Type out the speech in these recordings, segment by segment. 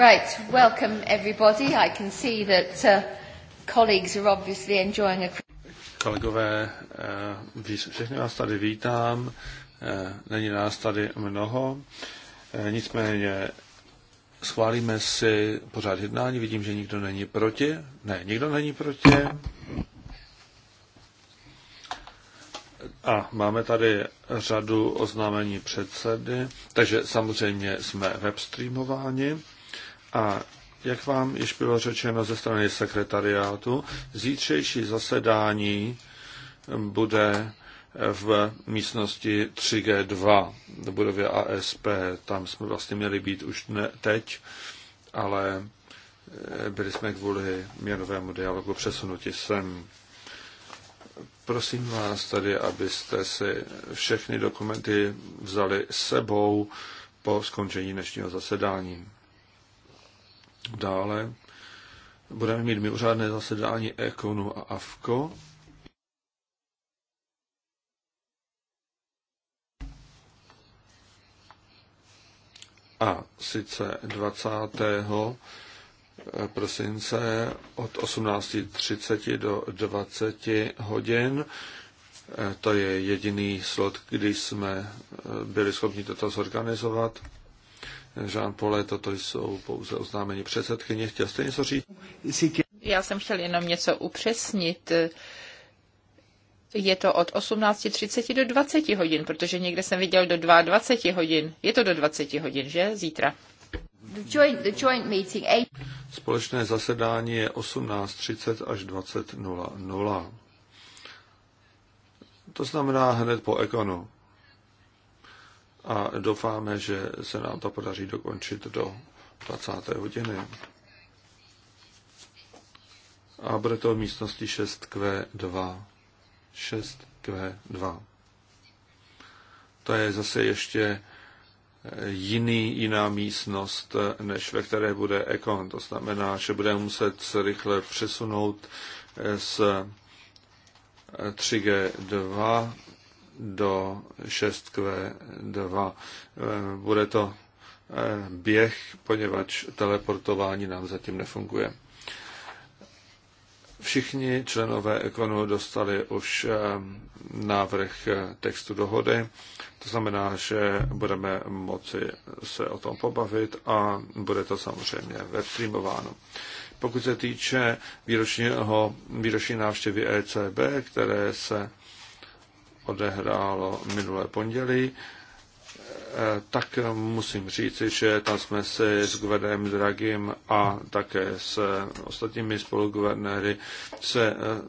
Right, welcome everybody. I can see that uh, colleagues are obviously enjoying a... Kolegové, eh, všechny vás tady vítám. Eh, není nás tady mnoho. Eh, nicméně schválíme si pořád jednání. Vidím, že nikdo není proti. Ne, nikdo není proti. A máme tady řadu oznámení předsedy, takže samozřejmě jsme webstreamováni. A jak vám již bylo řečeno ze strany sekretariátu, zítřejší zasedání bude v místnosti 3G2 v budově ASP. Tam jsme vlastně měli být už ne, teď, ale e, byli jsme kvůli měnovému dialogu přesunuti sem. Prosím vás tady, abyste si všechny dokumenty vzali sebou po skončení dnešního zasedání. Dále budeme mít mimořádné zasedání Ekonu a AFKO. A sice 20. prosince od 18.30 do 20 hodin. E, to je jediný slot, kdy jsme e, byli schopni toto zorganizovat. Jean Paulet, toto jsou pouze oznámení předsedkyně. Chtěl jste něco říct? Já jsem chtěl jenom něco upřesnit. Je to od 18.30 do 20 hodin, protože někde jsem viděl do 22 hodin. Je to do 20 hodin, že? Zítra. The joint, the joint meeting, eight... Společné zasedání je 18.30 až 20.00. To znamená hned po ekonu a doufáme, že se nám to podaří dokončit do 20. hodiny. A bude to v místnosti 6Q2. 6Q2. To je zase ještě jiný, jiná místnost, než ve které bude ekon. To znamená, že bude muset se rychle přesunout z 3G2 do 6Q2. Eh, bude to eh, běh, poněvadž teleportování nám zatím nefunguje. Všichni členové Ekonu dostali už eh, návrh textu dohody. To znamená, že budeme moci se o tom pobavit a bude to samozřejmě webstreamováno. Pokud se týče výročního, výroční návštěvy ECB, které se odehrálo minulé pondělí, eh, tak musím říci, že tam jsme si s guvernérem Dragim a také s ostatními spoluguvernéry se eh,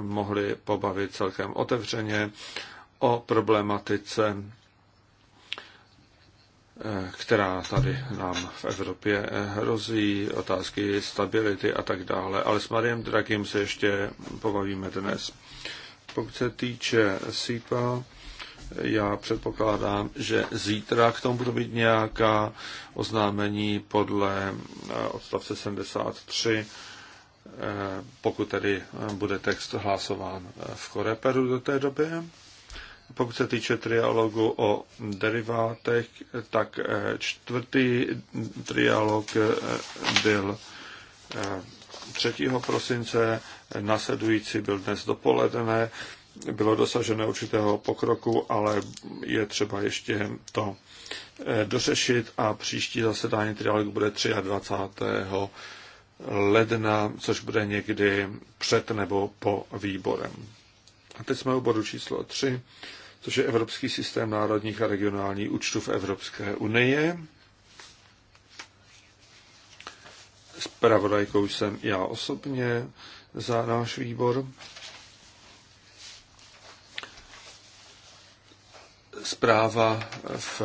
mohli pobavit celkem otevřeně o problematice, eh, která tady nám v Evropě hrozí, otázky stability a tak dále. Ale s Mariem Dragim se ještě pobavíme dnes. Pokud se týče SIPA, já předpokládám, že zítra k tomu budou být nějaká oznámení podle eh, odstavce 73, eh, pokud tedy eh, bude text hlasován v Koreperu do té doby. Pokud se týče trialogu o derivátech, tak čtvrtý trialog byl 3. prosince Nasledující byl dnes dopoledne, bylo dosaženo určitého pokroku, ale je třeba ještě to eh, dořešit a příští zasedání trialogu bude 23. ledna, což bude někdy před nebo po výborem. A teď jsme u bodu číslo 3, což je Evropský systém národních a regionálních účtů v Evropské unii. Spravodajkou jsem já osobně za náš výbor. Zpráva v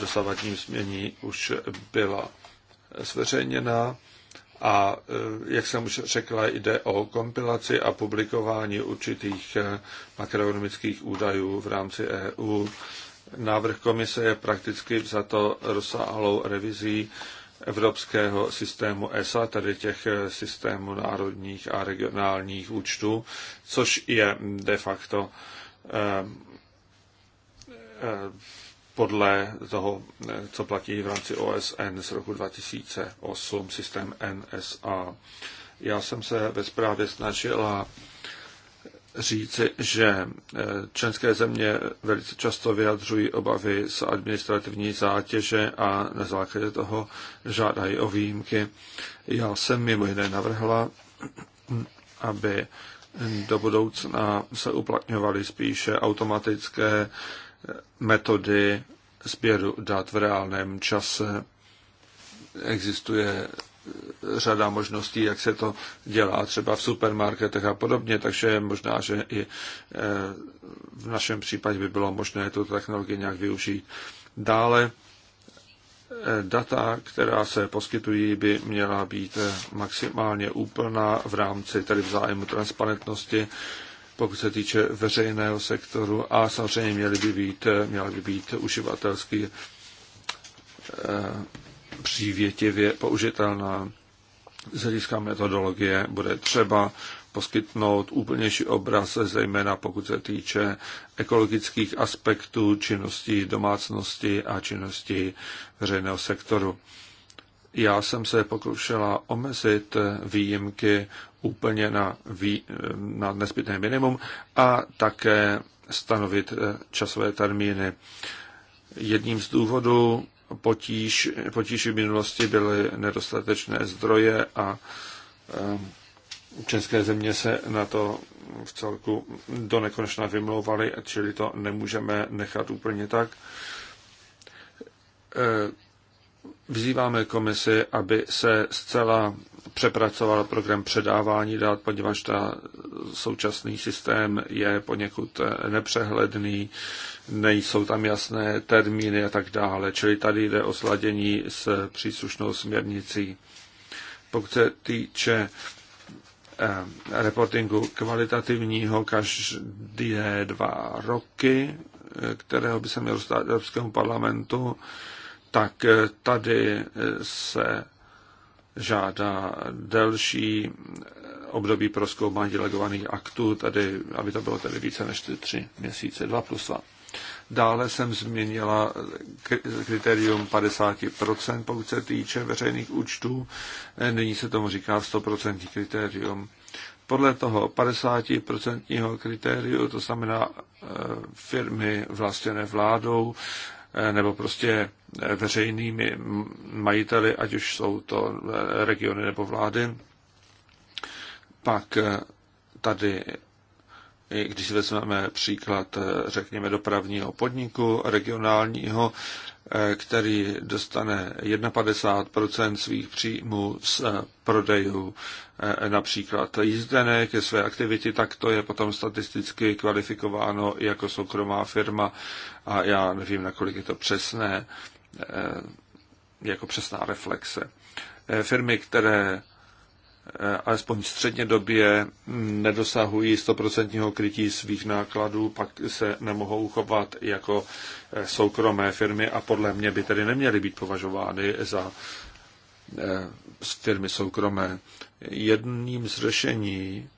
dosavadním změní už byla zveřejněná a, eh, jak jsem už řekla, jde o kompilaci a publikování určitých eh, makroekonomických údajů v rámci EU. Návrh komise je prakticky za to rozsáhlou revizí evropského systému ESA, tedy těch eh, systémů národních a regionálních účtů, což je de facto eh, eh, podle toho, co platí v rámci OSN z roku 2008, systém NSA. Já jsem se ve zprávě snažila říci, že eh, členské země velice často vyjadřují obavy z administrativní zátěže a na základě toho žádají o výjimky. Já jsem mimo jiné navrhla, aby do budoucna se uplatňovaly spíše automatické eh, metody sběru dat v reálném čase. Existuje řada možností, jak se to dělá třeba v supermarketech a podobně, takže možná, že i eh, v našem případě by bylo možné tu technologii nějak využít. Dále eh, data, která se poskytují, by měla být eh, maximálně úplná v rámci tedy vzájemu transparentnosti, pokud se týče veřejného sektoru a samozřejmě měly by být, měly by být uživatelsky přívětivě použitelná. Z hlediska metodologie bude třeba poskytnout úplnější obraz, zejména pokud se týče ekologických aspektů činnosti domácnosti a činnosti veřejného sektoru. Já jsem se pokoušela omezit výjimky úplně na, vý, na nezbytné minimum a také stanovit časové termíny. Jedním z důvodů potíž, potíž v minulosti byly nedostatečné zdroje a eh, české země se na to v celku do nekonečna vymlouvaly, čili to nemůžeme nechat úplně tak. Eh, Vyzýváme komisi, aby se zcela přepracoval program předávání dat, poněvadž ta současný systém je poněkud eh, nepřehledný, nejsou tam jasné termíny a tak dále. Čili tady jde o sladění s příslušnou směrnicí. Pokud se týče eh, reportingu kvalitativního každé dva roky, eh, kterého by se měl dostat Evropskému parlamentu, tak eh, tady eh, se žádá delší eh, období pro zkoumání delegovaných aktů, tady, aby to bylo tedy více než ty tři měsíce, dva plus dva. Dále jsem změnila kritérium 50%, pokud se týče veřejných účtů. Nyní se tomu říká 100% kritérium. Podle toho 50% kritériu, to znamená firmy vlastněné vládou, Eh, nebo prostě eh, veřejnými majiteli, ať už jsou to eh, regiony nebo vlády. Pak tady, když si vezmeme příklad, řekněme, dopravního podniku regionálního, který dostane 51 svých příjmů z prodejů například jízdenek ke své aktivity, tak to je potom statisticky kvalifikováno jako soukromá firma a já nevím, nakolik je to přesné, eh, jako přesná reflexe. Eh, firmy, které eh, alespoň středně době nedosahují 100% krytí svých nákladů, pak se nemohou uchovat jako soukromé firmy a podle mě by tedy neměly být považovány za firmy soukromé. Jedním z řešení,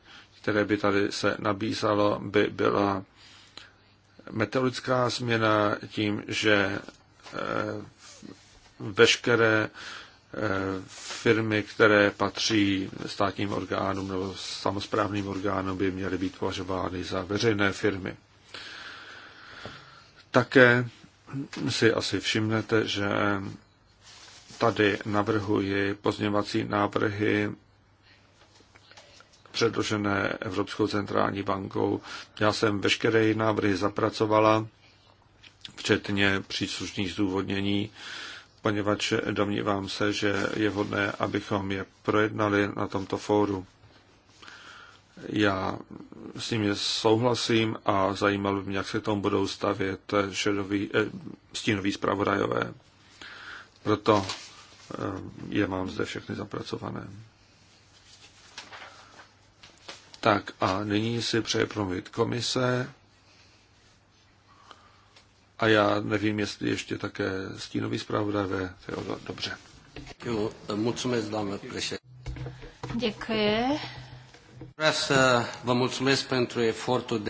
které by tady se nabízalo, by byla meteorická změna tím, že eh, veškeré eh, firmy, které patří státním orgánům nebo samozprávným orgánům, by měly být považovány za veřejné firmy. Také si asi všimnete, že tady navrhuji pozměňovací návrhy předložené Evropskou centrální bankou. Já jsem veškeré návrhy zapracovala, včetně příslušných zdůvodnění, poněvadž domnívám se, že je vhodné, abychom je projednali na tomto fóru. Já s nimi souhlasím a zajímalo by mě, jak se k tomu budou stavět šedový, eh, stínový zpravodajové. Proto eh, je mám zde všechny zapracované. Tak a nyní si přeje promluvit komise. A já nevím, jestli ještě také stínový zpravodajové. Teodor, dobře. Jo, mulțumesc, doamnă președinte. Děkuji.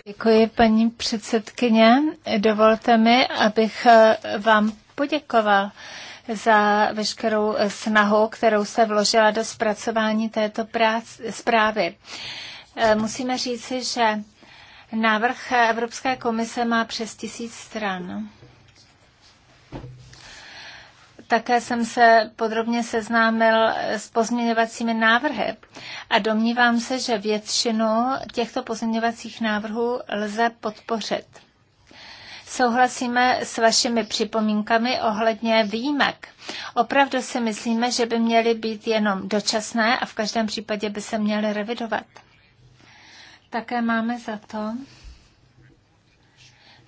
Děkuji, paní předsedkyně. Dovolte mi, abych eh, vám poděkoval za veškerou eh, snahu, kterou se vložila do zpracování této práce, zprávy. Eh, musíme říci, že návrh Evropské komise má přes tisíc stran. Také jsem se podrobně seznámil s pozměňovacími návrhy a domnívám se, že většinu těchto pozměňovacích návrhů lze podpořit. Souhlasíme s vašimi připomínkami ohledně výjimek. Opravdu si myslíme, že by měly být jenom dočasné a v každém případě by se měly revidovat. Také máme za to,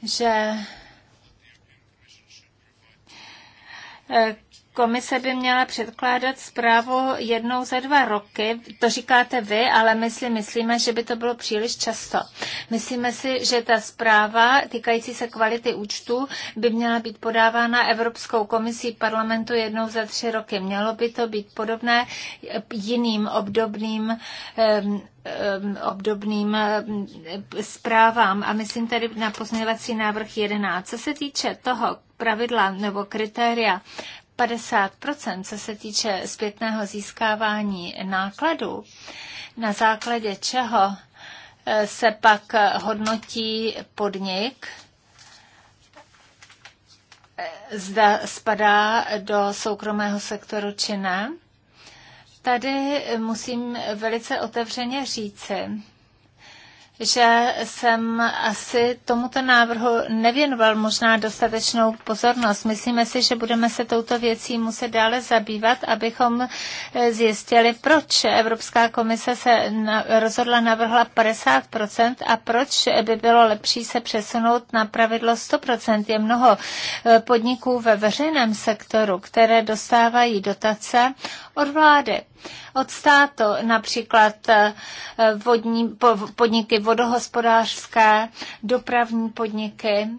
že Komise by měla předkládat zprávu jednou za dva roky. To říkáte vy, ale my si myslíme, že by to bylo příliš často. Myslíme si, že ta zpráva týkající se kvality účtu by měla být podávána Evropskou komisí parlamentu jednou za tři roky. Mělo by to být podobné jiným obdobným obdobným zprávám a myslím tady na pozměňovací návrh 11. Co se týče toho pravidla nebo kritéria 50%, co se týče zpětného získávání nákladů, na základě čeho eh, se pak hodnotí podnik, eh, zda spadá do soukromého sektoru či ne. Tady musím velice otevřeně říci, že jsem asi tomuto návrhu nevěnoval možná dostatečnou pozornost. Myslíme si, že budeme se touto věcí muset dále zabývat, abychom eh, zjistili, proč Evropská komise se rozhodla navrhla 50% a proč by bylo lepší se přesunout na pravidlo 100%. Je mnoho eh, podniků ve veřejném sektoru, které dostávají dotace od vlády, od státu, například eh, vodní, podniky vodohospodářské, dopravní podniky.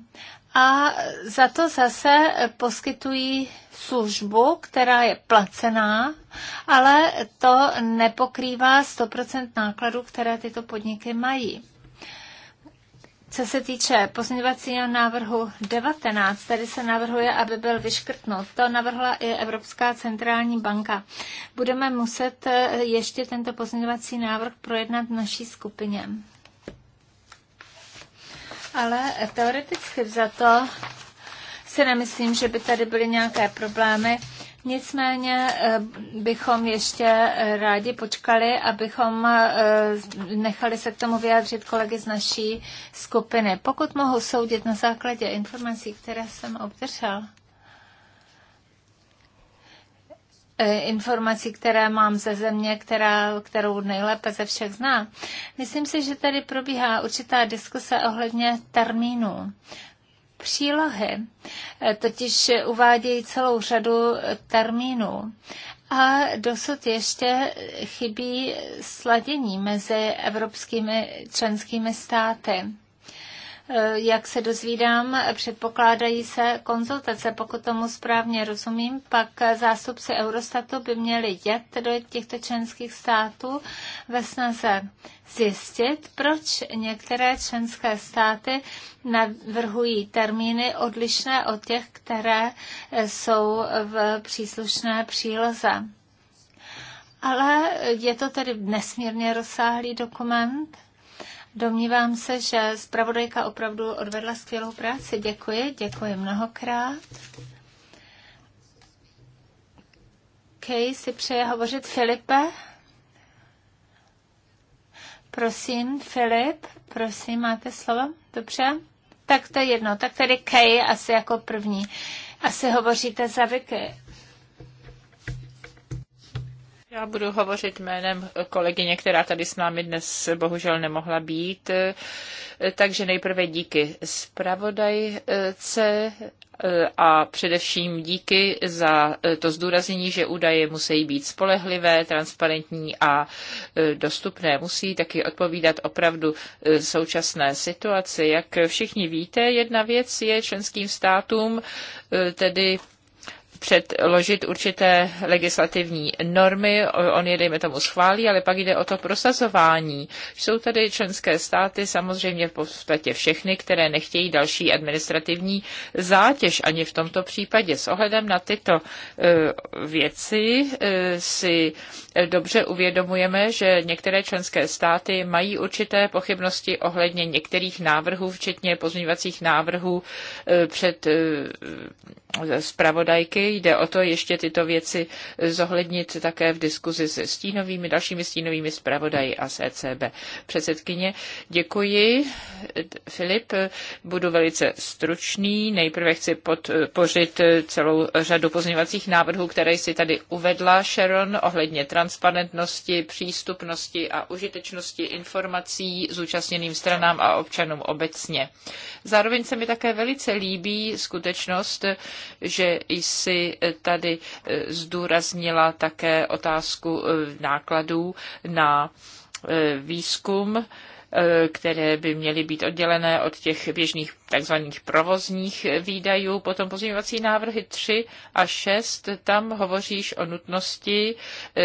A za to zase poskytují službu, která je placená, ale to nepokrývá 100% nákladů, které tyto podniky mají. Co se týče pozměňovacího návrhu 19, tady se navrhuje, aby byl vyškrtnut. To navrhla i Evropská centrální banka. Budeme muset eh, ještě tento pozměňovací návrh projednat v naší skupině. Ale teoreticky za to si nemyslím, že by tady byly nějaké problémy Nicméně eh, bychom ještě eh, rádi počkali, abychom eh, nechali se k tomu vyjádřit kolegy z naší skupiny. Pokud mohu soudit na základě informací, které jsem obdržel, informací, které mám ze země, která, kterou nejlépe ze všech znám. Myslím si, že tady probíhá určitá diskuse ohledně termínů přílohy, eh, totiž uvádějí celou řadu eh, termínů. A dosud ještě chybí sladění mezi evropskými členskými státy. Eh, jak se dozvídám, předpokládají se konzultace. Pokud tomu správně rozumím, pak zástupci Eurostatu by měli jet do těchto členských států ve snaze zjistit, proč některé členské státy navrhují termíny odlišné od těch, které eh, jsou v příslušné příloze. Ale je to tedy nesmírně rozsáhlý dokument Domnívám se, že zpravodajka opravdu odvedla skvělou práci. Děkuji, děkuji mnohokrát. Kej si přeje hovořit Filipe. Prosím, Filip, prosím, máte slovo? Dobře? Tak to je jedno. Tak tedy Kej asi jako první. Asi hovoříte za Vicky. Já budu hovořit jménem kolegyně, která tady s námi dnes bohužel nemohla být. Takže nejprve díky zpravodajce eh, a především díky za eh, to zdůraznění, že údaje musí být spolehlivé, transparentní a eh, dostupné. Musí taky odpovídat opravdu současné situaci. Jak všichni víte, jedna věc je členským státům tedy předložit určité legislativní normy, on je, dejme tomu, schválí, ale pak jde o to prosazování. Jsou tady členské státy, samozřejmě v podstatě všechny, které nechtějí další administrativní zátěž ani v tomto případě. S ohledem na tyto e, věci e, si dobře uvědomujeme, že některé členské státy mají určité pochybnosti ohledně některých návrhů, včetně pozměňovacích návrhů e, před zpravodajky. Jde o to ještě tyto věci zohlednit také v diskuzi s stínovými, dalšími stínovými zpravodaji a s ECB. Předsedkyně, děkuji. Filip, budu velice stručný. Nejprve chci podpořit celou řadu pozměňovacích návrhů, které si tady uvedla, Sharon, ohledně transparentnosti, přístupnosti a užitečnosti informací zúčastněným stranám a občanům obecně. Zároveň se mi také velice líbí skutečnost, že jsi tady eh, zdůraznila také otázku eh, nákladů na eh, výzkum které by měly být oddělené od těch běžných takzvaných provozních výdajů. Potom pozměňovací návrhy 3 a 6, tam hovoříš o nutnosti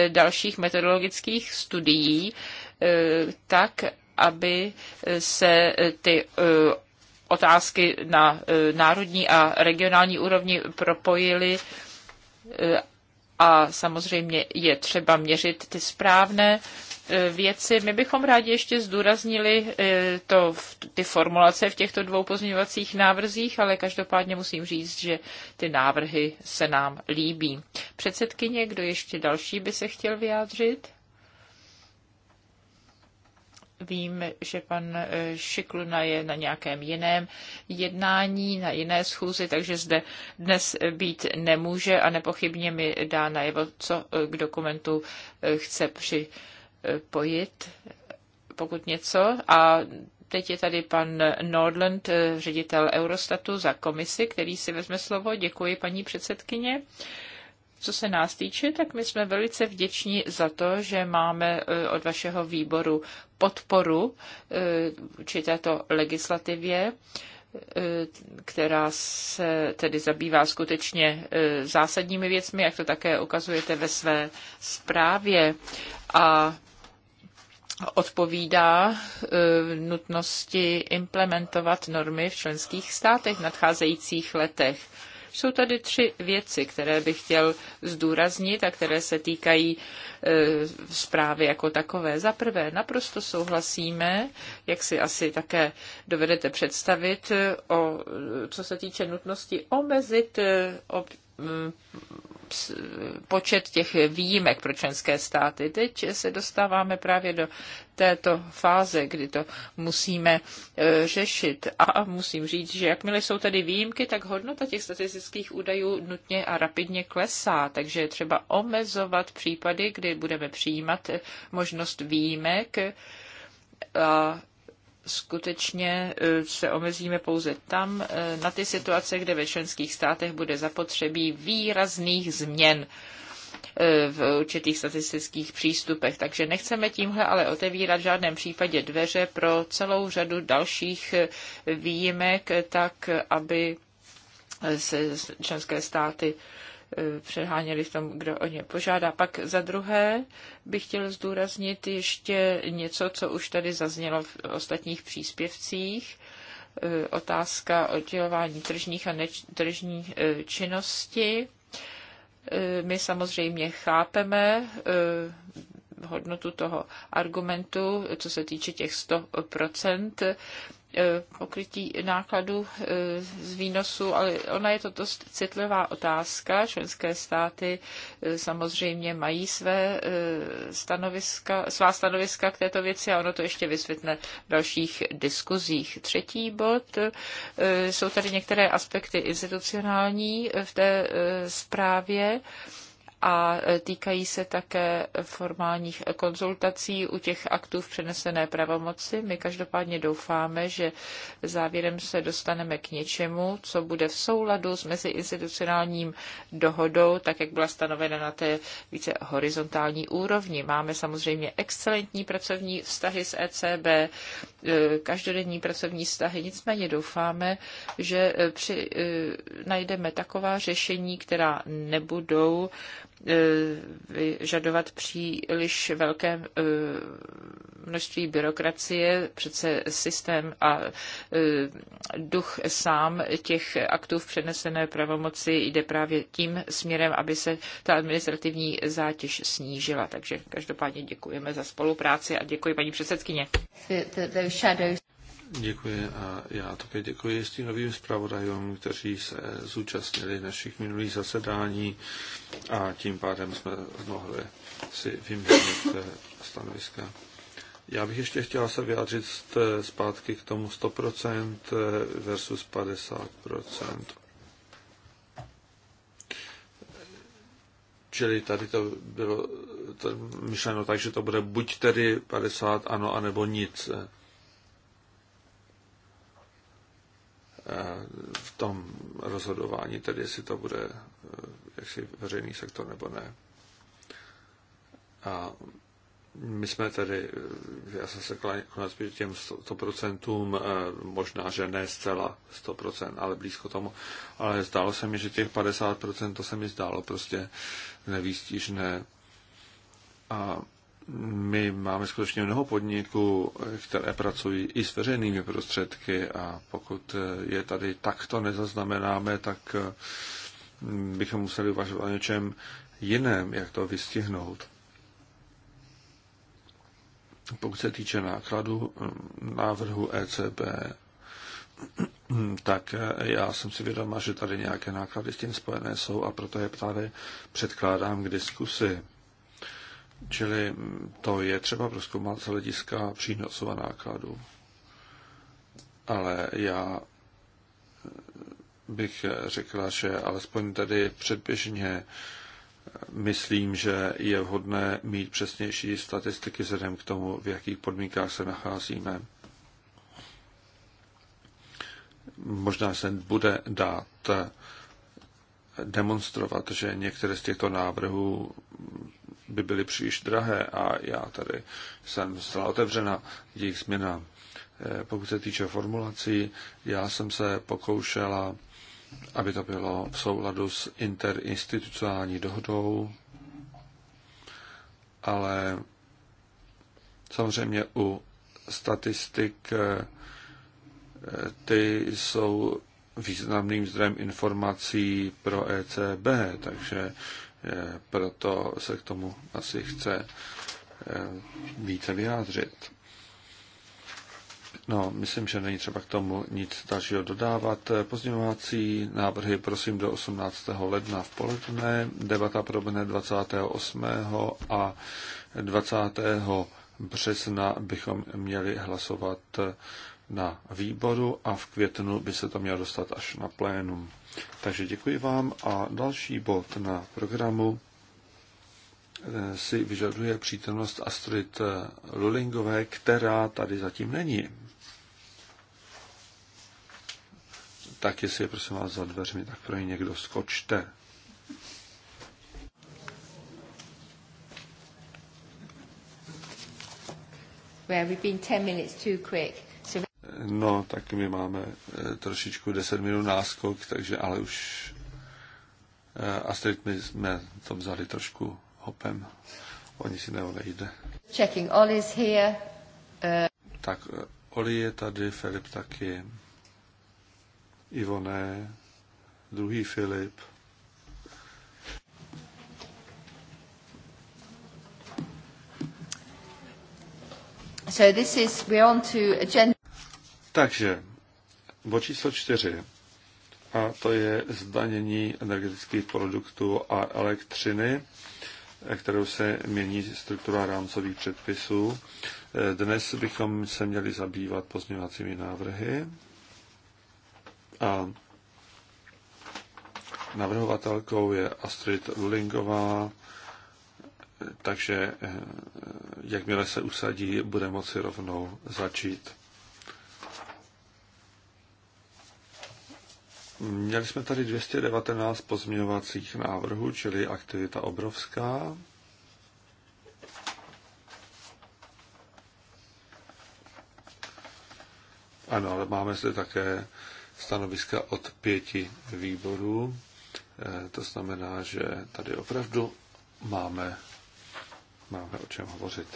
dalších metodologických studií, tak aby se ty otázky na e, národní a regionální úrovni propojili e, a samozřejmě je třeba měřit ty správné e, věci. My bychom rádi ještě zdůraznili to, ty formulace v těchto dvou pozměňovacích návrzích, ale každopádně musím říct, že ty návrhy se nám líbí. Předsedkyně, kdo ještě další by se chtěl vyjádřit? Vím, že pan eh, Šikluna je na nějakém jiném jednání, na jiné schůzi, takže zde dnes být nemůže a nepochybně mi dá najevo, co eh, k dokumentu eh, chce připojit, pokud něco. A teď je tady pan Nordland, ředitel Eurostatu za komisi, který si vezme slovo. Děkuji, paní předsedkyně. Co se nás týče, tak my jsme velice vděční za to, že máme e, od vašeho výboru podporu e, či této legislativě e, která se tedy zabývá skutečně zásadními věcmi, jak to také ukazujete ve své zprávě. A odpovídá nutnosti implementovat normy v členských státech v nadcházejících letech. Jsou tady tři věci, které bych chtěl zdůraznit a které se týkají e, zprávy jako takové. Za prvé, naprosto souhlasíme, jak si asi také dovedete představit, e, o, co se týče nutnosti omezit e, ob, počet těch výjimek pro členské státy. Teď se dostáváme právě do této fáze, kdy to musíme e, řešit. A musím říct, že jakmile jsou tady výjimky, tak hodnota těch statistických údajů nutně a rapidně klesá. Takže je třeba omezovat případy, kdy budeme přijímat e, možnost výjimek a skutečně e, se omezíme pouze tam e, na ty situace, kde ve členských státech bude zapotřebí výrazných změn e, v určitých statistických přístupech. Takže nechceme tímhle ale otevírat v žádném případě dveře pro celou řadu dalších výjimek, tak aby se členské státy Eh, přeháněli v tom, kdo o ně požádá. Pak za druhé bych chtěl zdůraznit ještě něco, co už tady zaznělo v ostatních příspěvcích. Eh, otázka oddělování tržních a netržních eh, činnosti. My samozřejmě chápeme hodnotu toho argumentu, co se týče těch 100%. Eh, pokrytí nákladů eh, z výnosu, ale ona je to dost citlivá otázka. Členské státy eh, samozřejmě mají své stanoviska, svá stanoviska k této věci a ono to ještě vysvětne v dalších diskuzích. Třetí bod, jsou tady některé aspekty institucionální v té zprávě a týkají se také formálních konzultací u těch aktů v přenesené pravomoci. My každopádně doufáme, že závěrem se dostaneme k něčemu, co bude v souladu s meziinstitucionálním dohodou, tak jak byla stanovena na té více horizontální úrovni. Máme samozřejmě excelentní pracovní vztahy s ECB, e, každodenní pracovní vztahy, nicméně doufáme, že e, při, e, najdeme taková řešení, která nebudou E, vyžadovat příliš velké e, množství byrokracie. Přece systém a e, duch sám těch aktů v přenesené pravomoci jde právě tím směrem, aby se ta administrativní zátěž snížila. Takže každopádně děkujeme za spolupráci a děkuji paní předsedkyně. Děkuji a já také děkuji stínovým zpravodajům, kteří se zúčastnili našich minulých zasedání a tím pádem jsme mohli si vyměnit eh, stanoviska. Já bych ještě chtěla se vyjádřit eh, zpátky k tomu 100% eh, versus 50%. Čili tady to bylo to myšleno tak, že to bude buď tedy 50 ano, anebo nic. Eh, v tom rozhodování, tedy jestli to bude eh, jaksi veřejný sektor nebo ne. A my jsme tedy, eh, já jsem se konec těm 100%, možná, že ne zcela 100%, ale blízko tomu. Ale zdálo se mi, že těch 50% to se mi zdálo prostě nevýstižné. A my máme skutečně mnoho podniků, které pracují i s veřejnými prostředky a pokud je tady takto nezaznamenáme, tak mm, bychom museli uvažovat o něčem jiném, jak to vystihnout. Pokud se týče nákladu mm, návrhu ECB, mm, tak já jsem si vědoma, že tady nějaké náklady s tím spojené jsou a proto je právě předkládám k diskusi. Čili to je třeba proskoumat z hlediska přínosu a nákladů. Ale já bych řekla, že alespoň tady předběžně myslím, že je vhodné mít přesnější statistiky vzhledem k tomu, v jakých podmínkách se nacházíme. Možná se bude dát demonstrovat, že některé z těchto návrhů by byly příliš drahé a já tady jsem zcela otevřena jejich změna. Eh, pokud se týče formulací, já jsem se pokoušela, aby to bylo v souladu s interinstitucionální dohodou, ale samozřejmě u statistik eh, ty jsou významným zdrojem informací pro ECB, takže Eh, proto se k tomu asi chce eh, více vyjádřit. No, myslím, že není třeba k tomu nic dalšího dodávat. Eh, pozměňovací návrhy prosím do 18. ledna v poledne, debata proběhne 28. a 20. března bychom měli hlasovat na výboru a v květnu by se to mělo dostat až na plénum. Takže děkuji vám a další bod na programu eh, si vyžaduje přítomnost Astrid eh, Lulingové, která tady zatím není. Tak jestli je prosím vás za dveřmi, tak pro ně někdo skočte. Where we've been 10 minutes too quick. No, tak my máme eh, trošičku 10 minut náskok, takže ale už eh, Astrid, my jsme to vzali trošku hopem. Oni si neodejde. Checking, Oli is here. Uh... Tak Oli je tady, Filip taky. Ivone, druhý Filip. So this is, we're on to agenda. Takže bod číslo čtyři, a to je zdanění energetických produktů a elektřiny, kterou se mění struktura rámcových předpisů. Dnes bychom se měli zabývat pozměňovacími návrhy a navrhovatelkou je Astrid Lulingová, takže eh, jakmile se usadí, bude moci rovnou začít. Měli jsme tady 219 pozměňovacích návrhů, čili aktivita obrovská. Ano, ale máme zde také stanoviska od pěti výborů. Eh, to znamená, že tady opravdu máme, máme o čem hovořit.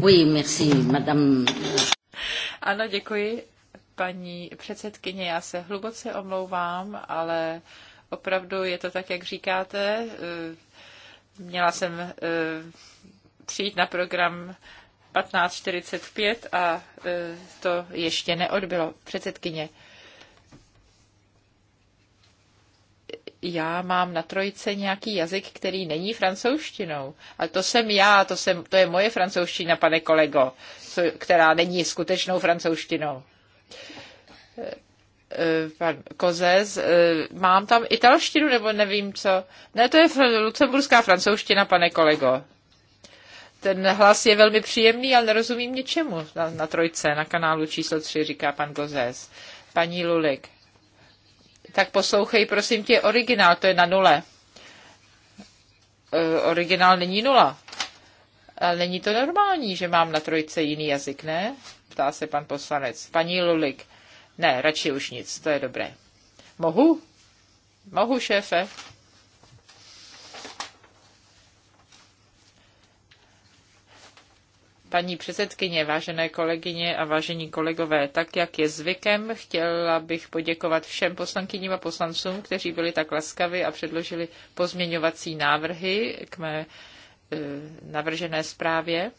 Oui, merci, madame. Ano, děkuji, paní předsedkyně. Já se hluboce omlouvám, ale opravdu je to tak, jak říkáte. Eh, měla jsem eh, přijít na program 15.45 a eh, to ještě neodbylo. Předsedkyně, já mám na trojce nějaký jazyk, který není francouzštinou. A to jsem já, to, jsem, to je moje francouzština, pane kolego, co, která není skutečnou francouzštinou. Eh, eh, pan Kozes, eh, mám tam italštinu nebo nevím co? Ne, to je lucemburská francouzština, pane kolego. Ten hlas je velmi příjemný, ale nerozumím ničemu na, na trojce, na kanálu číslo tři říká pan Kozes. Paní Lulik. Tak poslouchej, prosím tě, originál, to je na nule. E, originál není nula. Ale není to normální, že mám na trojce jiný jazyk, ne? Ptá se pan poslanec. Paní Lulik. Ne, radši už nic, to je dobré. Mohu? Mohu, šéfe. Paní předsedkyně, vážené kolegyně a vážení kolegové, tak jak je zvykem, chtěla bych poděkovat všem poslankyním a poslancům, kteří byli tak laskavi a předložili pozměňovací návrhy k mé e, navržené zprávě.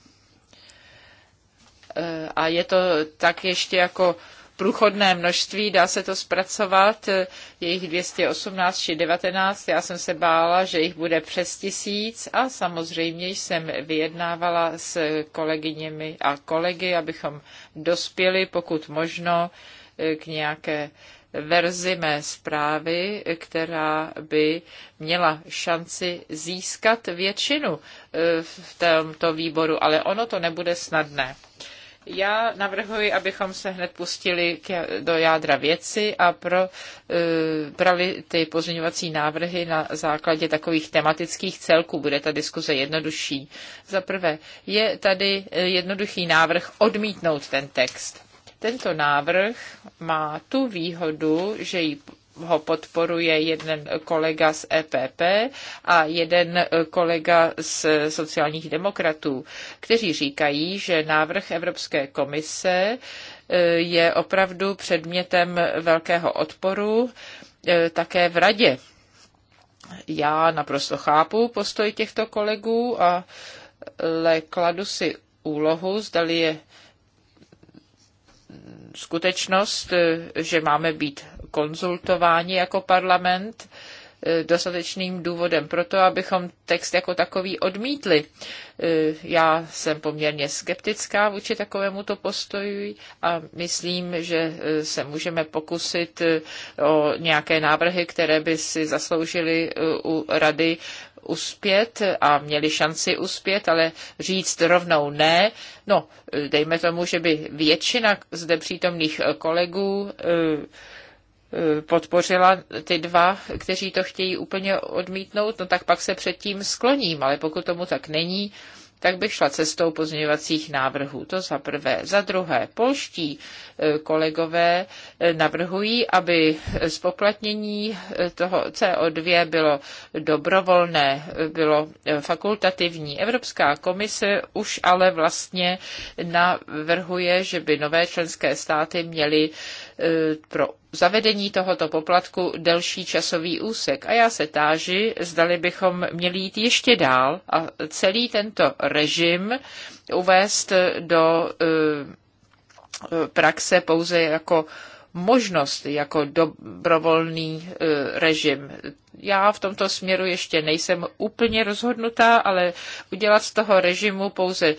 E, a je to tak ještě jako průchodné množství, dá se to zpracovat, eh, je jich 218 či 19, já jsem se bála, že jich bude přes tisíc a samozřejmě jsem vyjednávala s kolegyněmi a kolegy, abychom dospěli pokud možno eh, k nějaké verzi mé zprávy, která by měla šanci získat většinu eh, v tomto výboru, ale ono to nebude snadné. Já navrhuji, abychom se hned pustili k, do jádra věci a pro, e, prali ty pozměňovací návrhy na základě takových tematických celků. Bude ta diskuze jednodušší. Za prvé, je tady jednoduchý návrh odmítnout ten text. Tento návrh má tu výhodu, že ji ho podporuje jeden kolega z EPP a jeden kolega z sociálních demokratů, kteří říkají, že návrh Evropské komise e, je opravdu předmětem velkého odporu e, také v radě. Já naprosto chápu postoj těchto kolegů, ale kladu si úlohu, zdali je skutečnost, eh, že máme být konzultováni jako parlament, eh, dostatečným důvodem pro to, abychom text jako takový odmítli. Eh, já jsem poměrně skeptická vůči takovému to postoji a myslím, že se můžeme pokusit o nějaké návrhy, které by si zasloužily u rady uspět a měli šanci uspět, ale říct rovnou ne, no, dejme tomu, že by většina zde přítomných kolegů eh, eh, podpořila ty dva, kteří to chtějí úplně odmítnout, no tak pak se předtím skloním, ale pokud tomu tak není, tak bych šla cestou pozměňovacích návrhů. To za prvé. Za druhé, polští eh, kolegové eh, navrhují, aby spoplatnění eh, toho CO2 bylo dobrovolné, bylo fakultativní. Evropská komise už ale vlastně navrhuje, že by nové členské státy měly E, pro zavedení tohoto poplatku delší časový úsek. A já se táži, zdali bychom měli jít ještě dál a celý tento režim uvést do e, praxe pouze jako možnost jako dobrovolný e, režim já v tomto směru ještě nejsem úplně rozhodnutá, ale udělat z toho režimu pouze e,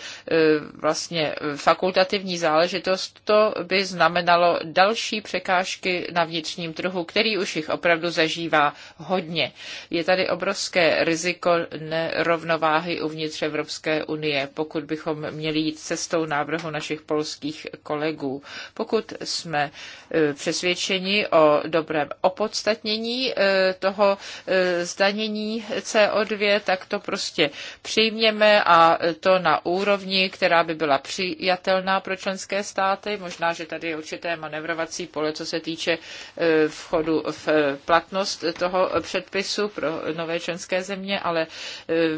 vlastně fakultativní záležitost, to by znamenalo další překážky na vnitřním trhu, který už jich opravdu zažívá hodně. Je tady obrovské riziko nerovnováhy uvnitř Evropské unie, pokud bychom měli jít cestou návrhu našich polských kolegů. Pokud jsme e, přesvědčeni o dobrém opodstatnění e, toho E, zdanění CO2, tak to prostě přijměme a to na úrovni, která by byla přijatelná pro členské státy. Možná, že tady je určité manevrovací pole, co se týče e, vchodu v e, platnost toho předpisu pro nové členské země, ale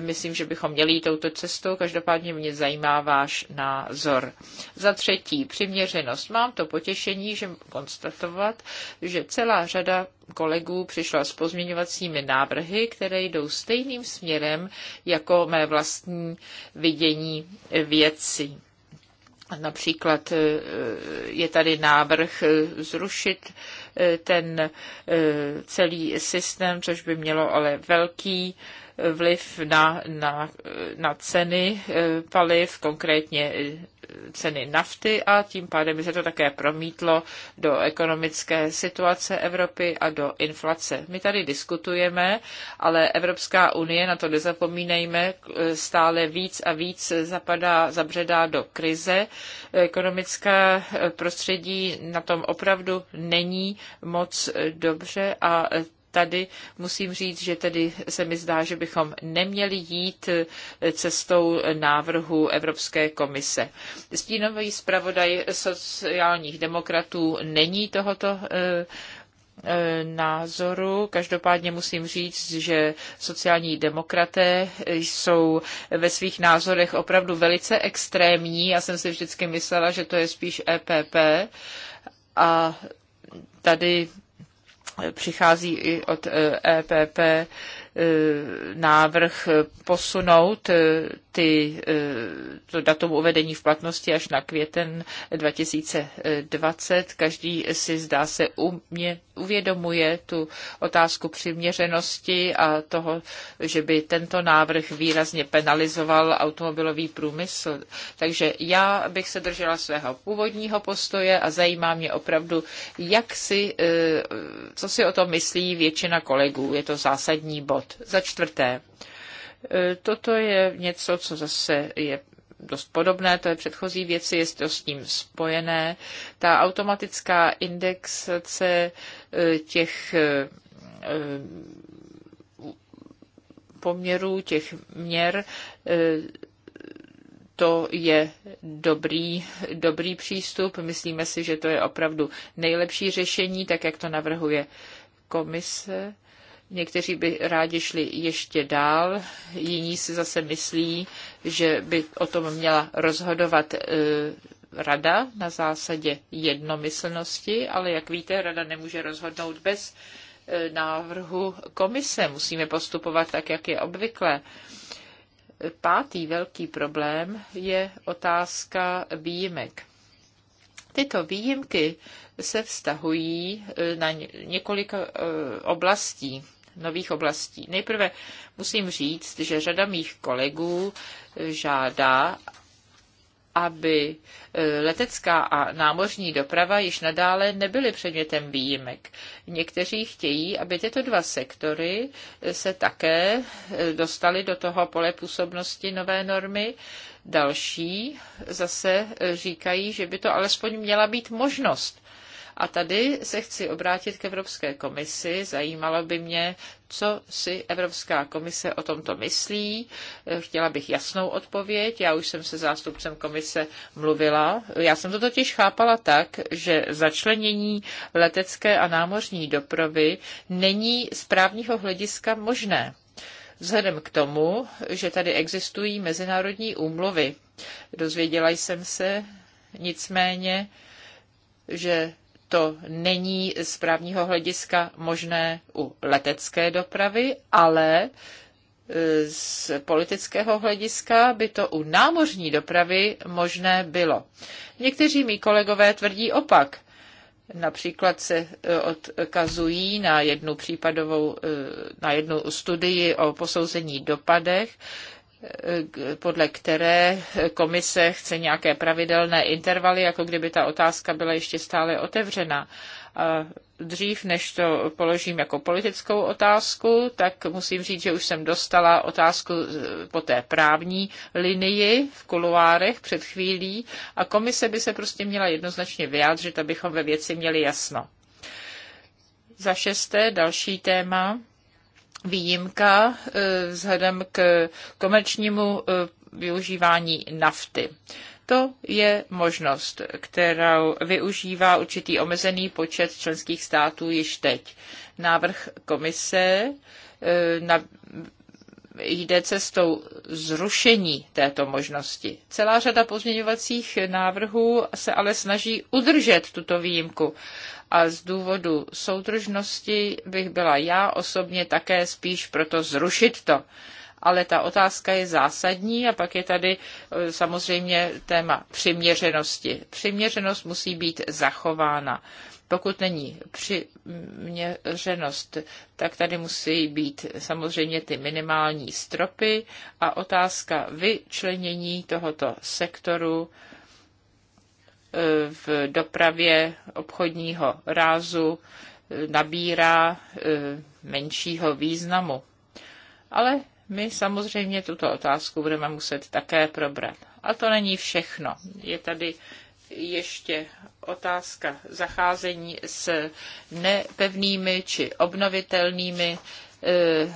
myslím, že bychom měli jít touto cestou. Každopádně mě zajímá váš názor. Za třetí, přiměřenost. Mám to potěšení, že konstatovat, že celá řada kolegů přišla s pozměňovacími návrhy, které jdou stejným směrem jako mé vlastní vidění věcí. Například eh, je tady návrh eh, zrušit eh, ten celý systém, což by mělo ale velký vliv na, na, na ceny eh, paliv, konkrétně eh, ceny nafty a tím pádem by se to také promítlo do ekonomické situace Evropy a do inflace. My tady diskutujeme, ale Evropská unie, na to nezapomínejme, eh, stále víc a víc zapadá, zabředá do krize. Ekonomické prostředí na tom opravdu není moc dobře a tady musím říct, že tedy se mi zdá, že bychom neměli jít eh, cestou návrhu Evropské komise. Stínový zpravodaj sociálních demokratů není tohoto eh, eh, názoru. Každopádně musím říct, že sociální demokraté jsou ve svých názorech opravdu velice extrémní. Já jsem si vždycky myslela, že to je spíš EPP. A tady přichází i od EPP eh, e návrh posunout eh, ty, eh, to datum uvedení v platnosti až na květen 2020. Každý si zdá se umě, uvědomuje tu otázku přiměřenosti a toho, že by tento návrh výrazně penalizoval automobilový průmysl. Takže já bych se držela svého původního postoje a zajímá mě opravdu, jak si, eh, co si o tom myslí většina kolegů. Je to zásadní bod bod. Za čtvrté, e, toto je něco, co zase je dost podobné To je předchozí věci, je to s tím spojené. Ta automatická indexace e, těch e, poměrů, těch měr, to je dobrý, dobrý přístup. Myslíme si, že to je opravdu nejlepší řešení, tak jak to navrhuje komise Někteří by rádi šli ještě dál, jiní si zase myslí, že by o tom měla rozhodovat e, rada na zásadě jednomyslnosti, ale jak víte, rada nemůže rozhodnout bez e, návrhu komise. Musíme postupovat tak, jak je obvykle. Pátý velký problém je otázka výjimek. Tyto výjimky se vztahují e, na několik oblastí nových oblastí. Nejprve musím říct, že řada mých kolegů žádá, aby e, letecká a námořní doprava již nadále nebyly předmětem výjimek. Někteří chtějí, aby tyto dva sektory se také e, dostaly do toho pole působnosti nové normy. Další zase e, říkají, že by to alespoň měla být možnost a tady se chci obrátit k Evropské komisi. Zajímalo by mě, co si Evropská komise o tomto myslí. Chtěla bych jasnou odpověď. Já už jsem se zástupcem komise mluvila. Já jsem to totiž chápala tak, že začlenění letecké a námořní dopravy není z právního hlediska možné. Vzhledem k tomu, že tady existují mezinárodní úmluvy, dozvěděla jsem se nicméně, že to není z právního hlediska možné u letecké dopravy, ale e, z politického hlediska by to u námořní dopravy možné bylo. Někteří mý kolegové tvrdí opak. Například se e, odkazují na jednu případovou, e, na jednu studii o posouzení dopadech, podle které komise chce nějaké pravidelné intervaly, jako kdyby ta otázka byla ještě stále otevřená. A dřív, než to položím jako politickou otázku, tak musím říct, že už jsem dostala otázku po té právní linii v kuluárech před chvílí a komise by se prostě měla jednoznačně vyjádřit, abychom ve věci měli jasno. Za šesté, další téma výjimka e, vzhledem k komerčnímu e, využívání nafty. To je možnost, kterou využívá určitý omezený počet členských států již teď. Návrh komise e, na jde cestou zrušení této možnosti. Celá řada pozměňovacích návrhů se ale snaží udržet tuto výjimku a z důvodu soudržnosti bych byla já osobně také spíš proto zrušit to. Ale ta otázka je zásadní a pak je tady e, samozřejmě téma přiměřenosti. Přiměřenost musí být zachována. Pokud není přiměřenost, tak tady musí být samozřejmě ty minimální stropy a otázka vyčlenění tohoto sektoru v dopravě obchodního rázu eh, nabírá eh, menšího významu. Ale my samozřejmě tuto otázku budeme muset také probrat. A to není všechno. Je tady ještě otázka zacházení s nepevnými či obnovitelnými eh,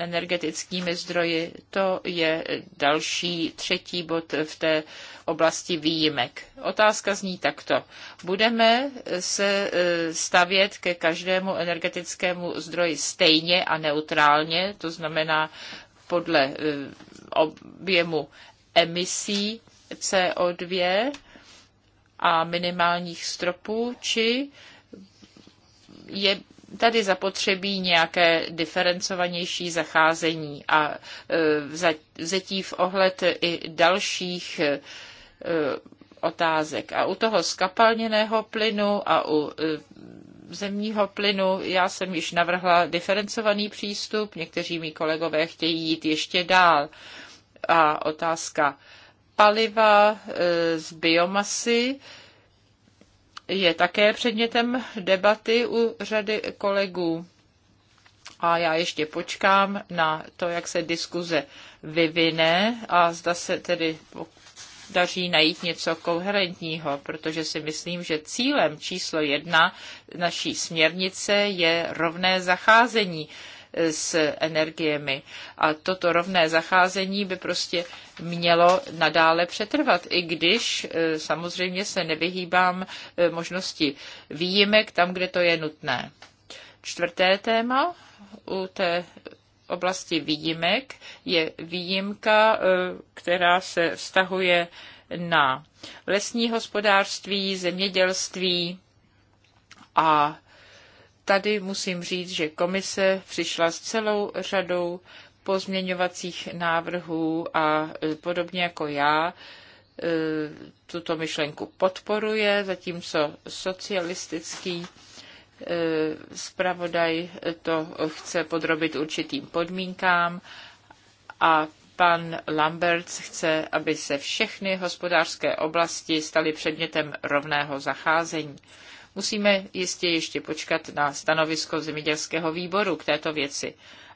energetickými zdroji, to je další třetí bod v té oblasti výjimek. Otázka zní takto. Budeme se e, stavět ke každému energetickému zdroji stejně a neutrálně, to znamená podle e, objemu emisí CO2 a minimálních stropů, či je tady zapotřebí nějaké diferencovanější zacházení a e, vzetí v ohled i dalších e, otázek. A u toho skapalněného plynu a u e, zemního plynu já jsem již navrhla diferencovaný přístup, někteří mý kolegové chtějí jít ještě dál. A otázka paliva z biomasy, je také předmětem debaty u řady kolegů. A já ještě počkám na to, jak se diskuze vyvine a zda se tedy daří najít něco koherentního, protože si myslím, že cílem číslo jedna naší směrnice je rovné zacházení s energiemi. A toto rovné zacházení by prostě mělo nadále přetrvat, i když e, samozřejmě se nevyhýbám e, možnosti výjimek tam, kde to je nutné. Čtvrté téma u té oblasti výjimek je výjimka, e, která se vztahuje na lesní hospodářství, zemědělství a tady musím říct, že komise přišla s celou řadou pozměňovacích návrhů a e, podobně jako já e, tuto myšlenku podporuje, zatímco socialistický e, zpravodaj to chce podrobit určitým podmínkám a pan Lamberts chce, aby se všechny hospodářské oblasti staly předmětem rovného zacházení. Musíme jistě ještě počkat na stanovisko zemědělského výboru k této věci.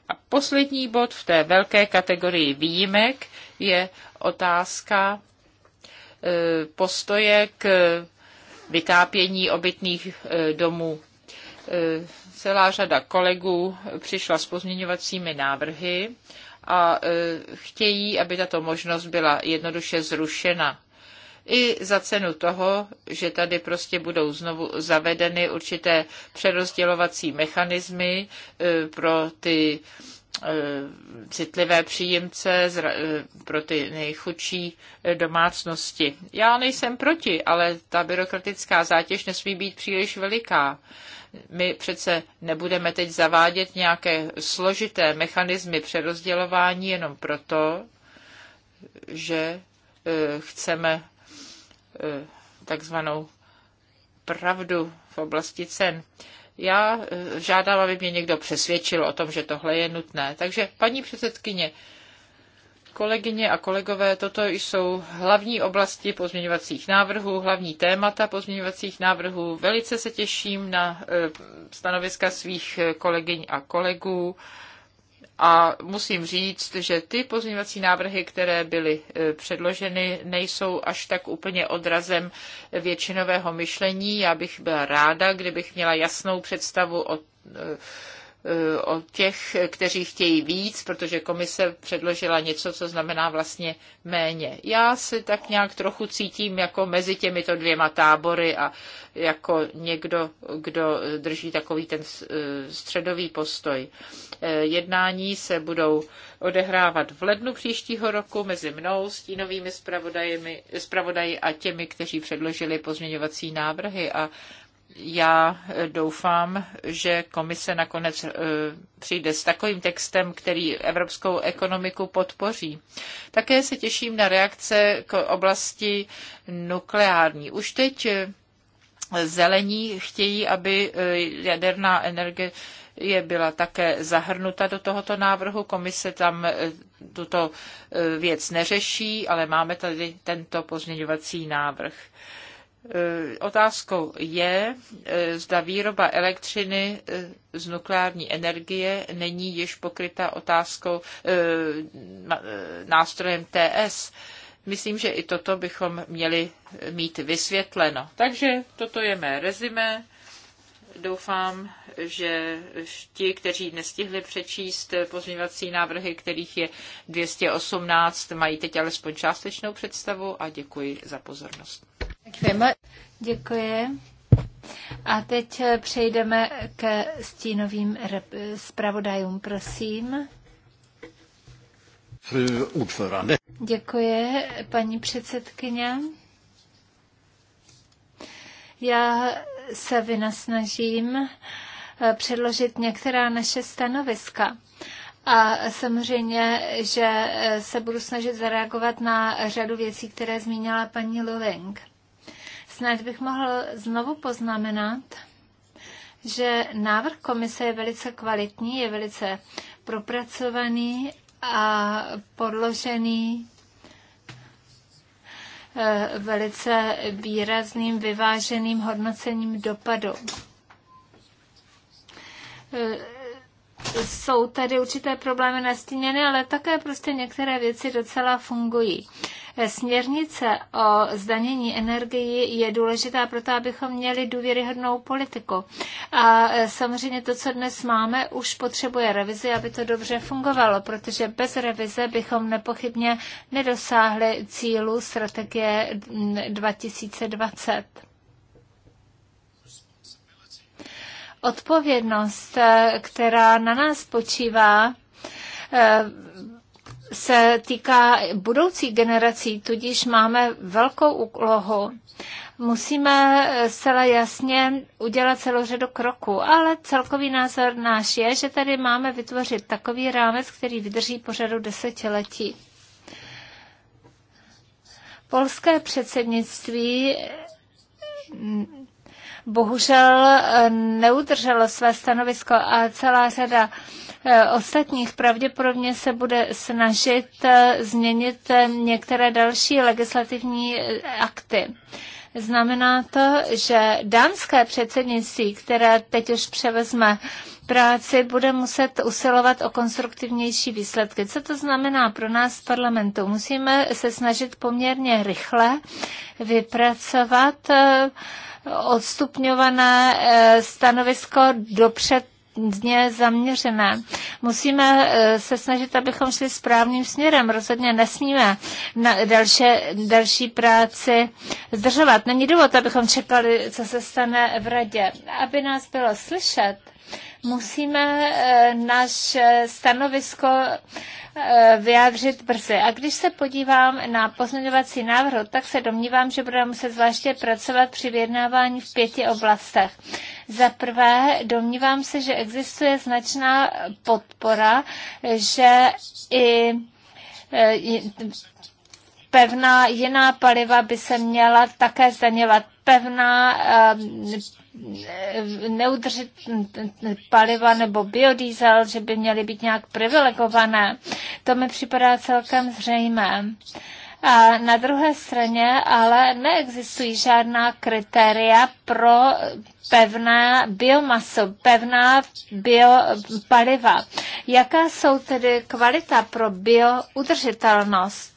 A poslední bod v té velké kategorii výjimek je otázka e, postoje k vytápění obytných e, domů. E, celá řada kolegů přišla s pozměňovacími návrhy a chtějí, aby tato možnost byla jednoduše zrušena i za cenu toho, že tady prostě budou znovu zavedeny určité přerozdělovací mechanismy e, pro ty e, citlivé příjemce e, pro ty nejchudší domácnosti. Já nejsem proti, ale ta byrokratická zátěž nesmí být příliš veliká. My přece nebudeme teď zavádět nějaké složité mechanismy přerozdělování jenom proto, že chceme Eh, takzvanou pravdu v oblasti cen. Já eh, žádám, aby mě někdo přesvědčil o tom, že tohle je nutné. Takže paní předsedkyně, kolegyně a kolegové, toto jsou hlavní oblasti pozměňovacích návrhů, hlavní témata pozměňovacích návrhů. Velice se těším na eh, stanoviska svých kolegyň a kolegů a musím říct, že ty pozměňovací návrhy, které byly e, předloženy, nejsou až tak úplně odrazem většinového myšlení. Já bych byla ráda, kdybych měla jasnou představu o e, o těch, kteří chtějí víc, protože komise předložila něco, co znamená vlastně méně. Já se tak nějak trochu cítím jako mezi těmito dvěma tábory a jako někdo, kdo drží takový ten eh, středový postoj. Eh, jednání se budou odehrávat v lednu příštího roku mezi mnou, stínovými zpravodaji a těmi, kteří předložili pozměňovací návrhy a já eh, doufám, že komise nakonec eh, přijde s takovým textem, který evropskou ekonomiku podpoří. Také se těším na reakce k oblasti nukleární. Už teď eh, zelení chtějí, aby jaderná energie je byla také zahrnuta do tohoto návrhu. Komise tam tuto věc neřeší, ale máme tady tento pozměňovací návrh. Eh, otázkou je, eh, zda výroba elektřiny eh, z nukleární energie není již pokryta otázkou nástrojem TS. Myslím, že i toto bychom měli mít vysvětleno. Takže toto je mé rezime. Doufám, že ti, kteří nestihli přečíst pozměňovací návrhy, kterých je 218, mají teď alespoň částečnou představu a děkuji za pozornost. Děkuji. A teď přejdeme k stínovým zpravodajům, prosím. Děkuji, paní předsedkyně. Já se vynasnažím eh, předložit některá naše stanoviska. A samozřejmě, že eh, se budu snažit zareagovat na řadu věcí, které zmínila paní Luling. Snad bych mohl znovu poznamenat, že návrh komise je velice kvalitní, je velice propracovaný a podložený eh, velice výrazným, vyváženým hodnocením dopadu. Eh, jsou tady určité problémy nastíněny, ale také prostě některé věci docela fungují. Směrnice o zdanění energii je důležitá proto, abychom měli důvěryhodnou politiku. A e, samozřejmě to, co dnes máme, už potřebuje revizi, aby to dobře fungovalo, protože bez revize bychom nepochybně nedosáhli cílu strategie 2020. odpovědnost, e, která na nás počívá, e, se týká budoucí generací, tudíž máme velkou úlohu. Musíme zcela jasně udělat celou řadu kroků, ale celkový názor náš je, že tady máme vytvořit takový rámec, který vydrží po řadu desetiletí. Polské předsednictví bohužel eh, neudrželo své stanovisko a celá řada eh, ostatních pravděpodobně se bude snažit eh, změnit některé další legislativní akty. Znamená to, že dánské předsednictví, které teď už převezme práci, bude muset usilovat o konstruktivnější výsledky. Co to znamená pro nás v parlamentu? Musíme se snažit poměrně rychle vypracovat odstupňované eh, stanovisko dopřed dně zaměřené. Musíme eh, se snažit, abychom šli správným směrem. Rozhodně nesmíme na další, další práci zdržovat. Není důvod, abychom čekali, co se stane v radě. Aby nás bylo slyšet, Musíme eh, náš stanovisko eh, vyjádřit brzy. A když se podívám na pozměňovací návrh, tak se domnívám, že budeme muset zvláště pracovat při vyjednávání v pěti oblastech. Za prvé, domnívám se, že existuje značná podpora, že i eh, pevná jiná paliva by se měla také zdaněvat. Pevná neudržit paliva nebo biodiesel, že by měly být nějak privilegované. To mi připadá celkem zřejmé. A na druhé straně ale neexistují žádná kritéria pro pevná biomasu, pevná biopaliva. Jaká jsou tedy kvalita pro bioudržitelnost?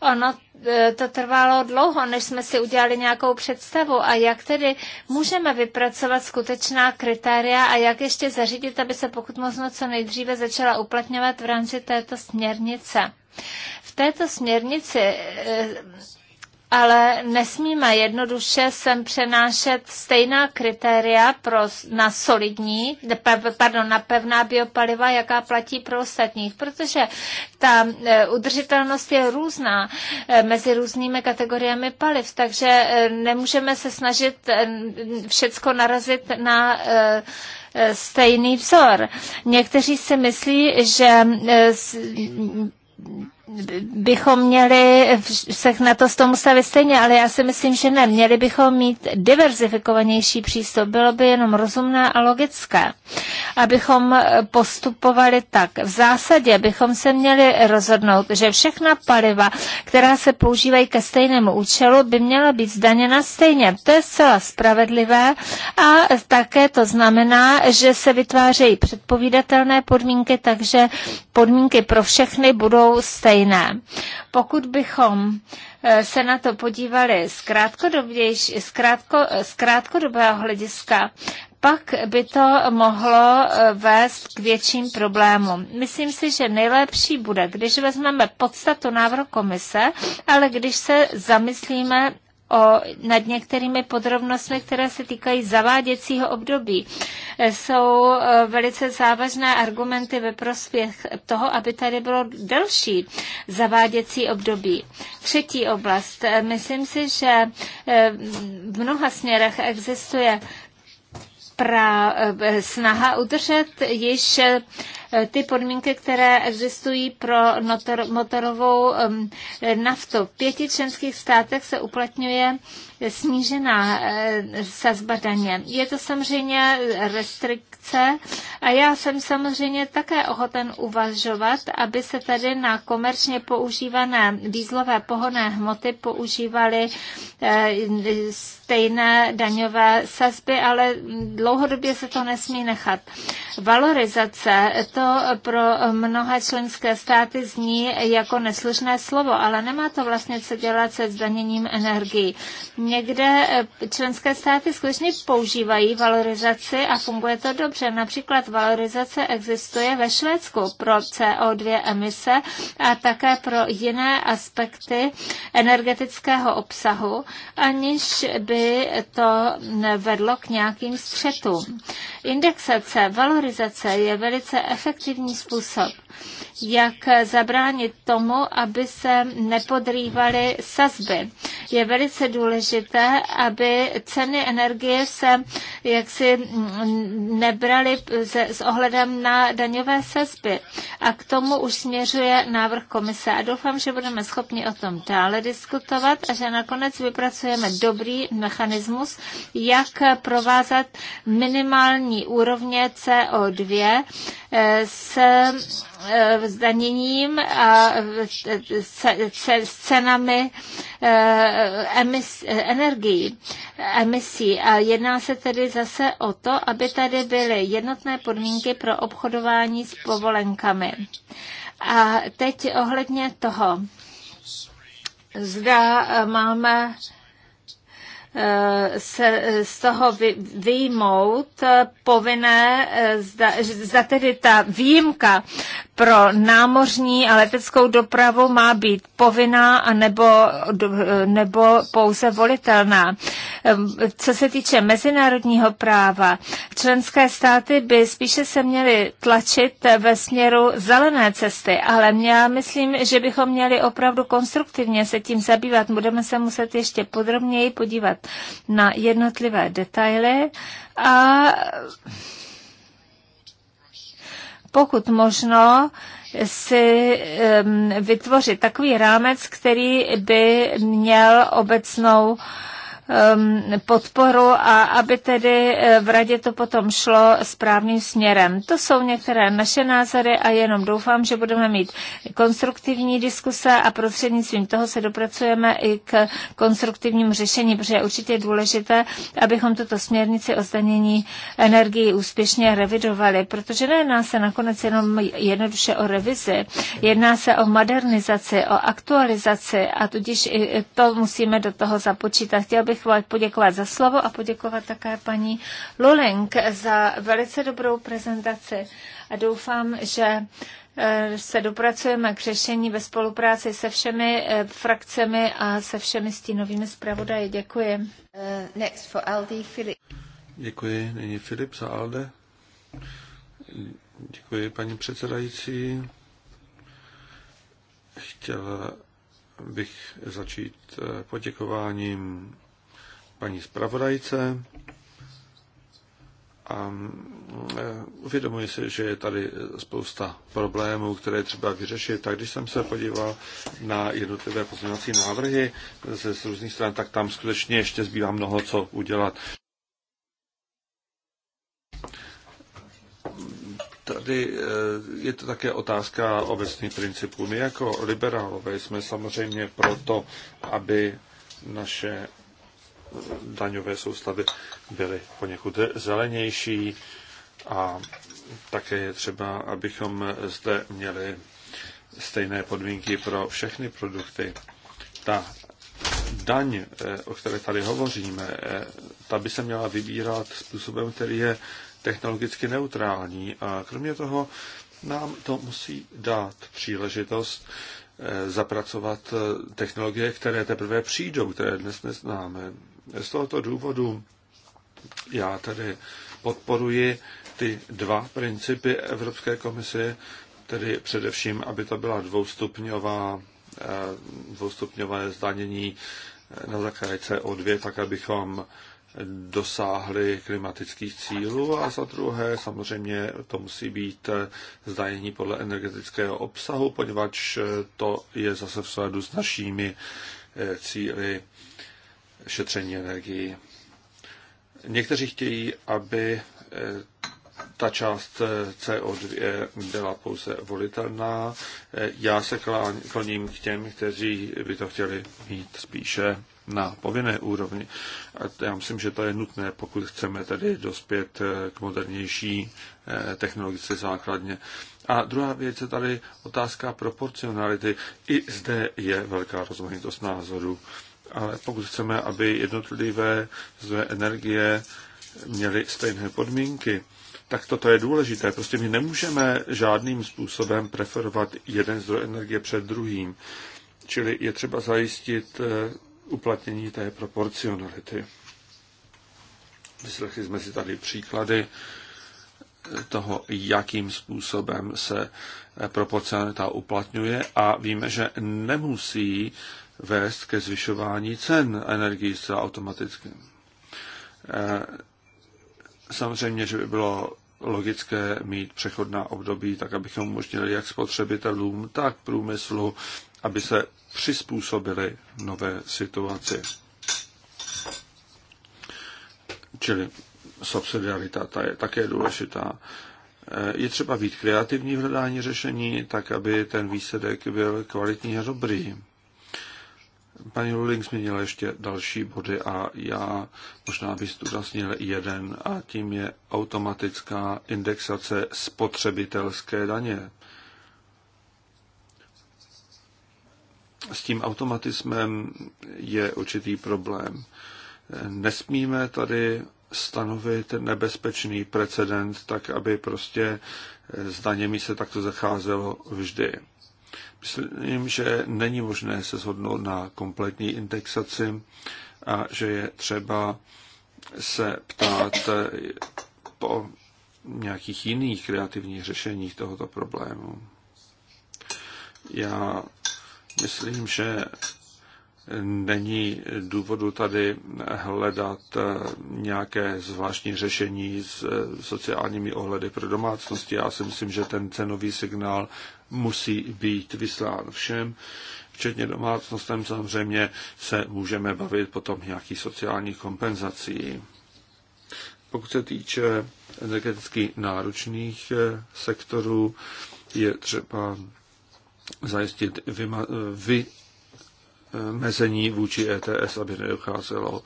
Ono e, to trvalo dlouho, než jsme si udělali nějakou představu a jak tedy můžeme vypracovat skutečná kritéria a jak ještě zařídit, aby se pokud možno co nejdříve začala uplatňovat v rámci této směrnice. V této směrnici e, ale nesmíme jednoduše sem přenášet stejná kritéria pro, na solidní, pardon, na pevná biopaliva, jaká platí pro ostatních, protože ta e, udržitelnost je různá e, mezi různými kategoriemi paliv, takže e, nemůžeme se snažit všecko narazit na stejný vzor. Někteří si myslí, že bychom měli se na to z toho museli stejně, ale já si myslím, že ne. Měli bychom mít diverzifikovanější přístup. Bylo by jenom rozumné a logické, abychom postupovali tak. V zásadě bychom se měli rozhodnout, že všechna paliva, která se používají ke stejnému účelu, by měla být zdaněna stejně. To je zcela spravedlivé a také to znamená, že se vytvářejí předpovídatelné podmínky, takže podmínky pro všechny budou stejné stejné. Pokud bychom e, se na to podívali z, z, krátko, e, z krátkodobého hlediska, pak by to mohlo e, vést k větším problémům. Myslím si, že nejlepší bude, když vezmeme podstatu návrhu komise, ale když se zamyslíme o, nad některými podrobnostmi, které se týkají zaváděcího období. Jsou e, velice závažné argumenty ve prospěch toho, aby tady bylo delší zaváděcí období. Třetí oblast. E, myslím si, že e, v mnoha směrech existuje pra, eh, snaha udržet již eh, ty podmínky, které existují pro notor, motorovou ehm, naftu. V pěti členských státech se uplatňuje snížená eh, sazba daně. Je to samozřejmě restrikce a já jsem samozřejmě také ochoten uvažovat, aby se tady na komerčně používané dýzlové pohonné hmoty používaly eh, stejné daňové sazby, ale dlouhodobě se to nesmí nechat. Valorizace, to pro mnohé členské státy zní jako neslušné slovo, ale nemá to vlastně co dělat se zdaněním energii někde eh, členské státy skutečně používají valorizaci a funguje to dobře. Například valorizace existuje ve Švédsku pro CO2 emise a také pro jiné aspekty energetického obsahu, aniž by to vedlo k nějakým střetům. Indexace, valorizace je velice efektivní způsob jak zabránit tomu, aby se nepodrývaly sazby. Je velice důležité, aby ceny energie se jaksi nebraly s ohledem na daňové sazby. A k tomu už směřuje návrh komise. A doufám, že budeme schopni o tom dále diskutovat a že nakonec vypracujeme dobrý mechanismus, jak provázat minimální úrovně CO2 eh, s Eh, zdaněním a s cenami eh, emis, energií, emisí. A jedná se tedy zase o to, aby tady byly jednotné podmínky pro obchodování s povolenkami. A teď ohledně toho, zda máme eh, se z toho vyjmout povinné, zda, zda tedy ta výjimka pro námořní a leteckou dopravu má být povinná a nebo, nebo pouze volitelná. Ehm, co se týče mezinárodního práva, členské státy by spíše se měly tlačit ve směru zelené cesty, ale já myslím, že bychom měli opravdu konstruktivně se tím zabývat. Budeme se muset ještě podrobněji podívat na jednotlivé detaily a pokud možno si vytvořit takový rámec, který by měl obecnou Um, podporu a aby tedy eh, v radě to potom šlo správným směrem. To jsou některé naše názory a jenom doufám, že budeme mít konstruktivní diskuse a prostřednictvím toho se dopracujeme i k konstruktivním řešení, protože je určitě důležité, abychom tuto směrnici o zdanění energii úspěšně revidovali, protože nejedná se nakonec jenom jednoduše o revizi, jedná se o modernizaci, o aktualizaci a tudíž i to musíme do toho započítat. Chtěl bych bych poděkovat za slovo a poděkovat také paní Luling za velice dobrou prezentaci a doufám, že eh, se dopracujeme k řešení ve spolupráci se všemi eh, frakcemi a se všemi stínovými zpravodaji. Děkuji. Eh, next for Aldi, Filip. Děkuji. Nyní Filip za Alde. Děkuji, paní předsedající. Chtěl bych začít poděkováním paní zpravodajce a e, uvědomuji si, že je tady spousta problémů, které třeba vyřešit. Tak když jsem se podíval na jednotlivé pozměňovací návrhy ze z různých stran, tak tam skutečně ještě zbývá mnoho co udělat. Tady e, je to také otázka obecných principů. My jako liberálové jsme samozřejmě proto, aby naše daňové soustavy byly poněkud zelenější a také je třeba, abychom zde měli stejné podmínky pro všechny produkty. Ta daň, eh, o které tady hovoříme, eh, ta by se měla vybírat způsobem, který je technologicky neutrální a kromě toho nám to musí dát příležitost eh, zapracovat technologie, které teprve přijdou, které dnes neznáme. Z tohoto důvodu já tedy podporuji ty dva principy Evropské komise, tedy především, aby to byla dvoustupňová, eh, dvoustupňové zdanění eh, na základě CO2, tak abychom dosáhli klimatických cílů a za druhé samozřejmě to musí být eh, zdanění podle energetického obsahu, poněvadž to je zase v souladu s našimi cíly šetření energii. Někteří chtějí, aby eh, ta část eh, CO2 byla pouze volitelná. Eh, já se kloním k těm, kteří by to chtěli mít spíše na povinné úrovni. A já myslím, že to je nutné, pokud chceme tedy dospět k modernější technologické základně. A druhá věc je tady otázka proporcionality. I zde je velká rozmanitost názorů ale pokud chceme, aby jednotlivé zdroje energie měly stejné podmínky, tak toto je důležité. Prostě my nemůžeme žádným způsobem preferovat jeden zdroj energie před druhým. Čili je třeba zajistit eh, uplatnění té proporcionality. Vyslechli jsme si tady příklady eh, toho, jakým způsobem se eh, proporcionalita uplatňuje a víme, že nemusí vést ke zvyšování cen energii se automaticky. Eh, samozřejmě, že by bylo logické mít přechodná období, tak abychom umožnili jak spotřebitelům, tak průmyslu, aby se přizpůsobili nové situaci. Čili subsidiarita ta je také důležitá. Eh, je třeba být kreativní v hledání řešení, tak aby ten výsledek byl kvalitní a dobrý. Paní Luling změnila ještě další body a já možná bych zdůraznil jeden a tím je automatická indexace spotřebitelské daně. S tím automatismem je určitý problém. Nesmíme tady stanovit nebezpečný precedent, tak aby prostě s daněmi se takto zacházelo vždy. Myslím, že není možné se shodnout na kompletní indexaci a že je třeba se ptát eh, po nějakých jiných kreativních řešeních tohoto problému. Já myslím, že není důvodu tady hledat eh, nějaké zvláštní řešení s eh, sociálními ohledy pro domácnosti. Já si myslím, že ten cenový signál musí být vyslán všem, včetně domácnostem. Samozřejmě se můžeme bavit potom nějaký sociální kompenzací. Pokud se týče energeticky náročných eh, sektorů, je třeba zajistit vyma- vy mezení vůči ETS, aby nedocházelo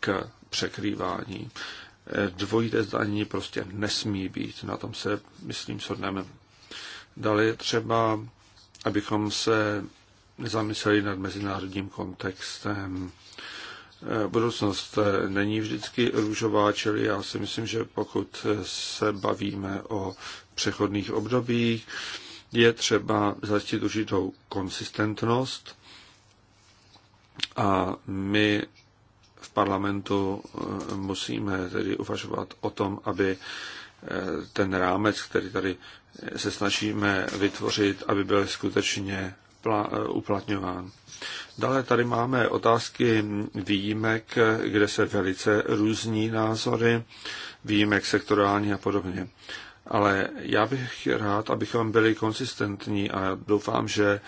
k překrývání. Dvojité zdanění prostě nesmí být, na tom se, myslím, shodneme. je třeba, abychom se zamysleli nad mezinárodním kontextem. Budoucnost není vždycky růžová, čili já si myslím, že pokud se bavíme o přechodných obdobích, je třeba zajistit určitou konsistentnost a my v parlamentu eh, musíme tedy uvažovat o tom, aby eh, ten rámec, který tady se snažíme vytvořit, aby byl skutečně eh, uplatňován. Dále tady máme otázky výjimek, kde se velice různí názory, výjimek sektorální a podobně. Ale já bych rád, abychom byli konsistentní a doufám, že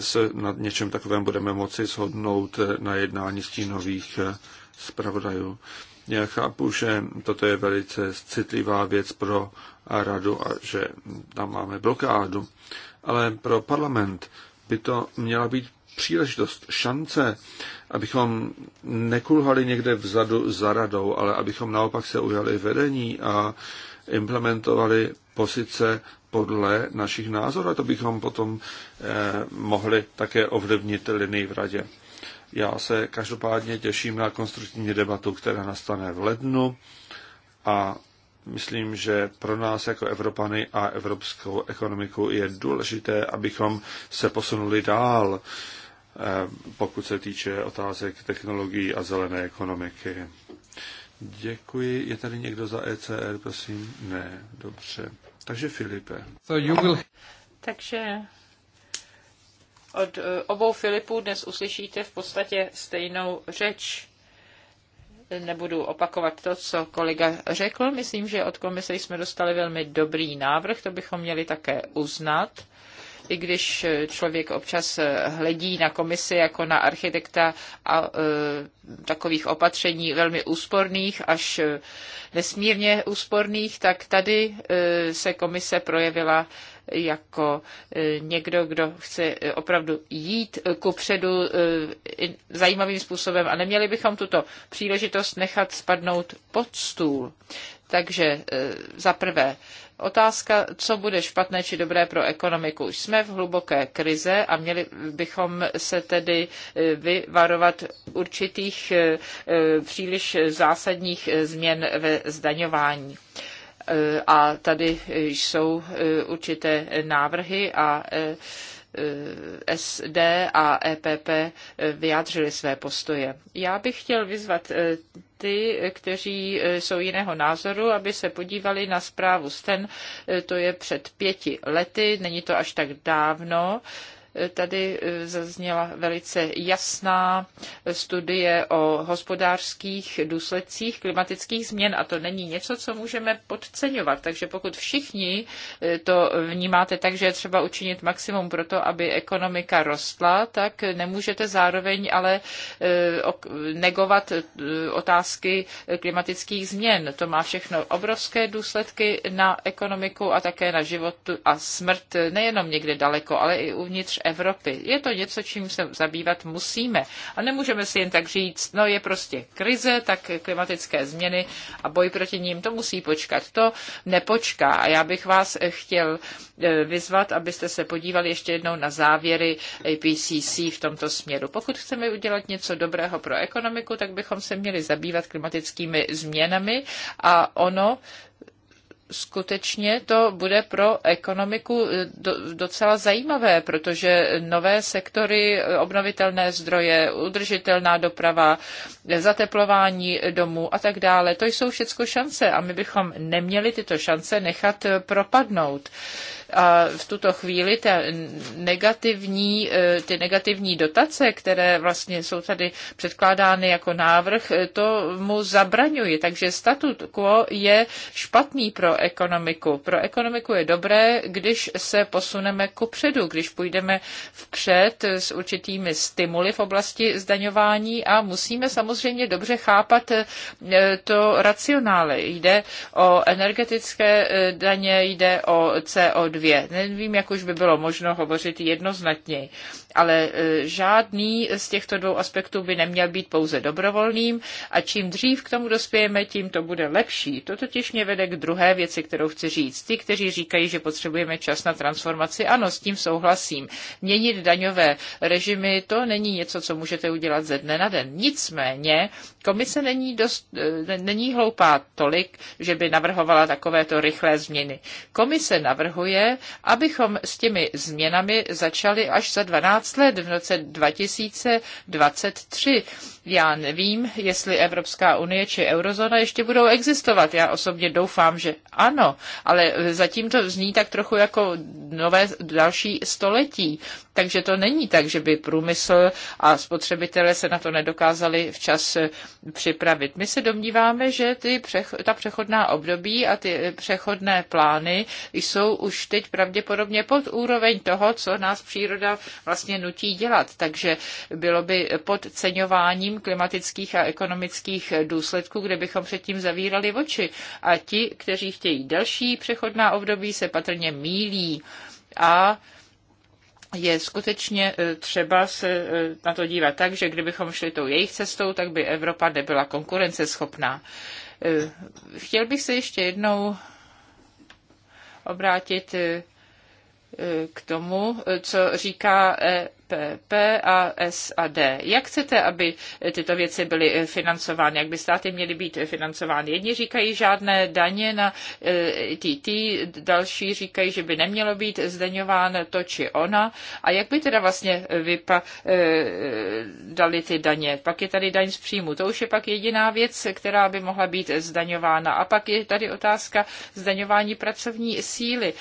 se nad něčem takovém budeme moci shodnout na jednání stínových eh, zpravodajů. Já chápu, že toto je velice citlivá věc pro radu a že tam máme blokádu, ale pro parlament by to měla být příležitost, šance, abychom nekulhali někde vzadu za radou, ale abychom naopak se ujali vedení a implementovali pozice podle našich názorů a to bychom potom eh, mohli také ovlivnit linii v radě. Já se každopádně těším na konstruktivní debatu, která nastane v lednu a myslím, že pro nás jako Evropany a evropskou ekonomiku je důležité, abychom se posunuli dál, eh, pokud se týče otázek technologií a zelené ekonomiky. Děkuji. Je tady někdo za ECR, prosím? Ne, dobře. Takže Filipe. So you will... Takže od eh, obou Filipů dnes uslyšíte v podstatě stejnou řeč. Nebudu opakovat to, co kolega řekl. Myslím, že od komise jsme dostali velmi dobrý návrh, to bychom měli také uznat i když člověk občas hledí na komisi jako na architekta a e, takových opatření velmi úsporných až nesmírně úsporných, tak tady e, se komise projevila jako e, někdo, kdo chce opravdu jít ku předu zajímavým způsobem a neměli bychom tuto příležitost nechat spadnout pod stůl. Takže za prvé Otázka, co bude špatné či dobré pro ekonomiku. jsme v hluboké krize a měli bychom se tedy eh, vyvarovat určitých eh, eh, příliš zásadních změn ve zdaňování. A tady jsou určité návrhy a Eh, SD a EPP eh, vyjádřili své postoje. Já bych chtěl vyzvat eh, ty, kteří jsou jiného názoru, aby se podívali na zprávu Sten, to je před pěti lety, není to až tak dávno, Tady e, zazněla velice jasná studie o hospodářských důsledcích klimatických změn a to není něco, co můžeme podceňovat. Takže pokud všichni e, to vnímáte tak, že je třeba učinit maximum pro to, aby ekonomika rostla, tak nemůžete zároveň ale e, negovat otázky klimatických změn. To má všechno obrovské důsledky na ekonomiku a také na život a smrt nejenom někde daleko, ale i uvnitř Evropy. Je to něco, čím se zabývat musíme. A nemůžeme si jen tak říct, no je prostě krize, tak klimatické změny a boj proti ním, to musí počkat. To nepočká. A já bych vás chtěl eh, vyzvat, abyste se podívali ještě jednou na závěry IPCC v tomto směru. Pokud chceme udělat něco dobrého pro ekonomiku, tak bychom se měli zabývat klimatickými změnami a ono skutečně to bude pro ekonomiku eh, docela zajímavé, protože nové sektory, eh, obnovitelné zdroje, udržitelná doprava, eh, zateplování domů a tak dále, to jsou všechno šance a my bychom neměli tyto šance nechat propadnout. A v tuto chvíli ta negativní, e, ty negativní dotace, které vlastně jsou tady předkládány jako návrh, e, to mu zabraňuje. Takže statut quo je špatný pro ekonomiku. Pro ekonomiku je dobré, když se posuneme ku předu, když půjdeme vpřed s určitými stimuly v oblasti zdaňování a musíme samozřejmě dobře chápat e, to racionále. Jde o energetické daně, jde o CO2, dvě. Nevím, jak už by bylo možno hovořit jednoznačněji ale e, žádný z těchto dvou aspektů by neměl být pouze dobrovolným a čím dřív k tomu dospějeme, tím to bude lepší. To totiž mě vede k druhé věci, kterou chci říct. Ty, kteří říkají, že potřebujeme čas na transformaci, ano, s tím souhlasím. Měnit daňové režimy, to není něco, co můžete udělat ze dne na den. Nicméně, komise není, dost, e, není hloupá tolik, že by navrhovala takovéto rychlé změny. Komise navrhuje, abychom s těmi změnami začali až za 12 15 let v roce 2023. Já nevím, jestli Evropská unie či eurozóna ještě budou existovat. Já osobně doufám, že ano, ale zatím to zní tak trochu jako nové další století. Takže to není tak, že by průmysl a spotřebitelé se na to nedokázali včas připravit. My se domníváme, že ty přech, ta přechodná období a ty přechodné plány jsou už teď pravděpodobně pod úroveň toho, co nás příroda vlastně nutí dělat. Takže bylo by podceňováním řešením klimatických a ekonomických důsledků, kde bychom předtím zavírali oči. A ti, kteří chtějí další přechodná období, se patrně mílí. A je skutečně e, třeba se e, na to dívat tak, že kdybychom šli tou jejich cestou, tak by Evropa nebyla konkurenceschopná. E, chtěl bych se ještě jednou obrátit k tomu, co říká P a S a D. Jak chcete, aby tyto věci byly eh, financovány? Jak by státy měly být eh, financovány? Jedni říkají žádné daně na TT, eh, další říkají, že by nemělo být zdaňováno to či ona. A jak by teda vlastně vypa, dali ty daně? Pak je tady daň z příjmu. To už je pak jediná věc, která by mohla být zdaňována. A pak je tady otázka zdaňování pracovní síly.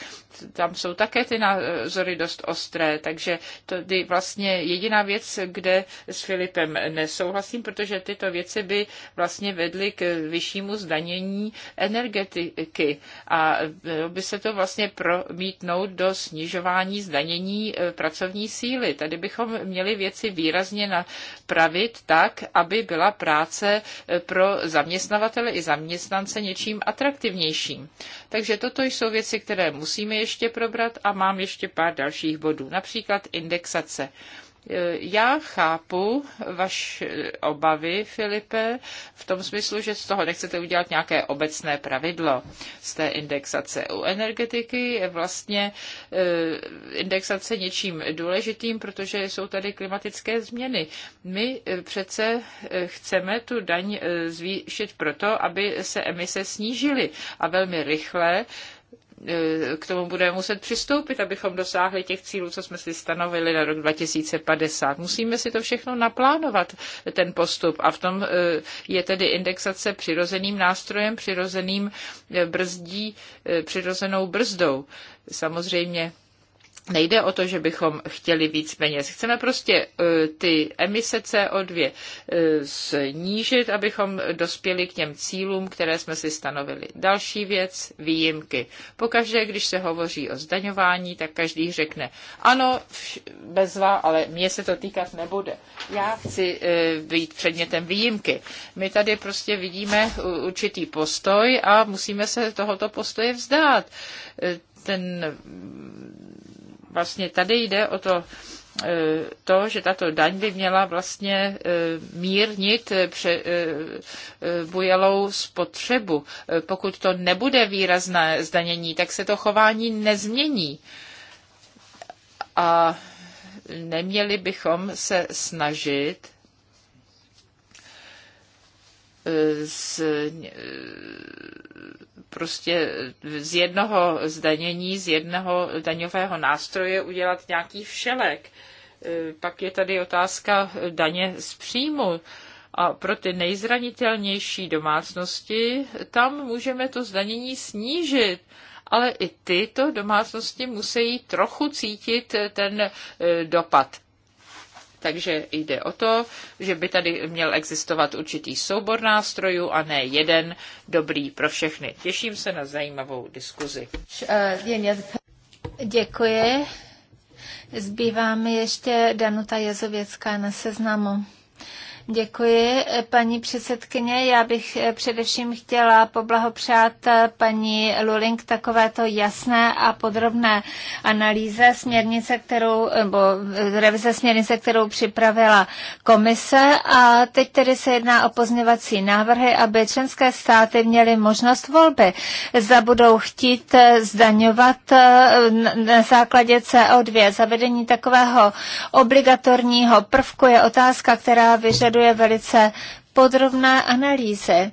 Tam jsou také ty názory dost ostré, takže to, vlastně jediná věc, kde s Filipem nesouhlasím, protože tyto věci by vlastně vedly k vyššímu zdanění energetiky a by se to vlastně promítnout do snižování zdanění e, pracovní síly. Tady bychom měli věci výrazně napravit tak, aby byla práce e, pro zaměstnavatele i zaměstnance něčím atraktivnějším. Takže toto jsou věci, které musíme ještě probrat a mám ještě pár dalších bodů. Například indexace se. Já chápu vaše obavy, Filipe, v tom smyslu, že z toho nechcete udělat nějaké obecné pravidlo z té indexace. U energetiky je vlastně eh, indexace něčím důležitým, protože jsou tady klimatické změny. My eh, přece eh, chceme tu daň zvýšit proto, aby se emise snížily a velmi rychle E, k tomu budeme muset přistoupit, abychom dosáhli těch cílů, co jsme si stanovili na rok 2050. Musíme si to všechno naplánovat, ten postup. A v tom e, je tedy indexace přirozeným nástrojem, přirozeným e, brzdí, přirozenou brzdou. Samozřejmě Nejde o to, že bychom chtěli víc peněz. Chceme prostě eh, ty emise CO2 eh, snížit, abychom dospěli k těm cílům, které jsme si stanovili. Další věc, výjimky. Pokaždé, když se hovoří o zdaňování, tak každý řekne, ano, bezva, ale mě se to týkat nebude. Já chci eh, být předmětem výjimky. My tady prostě vidíme určitý postoj a musíme se tohoto postoje vzdát. Ten vlastně tady jde o to, e, to, že tato daň by měla vlastně e, mírnit pře, e, bujelou spotřebu. Pokud to nebude výrazné zdanění, tak se to chování nezmění. A neměli bychom se snažit z, prostě z jednoho zdanění, z jednoho daňového nástroje udělat nějaký všelek. E, pak je tady otázka daně z příjmu. A pro ty nejzranitelnější domácnosti tam můžeme to zdanění snížit ale i tyto domácnosti musí trochu cítit ten e, dopad takže jde o to, že by tady měl existovat určitý soubor nástrojů a ne jeden dobrý pro všechny. Těším se na zajímavou diskuzi. Děkuji. Zbývá mi ještě Danuta Jezověcká na seznamu. Děkuji, paní předsedkyně. Já bych eh, především chtěla poblahopřát eh, paní Luling k takovéto jasné a podrobné analýze směrnice, kterou, nebo eh, revize směrnice, kterou připravila komise. A teď tedy se jedná o pozměvací návrhy, aby členské státy měly možnost volby. Zda budou chtít zdaňovat na základě CO2. Zavedení takového obligatorního prvku je otázka, která vyžaduje vyžaduje velice podrobné analýzy,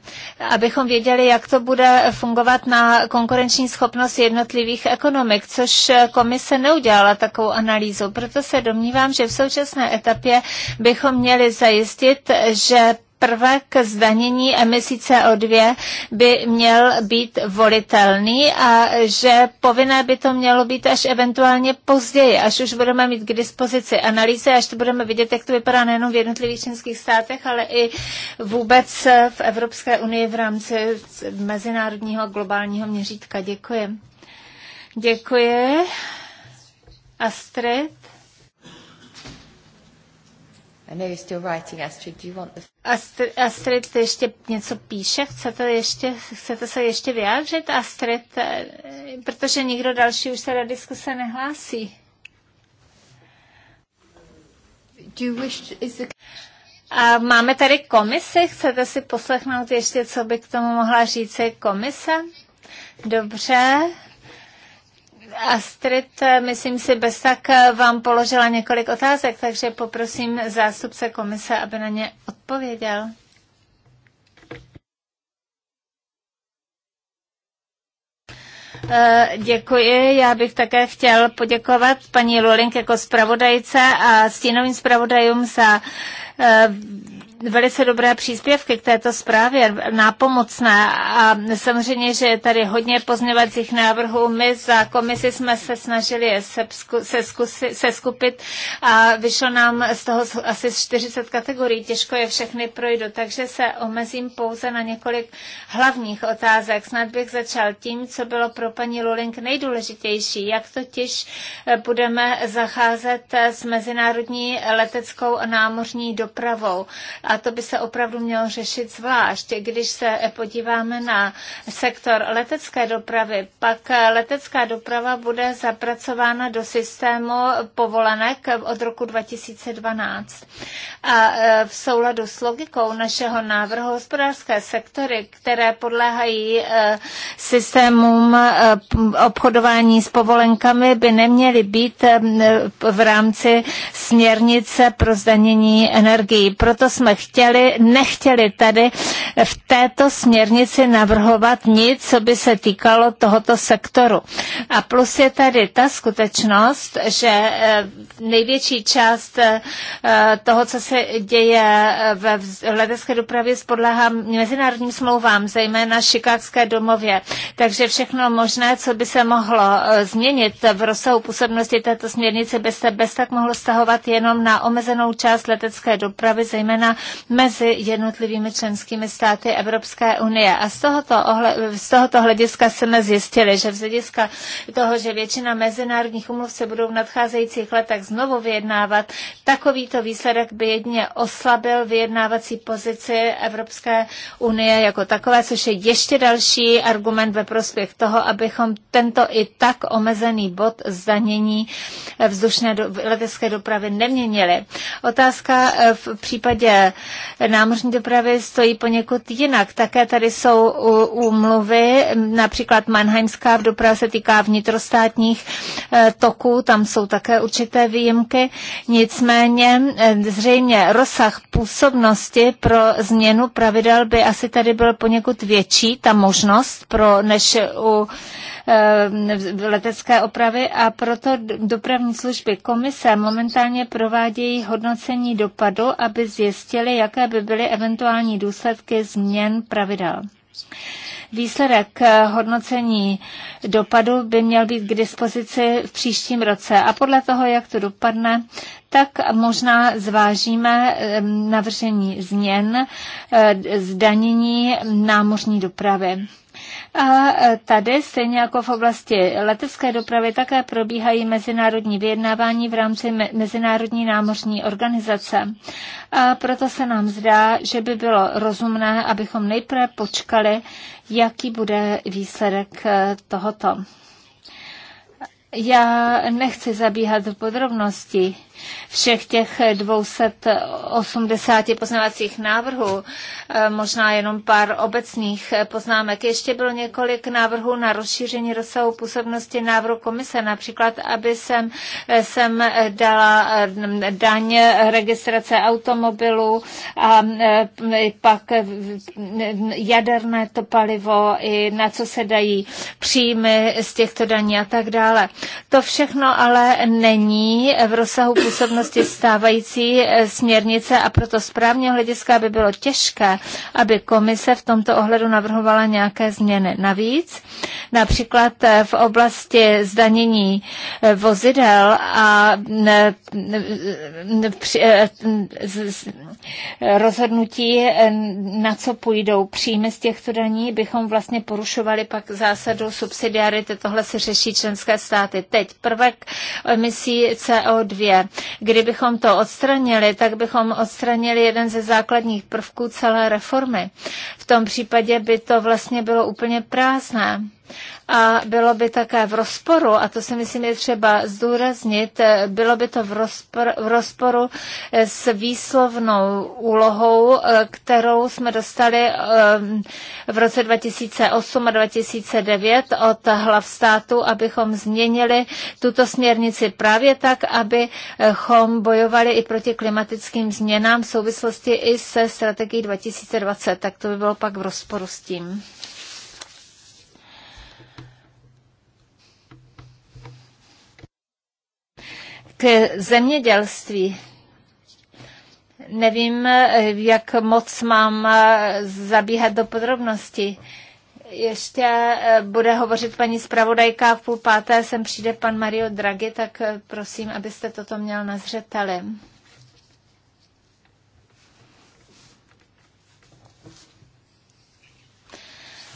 abychom věděli, jak to bude fungovat na konkurenční schopnost jednotlivých ekonomik, což komise neudělala takovou analýzu. Proto se domnívám, že v současné etapě bychom měli zajistit, že prvek zdanění emisí CO2 by měl být volitelný a že povinné by to mělo být až eventuálně později, až už budeme mít k dispozici analýzy, až to budeme vidět, jak to vypadá nejenom v jednotlivých členských státech, ale i vůbec v Evropské unii v rámci mezinárodního globálního měřítka. Děkuji. Děkuji. Astrid. Astrid. ještě něco píše? Chcete, ještě, chcete se ještě vyjádřit, Astrid? Protože nikdo další už se do diskuse nehlásí. Do you wish to, is the... A máme tady komisi, chcete si poslechnout ještě, co by k tomu mohla říct komise? Dobře, Astrid, myslím si, bez tak vám položila několik otázek, takže poprosím zástupce komise, aby na ně odpověděl. Eh, děkuji. Já bych také chtěl poděkovat paní Lulink jako zpravodajce a stínovým zpravodajům za eh, velice dobré příspěvky k této zprávě, nápomocné a samozřejmě, že je tady hodně pozměvacích návrhů. My za komisi jsme se snažili je se skupit a vyšlo nám z toho asi 40 kategorií. Těžko je všechny projdu, takže se omezím pouze na několik hlavních otázek. Snad bych začal tím, co bylo pro paní Luling nejdůležitější. Jak totiž eh, budeme zacházet eh, s mezinárodní leteckou a námořní dopravou a to by se opravdu mělo řešit zvlášť. Když se podíváme na sektor letecké dopravy, pak letecká doprava bude zapracována do systému povolenek od roku 2012. A e, v souladu s logikou našeho návrhu hospodářské sektory, které podléhají e, systémům e, obchodování s povolenkami, by neměly být v rámci směrnice pro zdanění energií. Proto jsme chtěli, nechtěli tady v této směrnici navrhovat nic, co by se týkalo tohoto sektoru. A plus je tady ta skutečnost, že eh, největší část eh, toho, co se děje eh, ve letecké dopravě, spodlehá mezinárodním smlouvám, zejména Chicagské domově. Takže všechno možné, co by se mohlo změnit v rozsahu působnosti této směrnice, by se bez tak mohlo stahovat jenom na omezenou část letecké dopravy, zejména mezi jednotlivými členskými státy Evropské unie. A z tohoto, ohle, z tohoto hlediska jsme zjistili, že z hlediska toho, že většina mezinárodních umluv se budou v nadcházejících letech znovu vyjednávat, takovýto výsledek by jedině oslabil vyjednávací pozici Evropské unie jako takové, což je ještě další argument ve prospěch toho, abychom tento i tak omezený bod zdanění vzdušné do, letecké dopravy neměnili. Otázka eh, v případě námořní dopravy stojí poněkud jinak. Také tady jsou úmluvy, například Mannheimská v doprava se týká vnitrostátních eh, toků, tam jsou také určité výjimky. Nicméně eh, zřejmě rozsah působnosti pro změnu pravidel by asi tady byl poněkud větší, ta možnost pro než u Eh, letecké opravy a proto dopravní služby komise momentálně provádějí hodnocení dopadu, aby zjistili, jaké by byly eventuální důsledky změn pravidel. Výsledek eh, hodnocení dopadu by měl být k dispozici v příštím roce a podle toho, jak to dopadne, tak možná zvážíme eh, navržení změn zdanění námořní dopravy. A e, tady, stejně jako v oblasti letecké dopravy, také probíhají mezinárodní vyjednávání v rámci Mezinárodní námořní organizace. A proto se nám zdá, že by bylo rozumné, abychom nejprve počkali, jaký bude výsledek e, tohoto. Já nechci zabíhat v podrobnosti všech těch 280 poznávacích návrhů, eh, možná jenom pár obecných poznámek. Ještě bylo několik návrhů na rozšíření rozsahu působnosti návrhu komise, například, aby jsem, jsem eh, dala eh, daň registrace automobilů a pak jaderné to palivo i na co se dají příjmy z těchto daní a tak dále. To všechno ale není v rozsahu působnosti působnosti stávající eh, směrnice a proto z právního hlediska by bylo těžké, aby komise v tomto ohledu navrhovala nějaké změny. Navíc například eh, v oblasti zdanění eh, vozidel a rozhodnutí, na co půjdou příjmy z těchto daní, bychom vlastně porušovali pak zásadu subsidiarity. Tohle se řeší členské státy. Teď prvek emisí CO2. Kdybychom to odstranili, tak bychom odstranili jeden ze základních prvků celé reformy. V tom případě by to vlastně bylo úplně prázdné. A bylo by také v rozporu, a to si myslím je třeba zdůraznit, eh, bylo by to v, rozpor, v rozporu eh, s výslovnou úlohou, eh, kterou jsme dostali ehm, v roce 2008 a 2009 od hlav státu, abychom změnili tuto směrnici právě tak, abychom bojovali i proti klimatickým změnám v souvislosti i se strategií 2020. Tak to by bylo pak v rozporu s tím. k zemědělství. Nevím, jak moc mám zabíhat do podrobností. Ještě eh, bude hovořit paní zpravodajka v půl páté, sem přijde pan Mario Draghi, tak eh, prosím, abyste toto měl na zřeteli.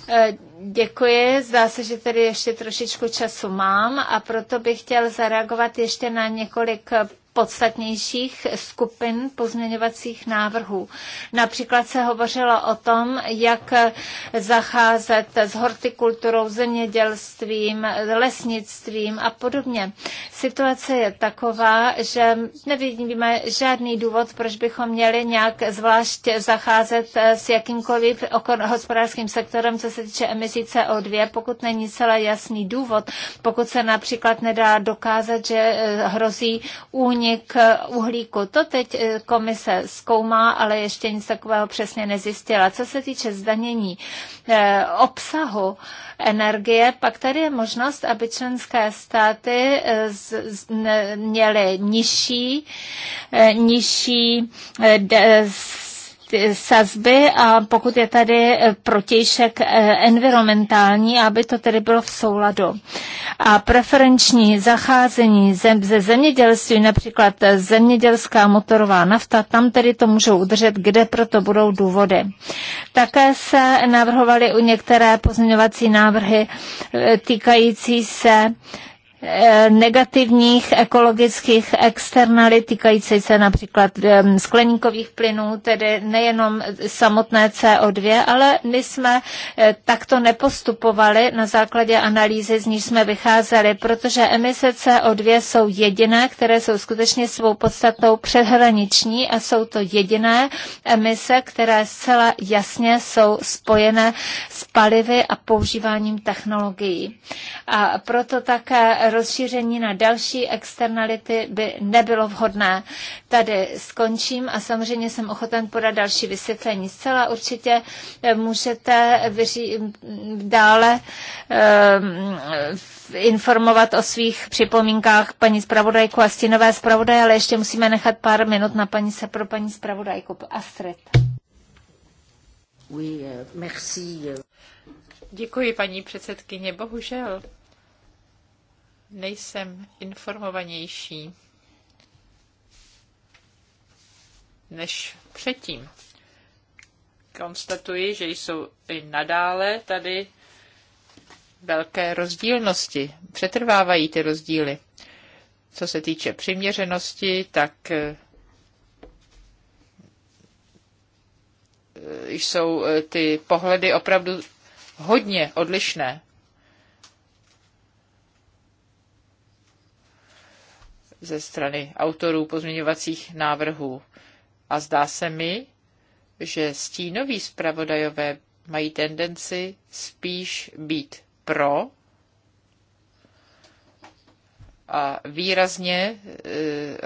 Uh, Děkuji, zdá se, že tady ještě trošičku času mám a proto bych chtěl zareagovat ještě na několik podstatnějších skupin pozměňovacích návrhů. Například se hovořilo o tom, jak zacházet s hortikulturou, zemědělstvím, lesnictvím a podobně. Situace je taková, že nevidíme žádný důvod, proč bychom měli nějak zvlášť zacházet s jakýmkoliv hospodářským sektorem, co se týče emisí CO2, pokud není celé jasný důvod, pokud se například nedá dokázat, že eh, hrozí únik únik uhlíku. To teď eh, komise zkoumá, ale ještě nic takového přesně nezjistila. Co se týče zdanění eh, obsahu energie, pak tady je možnost, aby členské státy eh, měly nižší, nižší sazby a pokud je tady eh, protějšek eh, environmentální, aby to tedy bylo v souladu. A preferenční zacházení zem, ze zemědělství, například eh, zemědělská motorová nafta, tam tedy to můžou udržet, kde proto budou důvody. Také se navrhovaly u některé pozměňovací návrhy týkající se Eh, negativních ekologických externalit týkající se například skleníkových plynů, tedy nejenom samotné CO2, ale my jsme eh, takto nepostupovali na základě analýzy, z níž jsme vycházeli, protože emise CO2 jsou jediné, které jsou skutečně svou podstatou přeshraniční a jsou to jediné emise, které zcela jasně jsou spojené s palivy a používáním technologií. A proto také rozšíření na další externality by nebylo vhodné. Tady skončím a samozřejmě jsem ochoten podat další vysvětlení. Zcela určitě eh, můžete vyří- dále ehm, informovat o svých připomínkách paní zpravodajku a stinové zpravodaje, ale ještě musíme nechat pár minut na paní se pro paní zpravodajku Astrid. Oui, euh, merci. Euh. Děkuji, paní předsedkyně. Bohužel nejsem informovanější než předtím. Konstatuji, že jsou i nadále tady velké rozdílnosti. Přetrvávají ty rozdíly. Co se týče přiměřenosti, tak eh, eh, jsou eh, ty pohledy opravdu hodně odlišné. ze strany autorů pozměňovacích návrhů. A zdá se mi, že stínoví zpravodajové mají tendenci spíš být pro a výrazně e,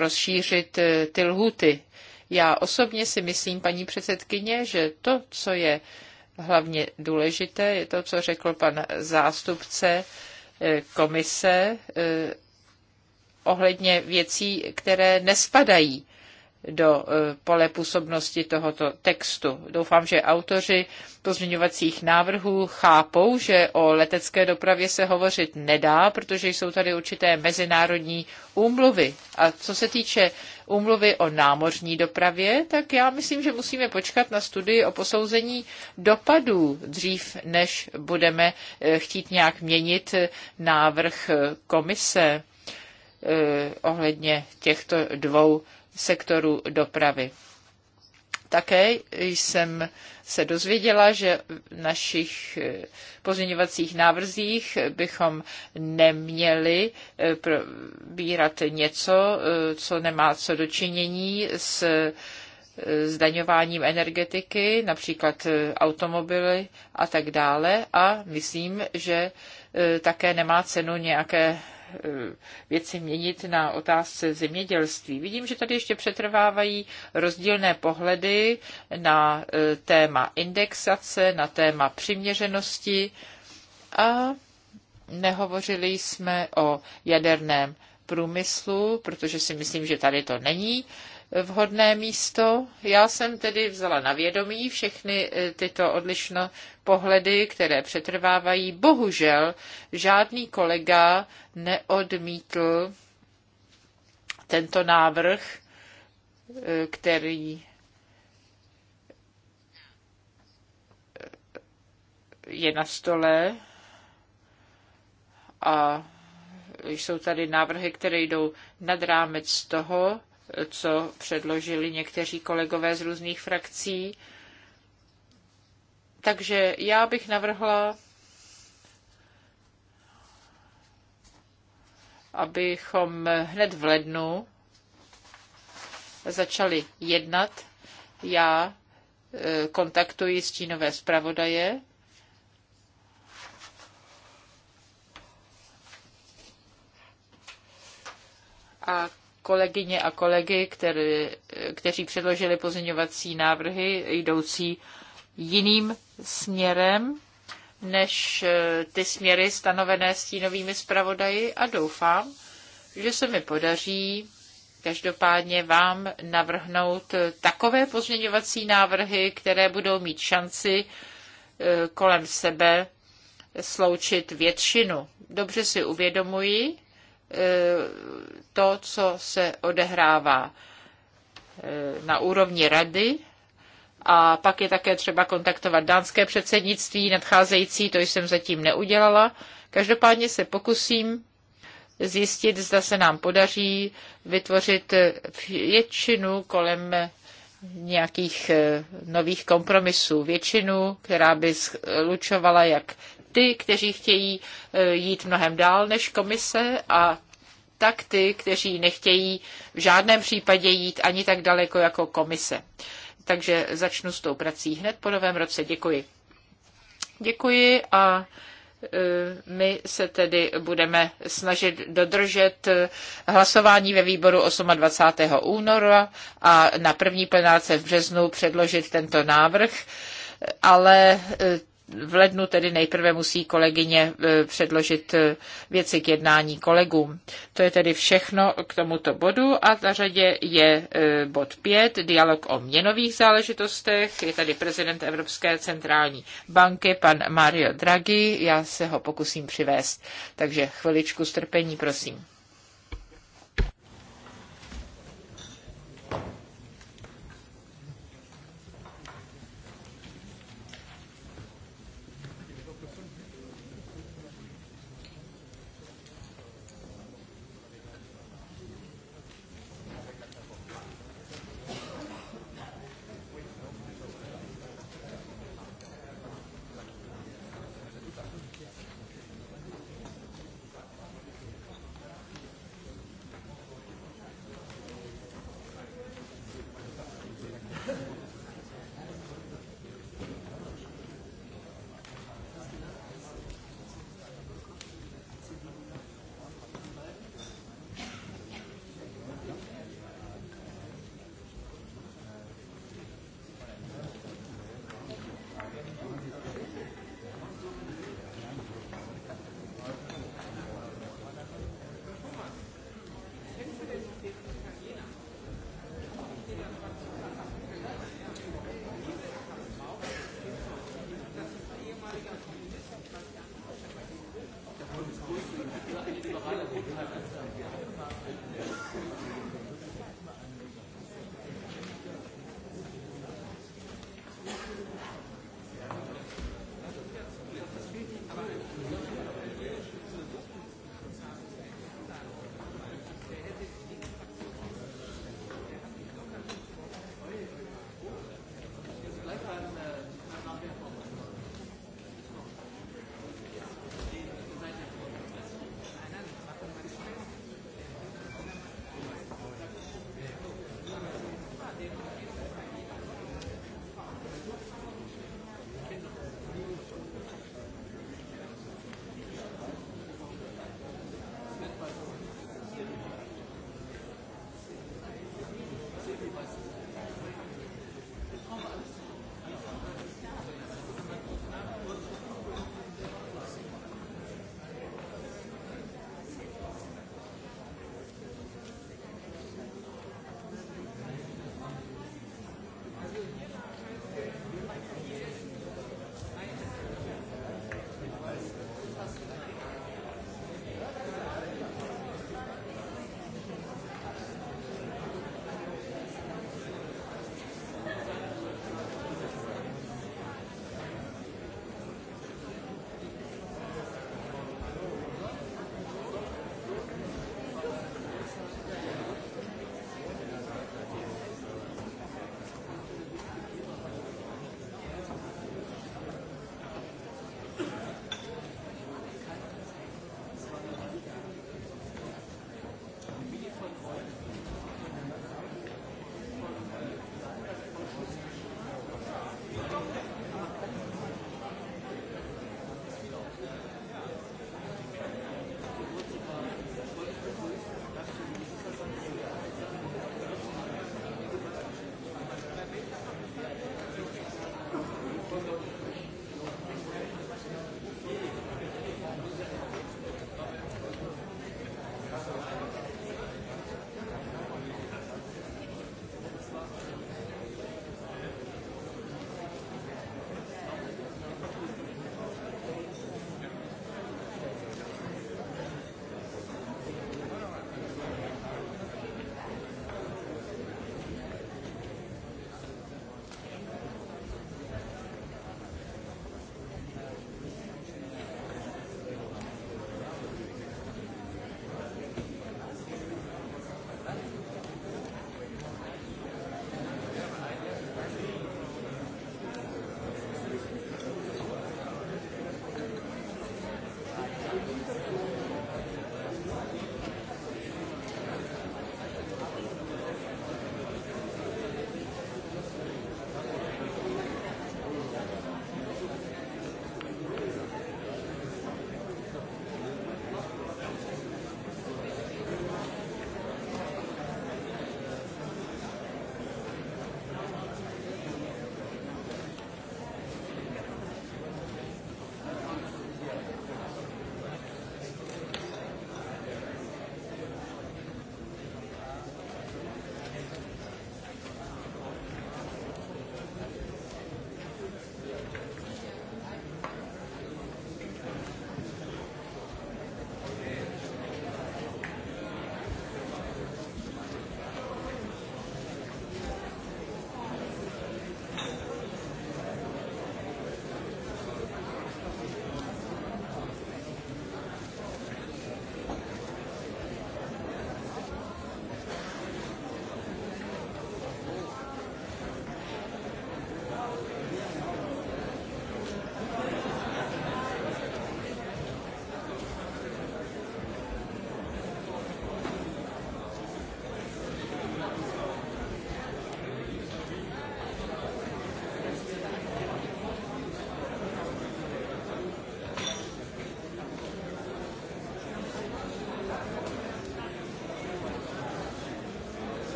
rozšířit e, ty lhuty. Já osobně si myslím, paní předsedkyně, že to, co je hlavně důležité, je to, co řekl pan zástupce e, komise ohledně věcí, které nespadají do eh, pole působnosti tohoto textu. Doufám, že autoři pozměňovacích návrhů chápou, že o letecké dopravě se hovořit nedá, protože jsou tady určité mezinárodní úmluvy. A co se týče úmluvy o námořní dopravě, tak já myslím, že musíme počkat na studii o posouzení dopadů dřív, než budeme eh, chtít nějak měnit eh, návrh komise Eh, ohledně těchto dvou sektorů dopravy. Také jsem se dozvěděla, že v našich eh, pozměňovacích návrzích bychom neměli eh, probírat něco, co nemá co dočinění s zdaňováním energetiky, například automobily a tak dále. A myslím, že také nemá cenu nějaké Eh, věci měnit na otázce zemědělství. Vidím, že tady ještě přetrvávají rozdílné pohledy na eh, téma indexace, na téma přiměřenosti a nehovořili jsme o jaderném průmyslu, protože si myslím, že tady to není vhodné místo. Já jsem tedy vzala na vědomí všechny e, tyto odlišné pohledy, které přetrvávají. Bohužel žádný kolega neodmítl tento návrh, e, který e, je na stole a jsou tady návrhy, které jdou nad rámec toho, co předložili někteří kolegové z různých frakcí. Takže já bych navrhla, abychom hned v lednu začali jednat. Já e, kontaktuji stínové zpravodaje a kolegyně a kolegy, který, kteří předložili pozměňovací návrhy jdoucí jiným směrem než eh, ty směry stanovené stínovými zpravodaji a doufám, že se mi podaří každopádně vám navrhnout takové pozměňovací návrhy, které budou mít šanci eh, kolem sebe sloučit většinu. Dobře si uvědomuji, Eh, to, co se odehrává eh, na úrovni rady. A pak je také třeba kontaktovat dánské předsednictví, nadcházející, to jsem zatím neudělala. Každopádně se pokusím zjistit, zda se nám podaří vytvořit většinu kolem nějakých eh, nových kompromisů. Většinu, která by slučovala jak ty, kteří chtějí eh, jít mnohem dál než komise a tak ty, kteří nechtějí v žádném případě jít ani tak daleko jako komise. Takže začnu s tou prací hned po novém roce. Děkuji. Děkuji a eh, my se tedy budeme snažit dodržet eh, hlasování ve výboru 28. února a na první plenáce v březnu předložit tento návrh, ale v lednu tedy nejprve musí kolegyně e, předložit e, věci k jednání kolegům. To je tedy všechno k tomuto bodu a na řadě je e, bod 5, dialog o měnových záležitostech. Je tady prezident Evropské centrální banky, pan Mario Draghi. Já se ho pokusím přivést. Takže chviličku strpení, prosím.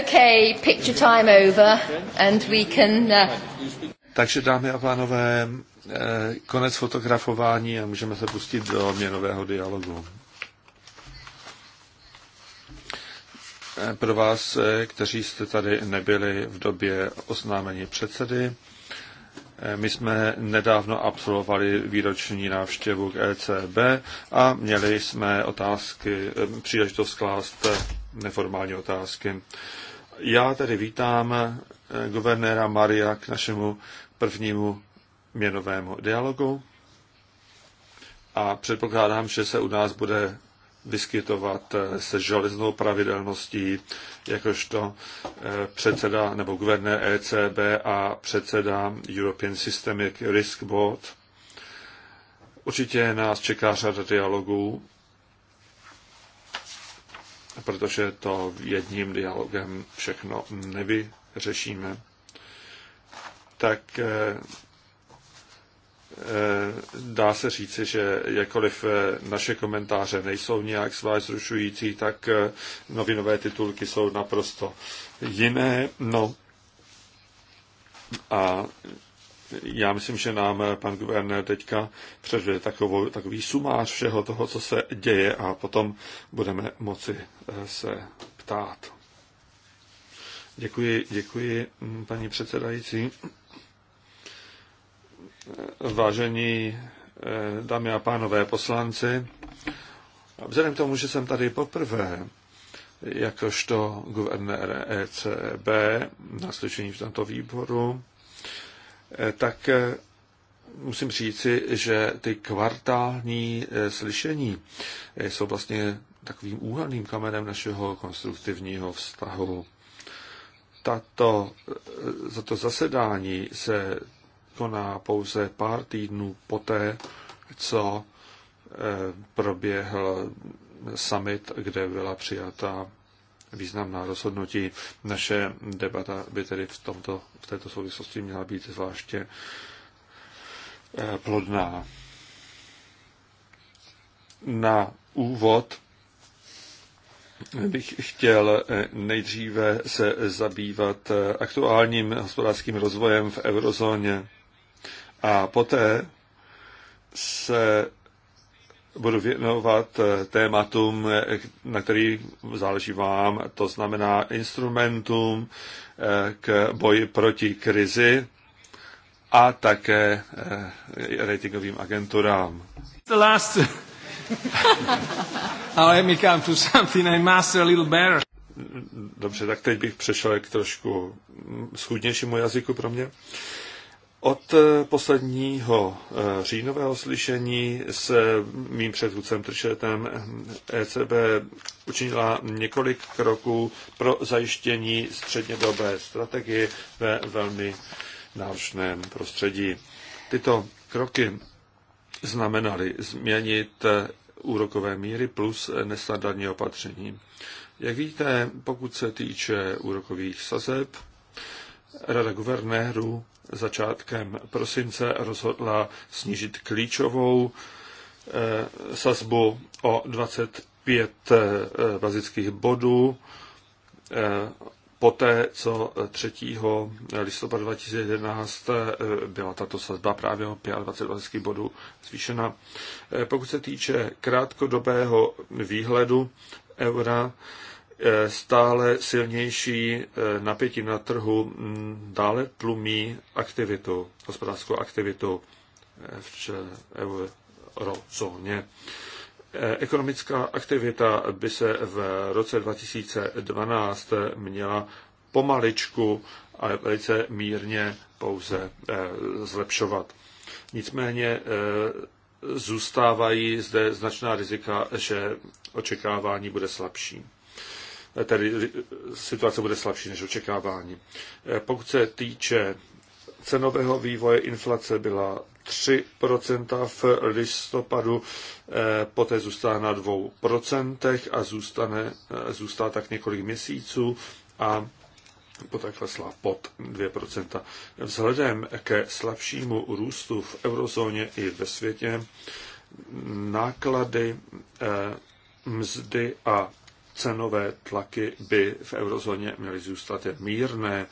Okay, picture time over and we can... Uh... Takže dámy a pánové, eh, konec fotografování a můžeme se pustit do měnového dialogu. Eh, pro vás, eh, kteří jste tady nebyli v době oznámení předsedy, my jsme nedávno absolvovali výroční návštěvu k ECB a měli jsme otázky, příležitost klást neformální otázky. Já tedy vítám eh, guvernéra Maria k našemu prvnímu měnovému dialogu a předpokládám, že se u nás bude vyskytovat eh, se železnou pravidelností, jakožto eh, předseda nebo guvernér ECB a předseda European Systemic Risk Board. Určitě nás čeká řada dialogů protože to jedním dialogem všechno nevyřešíme, tak eh, eh, dá se říci, že jakoliv eh, naše komentáře nejsou nějak zvlášť zrušující, tak novinové titulky jsou naprosto jiné. No a já myslím, že nám eh, pan guvernér teďka předvede takovou, takový sumář všeho toho, co se děje a potom budeme moci eh, se ptát. Děkuji, děkuji, mm, paní předsedající. Vážení eh, dámy a pánové poslanci, vzhledem k tomu, že jsem tady poprvé, jakožto guvernér ECB na slyšení v tomto výboru, Eh, tak eh, musím říci, že ty kvartální eh, slyšení jsou vlastně takovým úhelným kamenem našeho konstruktivního vztahu. Tato, za to zasedání se koná pouze pár týdnů poté, co proběhl summit, kde byla přijata významná rozhodnutí. Naše debata by tedy v, tomto, v této souvislosti měla být zvláště eh, plodná. Na úvod bych chtěl eh, nejdříve se zabývat eh, aktuálním hospodářským rozvojem v eurozóně a poté se budu věnovat eh, tématům, eh, na který záleží vám, to znamená instrumentům eh, k boji proti krizi a také ratingovým agenturám. The last... Now let me come to something I master a little better. Dobře, tak teď bych přešel k trošku schudnějšímu jazyku pro mě. Uh, od eh, posledního eh, říjnového slyšení s mým předchůdcem Tršetem ECB eh, e učinila několik kroků pro zajištění střednědobé strategie ve velmi náročném prostředí. Tyto kroky znamenaly změnit úrokové míry plus nestandardní opatření. Jak víte, pokud se týče úrokových sazeb, Rada guvernérů začátkem prosince rozhodla snížit klíčovou eh, sazbu o 25 eh, bazických bodů eh, poté, co 3. listopadu 2011 byla tato sazba právě o 25 bazických bodů zvýšena. Pokud se týče krátkodobého výhledu eura, Eh, stále silnější eh, napětí na trhu mm, dále tlumí aktivitu, hospodářskou aktivitu eh, v eurozóně. Ekonomická aktivita by se v roce 2012 měla pomaličku a velice mírně pouze zlepšovat. Nicméně zůstávají zde značná rizika, že očekávání bude slabší tedy situace bude slabší než očekávání. Eh, pokud se týče cenového vývoje, inflace byla 3% v listopadu, eh, poté zůstane na 2% a zůstane, eh, zůstá tak několik měsíců a poté klesla pod 2%. Vzhledem ke slabšímu růstu v eurozóně i ve světě, náklady, mzdy a cenové tlaky by v eurozóně měly zůstat jen mírné.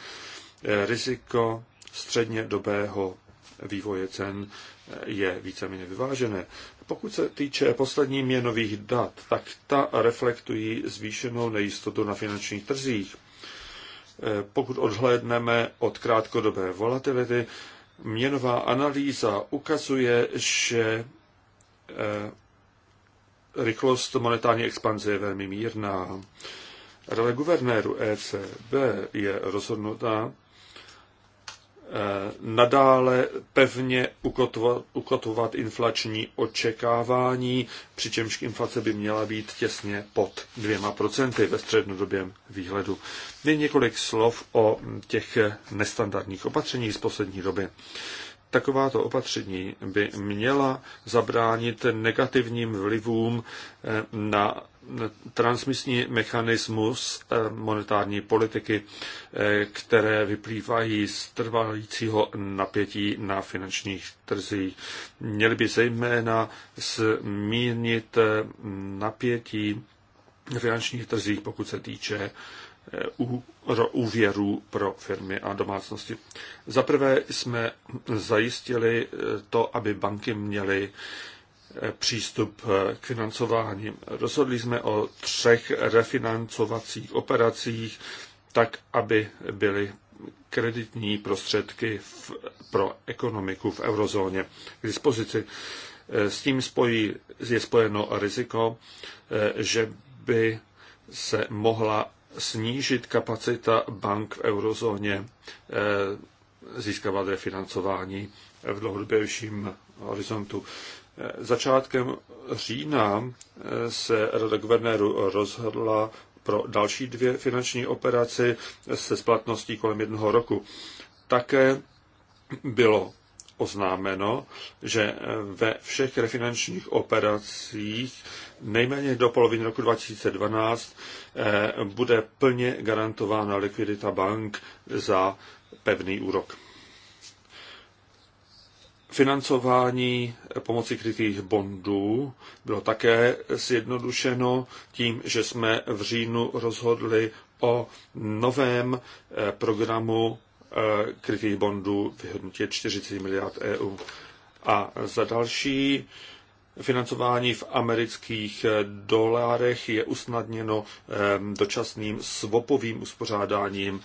Eh, riziko středně dobého vývoje cen eh, je víceméně vyvážené. Pokud se týče poslední měnových dat, tak ta reflektují zvýšenou nejistotu na finančních trzích. Eh, pokud odhlédneme od krátkodobé volatility, měnová analýza ukazuje, že rychlost monetární expanze je velmi mírná. Role guvernéru ECB je rozhodnutá eh, nadále pevně ukotovat, ukotovat inflační očekávání, přičemž inflace by měla být těsně pod dvěma procenty ve střednodobém výhledu. Je několik slov o těch nestandardních opatřeních z poslední doby takováto opatření by měla zabránit negativním vlivům eh, na transmisní mechanismus eh, monetární politiky, eh, které vyplývají z trvalícího napětí na finančních trzích. Měly by zejména zmínit napětí finančních trzích, pokud se týče úvěrů pro firmy a domácnosti. Za prvé jsme zajistili eh, to, aby banky měly eh, přístup eh, k financování. Rozhodli jsme o třech refinancovacích operacích, tak aby byly kreditní prostředky v, pro ekonomiku v eurozóně k dispozici. S tím spojí, je spojeno riziko, že by se mohla snížit kapacita bank v eurozóně, eh, získávat refinancování v dlouhodobějším horizontu. Eh, začátkem října eh, se Rada guvernéru rozhodla pro další dvě finanční operaci se splatností kolem jednoho roku. Také bylo oznámeno, že ve všech refinančních operacích nejméně do poloviny roku 2012 eh, bude plně garantována likvidita bank za pevný úrok. Financování pomocí krytých bondů bylo také zjednodušeno tím, že jsme v říjnu rozhodli o novém eh, programu eh, krytých bondů v hodnotě 40 miliard EU. A za další Financování v amerických eh, dolárech je usnadněno eh, dočasným svopovým uspořádáním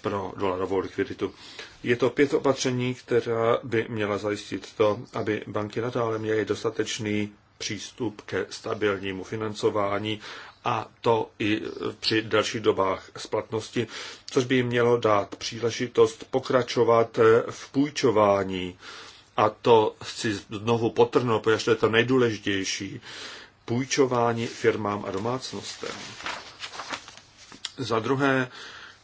pro dolarovou likviditu. Je to pět opatření, která by měla zajistit to, aby banky nadále měly dostatečný přístup ke stabilnímu financování a to i při dalších dobách splatnosti, což by jim mělo dát příležitost pokračovat eh, v půjčování a to chci znovu potrhnout, protože to je to nejdůležitější, půjčování firmám a domácnostem. Za druhé,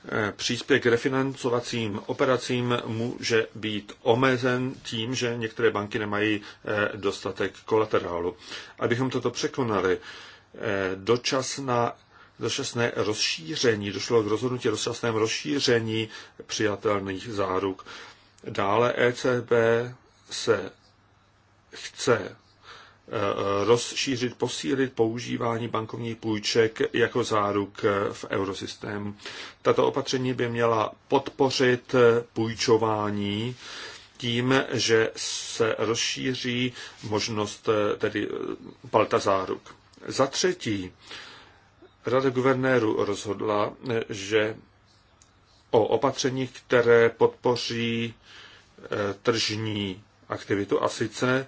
eh, příspěch k refinancovacím operacím může být omezen tím, že některé banky nemají eh, dostatek kolaterálu. Abychom toto překonali, eh, dočasná dočasné rozšíření, došlo k rozhodnutí dočasném rozšíření přijatelných záruk. Dále ECB se chce eh, rozšířit, posílit používání bankovních půjček jako záruk eh, v eurosystému. Tato opatření by měla podpořit eh, půjčování tím, že se rozšíří možnost tedy palta záruk. Za třetí, Rada guvernéru rozhodla, že o opatřeních, které podpoří tržní aktivitu a sice,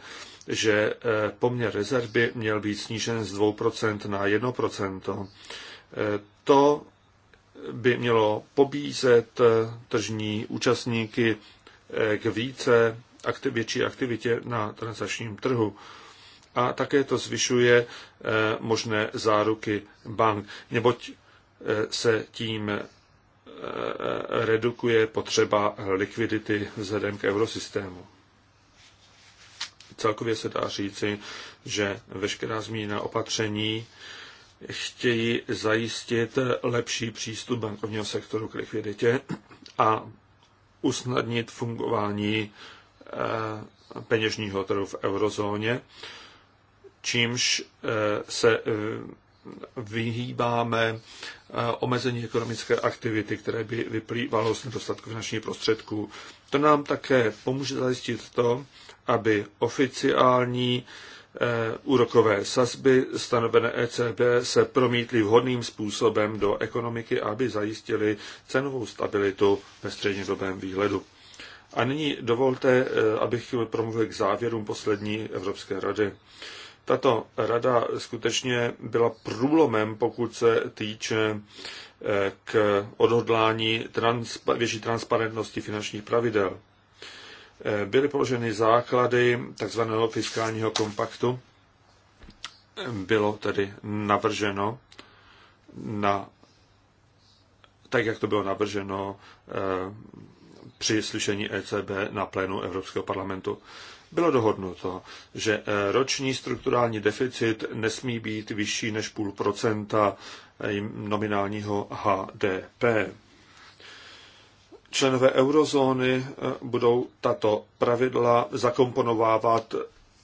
že eh, poměr rezerv by měl být snížen z 2% na 1%. Eh, to by mělo pobízet eh, tržní účastníky k více aktiv, větší aktivitě na transačním trhu. A také to zvyšuje možné záruky bank, neboť se tím redukuje potřeba likvidity vzhledem k eurosystému celkově se dá říci, že veškerá zmíněná opatření chtějí zajistit lepší přístup bankovního sektoru k likviditě a usnadnit fungování eh, peněžního trhu v eurozóně, čímž eh, se eh, vyhýbáme omezení ekonomické aktivity, které by vyplývalo z nedostatku finančních prostředků. To nám také pomůže zajistit to, aby oficiální eh, úrokové sazby stanovené ECB se promítly vhodným způsobem do ekonomiky, aby zajistili cenovou stabilitu ve střednědobém výhledu. A nyní dovolte, eh, abych promluvil k závěrům poslední Evropské rady. Tato rada skutečně byla průlomem, pokud se týče eh, k odhodlání transpa- větší transparentnosti finančních pravidel. Eh, byly položeny základy tzv. fiskálního kompaktu. Bylo tedy navrženo na tak, jak to bylo navrženo eh, při slyšení ECB na plénu Evropského parlamentu. Bylo dohodnuto, že eh, roční strukturální deficit nesmí být vyšší než půl procenta nominálního HDP členové eurozóny eh, budou tato pravidla zakomponovávat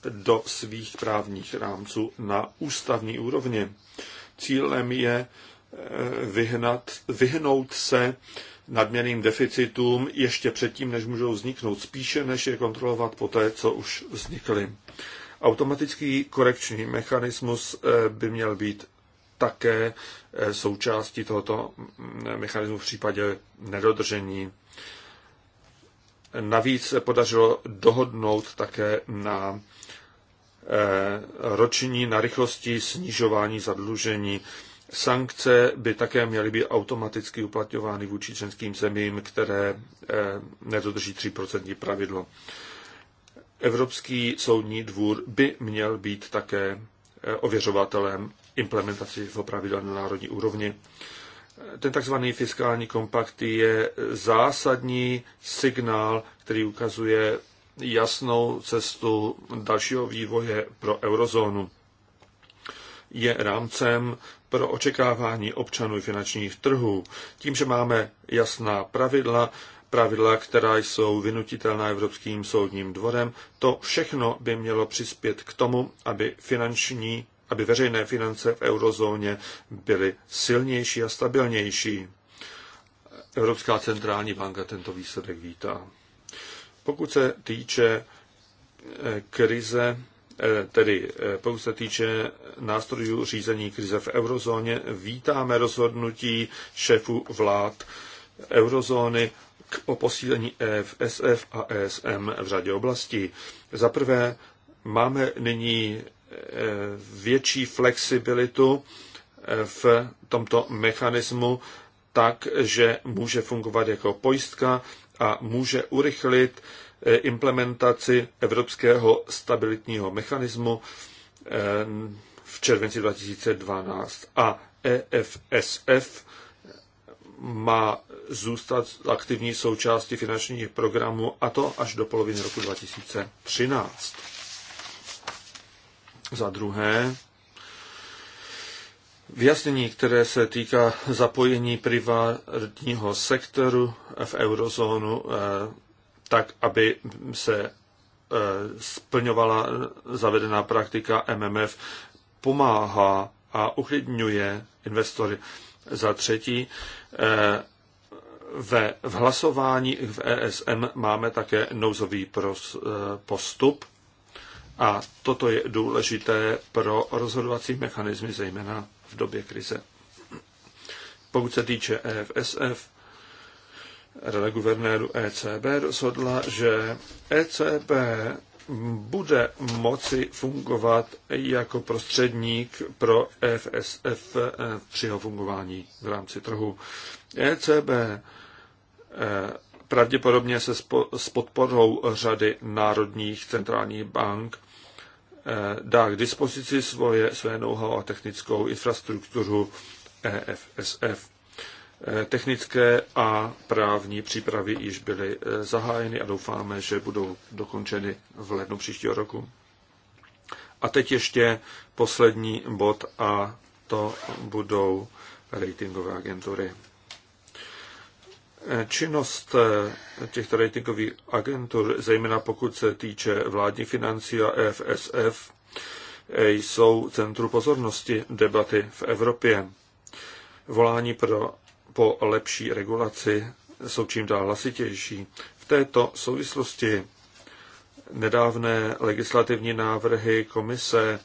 do svých právních rámců na ústavní úrovni. Cílem je eh, vyhnat, vyhnout se nadměrným deficitům ještě předtím, než můžou vzniknout, spíše než je kontrolovat poté, co už vznikly. Automatický korekční mechanismus eh, by měl být také eh, součástí tohoto mm, mechanismu v případě nedodržení. Navíc se podařilo dohodnout také na eh, roční na rychlosti snižování zadlužení. Sankce by také měly být automaticky uplatňovány vůči členským zemím, které eh, nedodrží 3% pravidlo. Evropský soudní dvůr by měl být také ověřovatelem implementaci v pravidel na národní úrovni. Ten tzv. fiskální kompakt je zásadní signál, který ukazuje jasnou cestu dalšího vývoje pro eurozónu. Je rámcem pro očekávání občanů finančních trhů. Tím, že máme jasná pravidla, pravidla, která jsou vynutitelná Evropským soudním dvorem, to všechno by mělo přispět k tomu, aby finanční aby veřejné finance v eurozóně byly silnější a stabilnější. Evropská centrální banka tento výsledek vítá. Pokud se týče eh, krize, eh, tedy eh, pokud se týče nástrojů řízení krize v eurozóně, vítáme rozhodnutí šéfů vlád eurozóny k posílení EFSF a ESM v řadě oblastí. Za prvé, máme nyní větší flexibilitu eh, v tomto mechanismu tak, že může fungovat jako pojistka a může urychlit eh, implementaci Evropského stabilitního mechanismu eh, v červenci 2012. A EFSF má zůstat aktivní součástí finančních programů, a to až do poloviny roku 2013. Za druhé, vyjasnění, které se týká zapojení privátního sektoru v eurozónu, eh, tak, aby se eh, splňovala zavedená praktika MMF, pomáhá a uklidňuje investory. Za třetí, eh, ve, v hlasování v ESM máme také nouzový postup, a toto je důležité pro rozhodovací mechanismy, zejména v době krize. Pokud se týče EFSF, Rada guvernéru ECB rozhodla, že ECB bude moci fungovat jako prostředník pro FSF e při jeho fungování v rámci trhu. ECB eh, pravděpodobně se s podporou řady národních centrálních bank Eh, dá k dispozici svoje, své know-how a technickou infrastrukturu EFSF. Eh, technické a právní přípravy již byly eh, zahájeny a doufáme, že budou dokončeny v lednu příštího roku. A teď ještě poslední bod a to budou ratingové agentury. Činnost eh, těchto ratingových agentur, zejména pokud se týče vládních financí a FSF, eh, jsou centru pozornosti debaty v Evropě. Volání pro, po lepší regulaci jsou čím dál hlasitější. V této souvislosti nedávné legislativní návrhy komise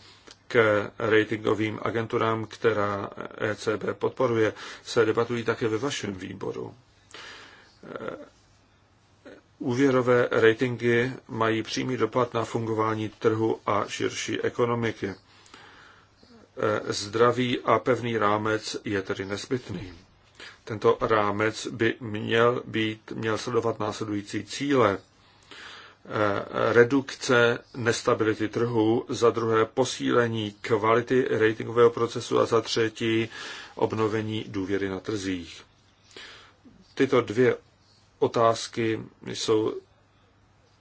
k ratingovým agenturám, která ECB podporuje, se debatují také ve vašem výboru. Úvěrové ratingy mají přímý dopad na fungování trhu a širší ekonomiky. E, zdravý a pevný rámec je tedy nezbytný. Tento rámec by měl, být, měl sledovat následující cíle. E, redukce nestability trhu, za druhé posílení kvality ratingového procesu a za třetí obnovení důvěry na trzích. Tyto dvě otázky jsou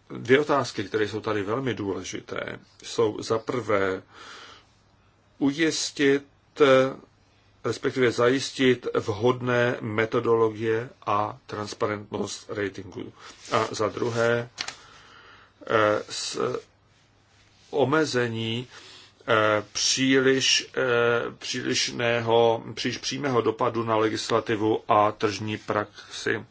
dvě otázky, které jsou tady velmi důležité. Jsou za prvé ujistit, respektive zajistit vhodné metodologie a transparentnost ratingu. A za druhé eh, s omezení eh, příliš, eh, přílišného, příliš přímého dopadu na legislativu a tržní praxi.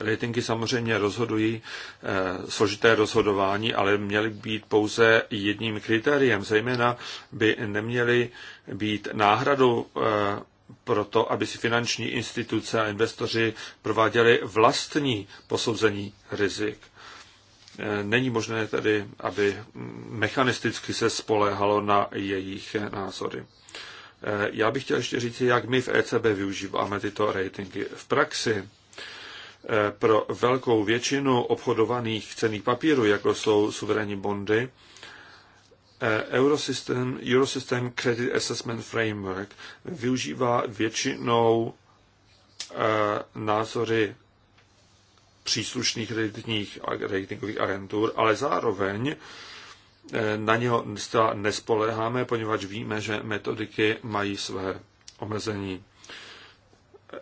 Ratingy samozřejmě rozhodují eh, složité rozhodování, ale měly být pouze jedním kritériem. Zejména by neměly být náhradou eh, pro to, aby si finanční instituce a investoři prováděli vlastní posouzení rizik. Eh, není možné tedy, aby mm, mechanisticky se spolehalo na jejich názory. Já bych chtěl ještě říct, jak my v ECB využíváme tyto ratingy. V praxi pro velkou většinu obchodovaných cených papírů, jako jsou suverénní bondy, eh, Eurosystem, Eurosystem Credit Assessment Framework využívá většinou eh, názory příslušných kreditních a ratingových agentur, ale zároveň eh, na něho nespoléháme, poněvadž víme, že metodiky mají své omezení.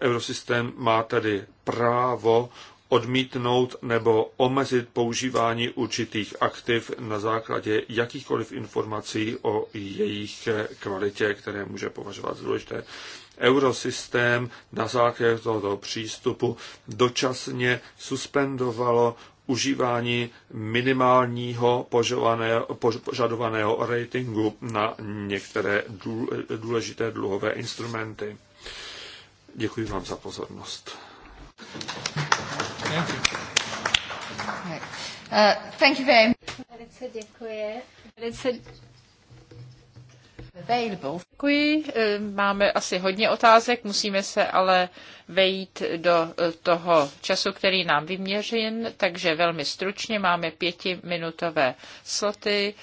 Eurosystém má tedy právo odmítnout nebo omezit používání určitých aktiv na základě jakýchkoliv informací o jejich kvalitě, které může považovat za důležité. Eurosystém na základě tohoto přístupu dočasně suspendovalo užívání minimálního požadovaného ratingu na některé důležité dluhové instrumenty. Děkuji vám za pozornost. Thank you. Uh, very much. děkuji. available. Děkuji. Eh, máme asi hodně otázek, musíme se ale vejít do eh, toho času, který nám vyměřen, takže velmi stručně máme pětiminutové sloty.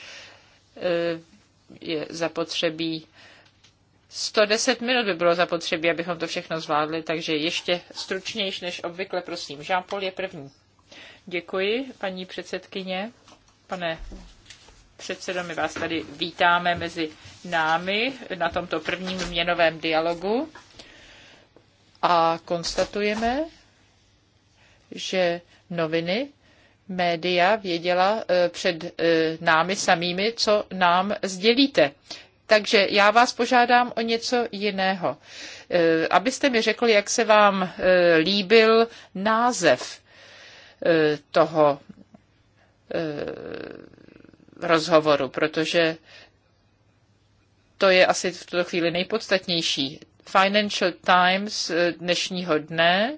Eh, je zapotřebí 110 minut by bylo zapotřebí, abychom to všechno zvládli, takže ještě stručnější než obvykle, prosím. Jean-Paul je první. Děkuji, paní předsedkyně. Pane předsedo, my vás tady vítáme mezi námi na tomto prvním měnovém dialogu a konstatujeme, že noviny, média věděla eh, před eh, námi samými, co nám sdělíte. Takže já vás požádám o něco jiného. Eh, abyste mi řekl, jak se vám eh, líbil název eh, toho rozhovoru, protože to je asi v tuto chvíli nejpodstatnější. Financial Times dnešního dne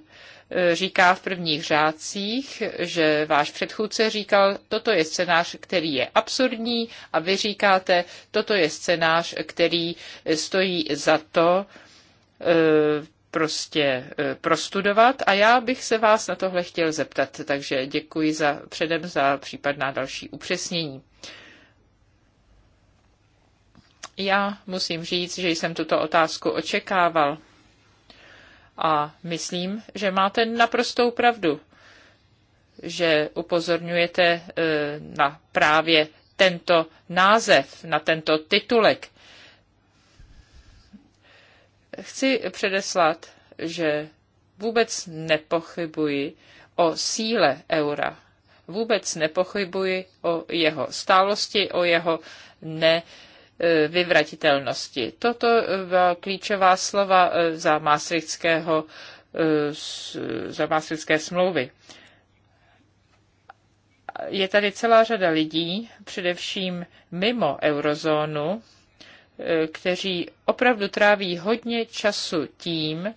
říká v prvních řádcích, že váš předchůdce říkal, toto je scénář, který je absurdní a vy říkáte, toto je scénář, který stojí za to eh, prostě eh, prostudovat a já bych se vás na tohle chtěl zeptat, takže děkuji za, předem za případná další upřesnění. Já musím říct, že jsem tuto otázku očekával. A myslím, že máte naprostou pravdu, že upozorňujete e, na právě tento název, na tento titulek. Chci předeslat, že vůbec nepochybuji o síle eura. Vůbec nepochybuji o jeho stálosti, o jeho ne, eh, E, vyvratitelnosti. Toto e, byla klíčová slova e, za Maastrichtského za Maastrichtské smlouvy. Je tady celá řada lidí, především mimo eurozónu, kteří opravdu tráví hodně času tím,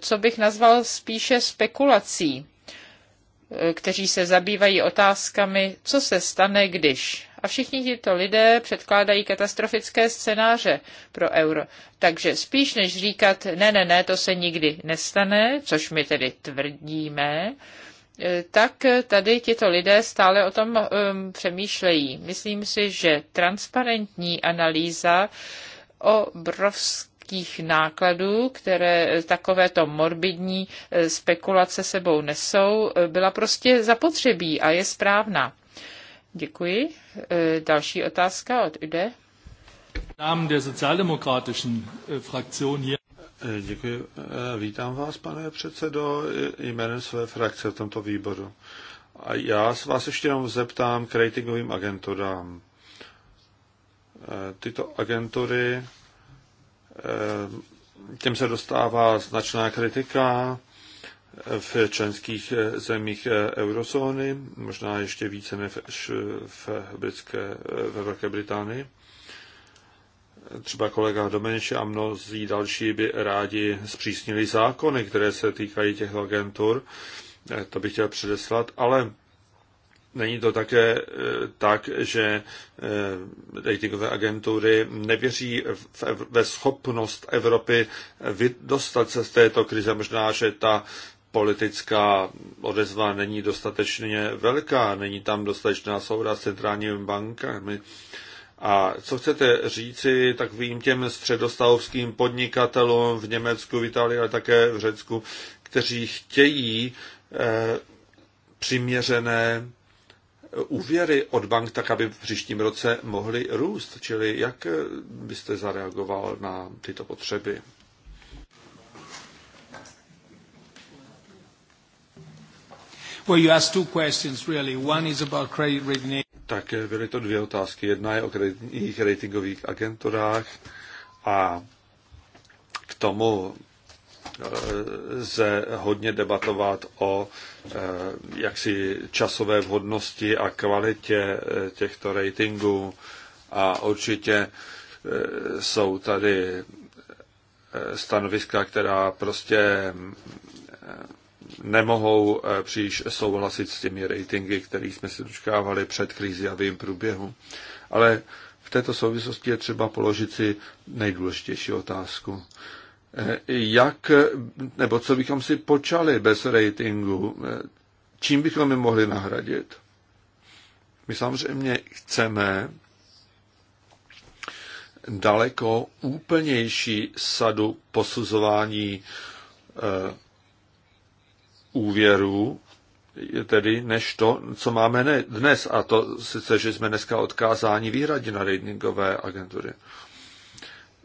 co bych nazval spíše spekulací kteří se zabývají otázkami, co se stane, když. A všichni tito lidé předkládají katastrofické scénáře pro euro. Takže spíš než říkat, ne, ne, ne, to se nikdy nestane, což my tedy tvrdíme, eh, tak tady tito lidé stále o tom um, přemýšlejí. Myslím si, že transparentní analýza obrovská obrovských nákladů, které eh, takovéto morbidní eh, spekulace sebou nesou, eh, byla prostě zapotřebí a je správná. Děkuji. Další otázka od Ude. Namen der sozialdemokratischen Fraktion hier. Děkuji. Vítám vás, pane předsedo, jménem své frakce v tomto výboru. A já se vás ještě jenom zeptám k ratingovým agenturám. Tyto agentury Eh, těm se dostává značná kritika eh, v členských eh, zemích eurozóny, možná ještě více než v, britské, ve Velké Británii. Třeba kolega Domeniče a mnozí další by rádi zpřísnili zákony, které se týkají těch agentur. To bych chtěl předeslat, ale Není to také eh, tak, že eh, ratingové agentury nevěří ve schopnost Evropy dostat se z této krize. Možná, že ta politická odezva není dostatečně velká, není tam dostatečná souda s centrálními bankami. A co chcete říci takovým těm středostavovským podnikatelům v Německu, v Itálii, ale také v Řecku, kteří chtějí eh, přiměřené úvěry od bank, tak aby v příštím roce mohly růst. Čili jak byste zareagoval na tyto potřeby? Well, you asked two questions really. One is about credit rating. Tak eh, byly to dvě otázky. Jedna je o kreditních ratingových agenturách a k tomu lze hodně debatovat o eh, jaksi časové vhodnosti a kvalitě eh, těchto ratingů a určitě eh, jsou tady stanoviska, která prostě mm, nemohou příliš souhlasit s těmi ratingy, které jsme si dočkávali před krizi a v jejím průběhu. Ale v této souvislosti je třeba položit si nejdůležitější otázku jak, nebo co bychom si počali bez ratingu, čím bychom je mohli nahradit. My samozřejmě chceme daleko úplnější sadu posuzování eh, úvěrů, tedy než to, co máme dnes. A to sice, že jsme dneska odkázáni výhradně na ratingové agentury.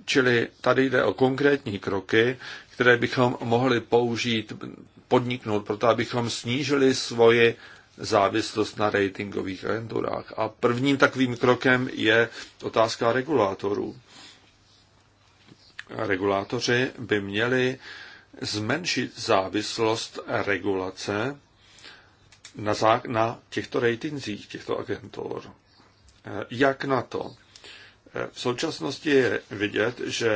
Čili tady jde o konkrétní kroky, které bychom mohli použít, podniknout, proto abychom snížili svoji závislost na ratingových agenturách. A prvním takovým krokem je otázka regulátorů. Regulátoři by měli zmenšit závislost regulace na, zá- na těchto ratingzích těchto agentur. Jak na to? V současnosti je vidět, že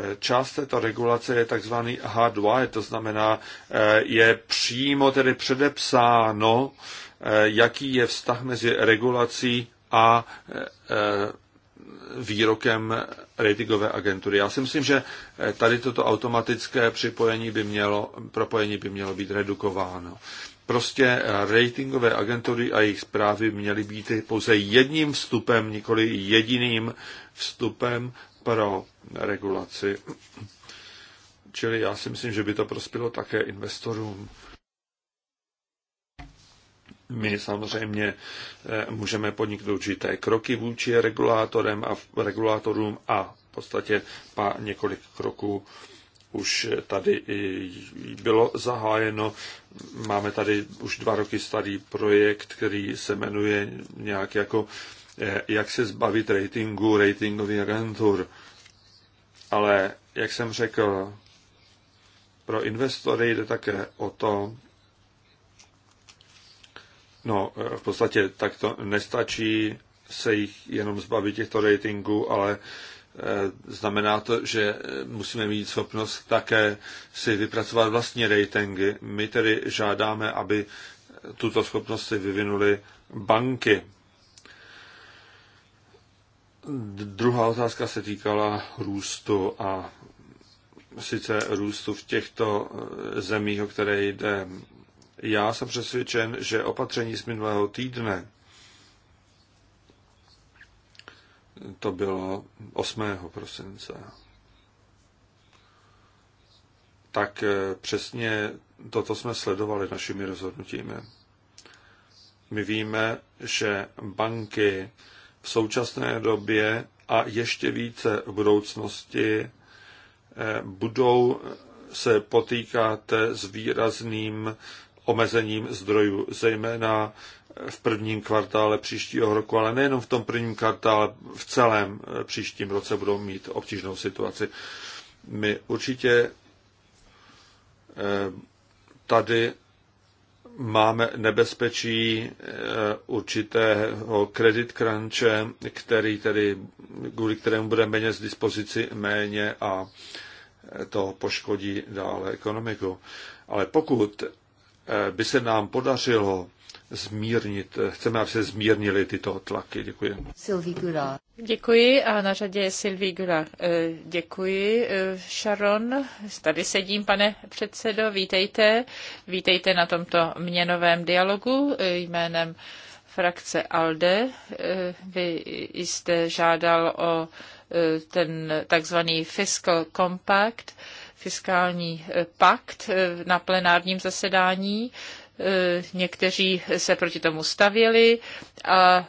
eh, část této regulace je takzvaný H2, to znamená, eh, je přímo tedy předepsáno, eh, jaký je vztah mezi regulací a výrokem ratingové agentury. Já si myslím, že tady toto automatické připojení by mělo, propojení by mělo být redukováno. Prostě ratingové agentury a jejich zprávy měly být pouze jedním vstupem, nikoli jediným vstupem pro regulaci. Čili já si myslím, že by to prospělo také investorům. My samozřejmě eh, můžeme podniknout určité kroky vůči regulátorem a regulátorům a v podstatě pa několik kroků už tady bylo zahájeno. Máme tady už dva roky starý projekt, který se jmenuje nějak jako eh, jak se zbavit ratingu ratingových agentur. Ale, jak jsem řekl, pro investory jde také o to, no eh, v podstatě tak to nestačí se jich jenom zbavit těchto ratingů, ale Eh, znamená to, že eh, musíme mít schopnost také si vypracovat vlastní ratingy. My tedy žádáme, aby eh, tuto schopnost si vyvinuly banky. Druhá otázka se týkala růstu a sice růstu v těchto zemích, o které jde. Já jsem přesvědčen, že opatření z minulého týdne to bylo 8. prosince. Tak eh, přesně toto jsme sledovali našimi rozhodnutími. My víme, že banky v současné době a ještě více v budoucnosti eh, budou se potýkat s výrazným omezením zdrojů, zejména v prvním kvartále příštího roku, ale nejenom v tom prvním kvartále, v celém eh, příštím roce budou mít obtížnou situaci. My určitě eh, tady máme nebezpečí eh, určitého kredit crunche, který tedy, kvůli kterému bude méně z dispozici méně a to poškodí dále ekonomiku. Ale pokud Eh, by se nám podařilo zmírnit, eh, chceme, aby se zmírnily tyto tlaky. Děkuji. Sylvie Goulard. Děkuji a na řadě je Sylvie Goulard. Eh, děkuji, Sharon. Tady sedím, pane předsedo, vítejte. Vítejte na tomto měnovém dialogu jménem frakce ALDE. Vy jste žádal o ten takzvaný fiscal compact fiskální eh, pakt eh, na plenárním zasedání. Eh, někteří se proti tomu stavěli a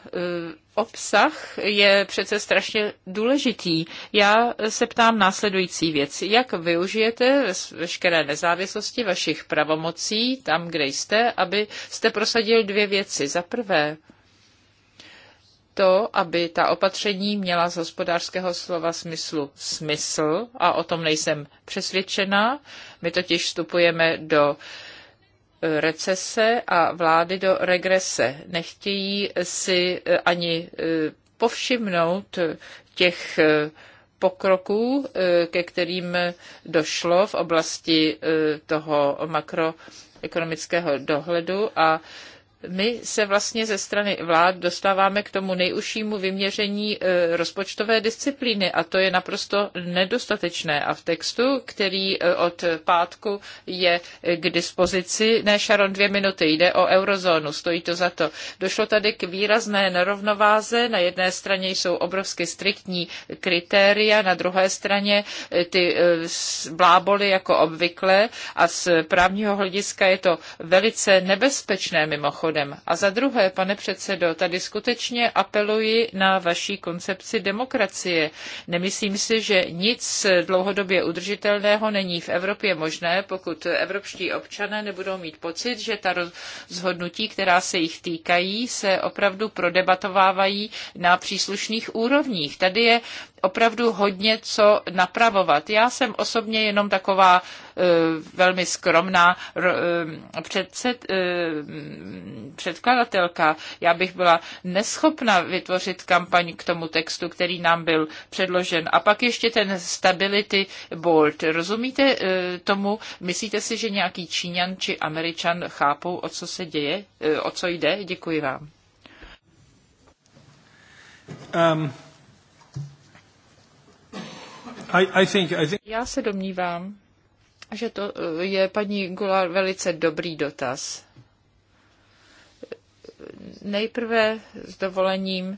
obsah je přece strašně důležitý. Já se ptám následující věc. Jak využijete veškeré nezávislosti vašich pravomocí tam, kde jste, aby jste prosadil dvě věci. Za prvé, to, aby ta opatření měla z hospodářského slova smyslu smysl a o tom nejsem přesvědčena. My totiž vstupujeme do e, recese a vlády do regrese. Nechtějí si e, ani e, povšimnout těch pokroků, ke kterým došlo v oblasti toho makroekonomického dohledu a my se vlastně ze strany vlád dostáváme k tomu nejužšímu vyměření e, rozpočtové disciplíny a to je naprosto nedostatečné. A v textu, který e, od pátku je k dispozici, ne Sharon dvě minuty, jde o eurozónu, stojí to za to. Došlo tady k výrazné nerovnováze, na jedné straně jsou obrovsky striktní kritéria, na druhé straně e, ty bláboli jako obvykle a z právního hlediska je to velice nebezpečné mimochodem zákonem. A za druhé, pane předsedo, tady skutečně apeluji na vaší koncepci demokracie. Nemyslím si, že nic dlouhodobě udržitelného není v Evropě možné, pokud evropští občané nebudou mít pocit, že ta rozhodnutí, která se jich týkají, se opravdu prodebatovávají na příslušných úrovních. Tady je opravdu hodně co napravovat. Já jsem osobně jenom taková Eh, velmi skromná eh, předsed, eh, předkladatelka. Já bych byla neschopna vytvořit kampaň k tomu textu, který nám byl předložen. A pak ještě ten stability board. Rozumíte tomu? Myslíte si, že nějaký Číňan či Američan chápou, o co se děje, o co jde? Děkuji vám. Um, I, I think, I think... Já se domnívám, že to eh, je paní Gula velice dobrý dotaz. Nejprve s dovolením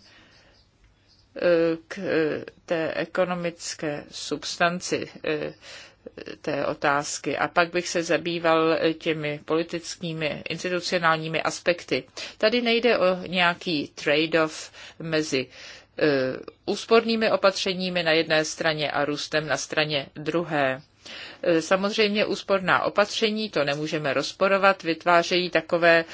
eh, k eh, té ekonomické substanci té otázky. A pak bych se zabýval těmi politickými, institucionálními aspekty. Tady nejde o nějaký trade-off mezi úspornými opatřeními na jedné straně a růstem na straně druhé. Eh, samozřejmě úsporná opatření, to nemůžeme rozporovat, vytvářejí takové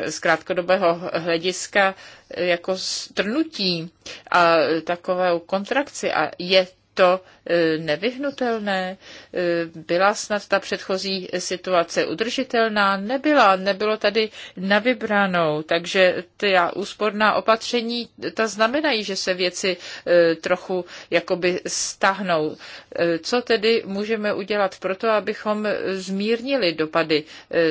eh, z krátkodobého hlediska eh, jako strnutí a takovou kontrakci a je to e, nevyhnutelné? E, byla snad ta předchozí situace udržitelná? Nebyla, nebylo tady na vybranou, takže ty úsporná opatření, ta znamenají, že se věci e, trochu jakoby stahnou. Co tedy můžeme udělat pro to, abychom zmírnili dopady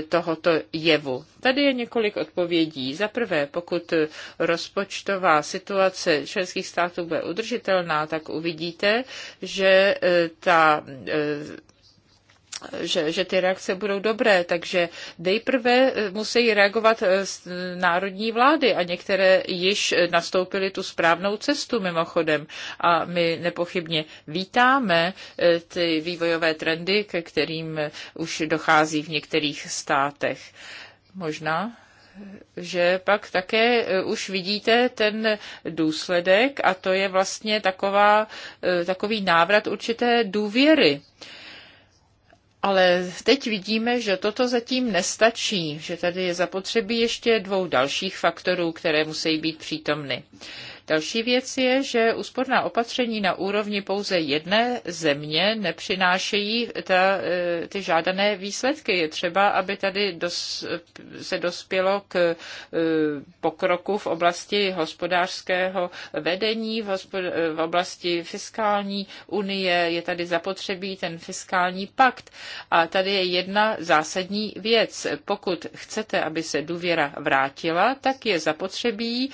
tohoto jevu? Tady je několik odpovědí. Za prvé, pokud rozpočtová situace členských států bude udržitelná, tak uvidíte, že eh, ta eh, že, že ty reakce budou dobré, takže nejprve eh, musí reagovat národní vlády a některé již nastoupily tu správnou cestu mimochodem a my nepochybně vítáme ty vývojové trendy, ke kterým už dochází v některých státech možná, že pak také e, už vidíte ten důsledek a to je vlastně taková, e, takový návrat určité důvěry. Ale teď vidíme, že toto zatím nestačí, že tady je zapotřebí ještě dvou dalších faktorů, které musí být přítomny. Další věc je, že úsporná opatření na úrovni pouze jedné země nepřinášejí ta, e, ty žádané výsledky. Je třeba, aby tady dos, se dospělo k e, pokroku v oblasti hospodářského vedení, v, hospod, v oblasti fiskální unie, je tady zapotřebí ten fiskální pakt. A tady je jedna zásadní věc. Pokud chcete, aby se důvěra vrátila, tak je zapotřebí,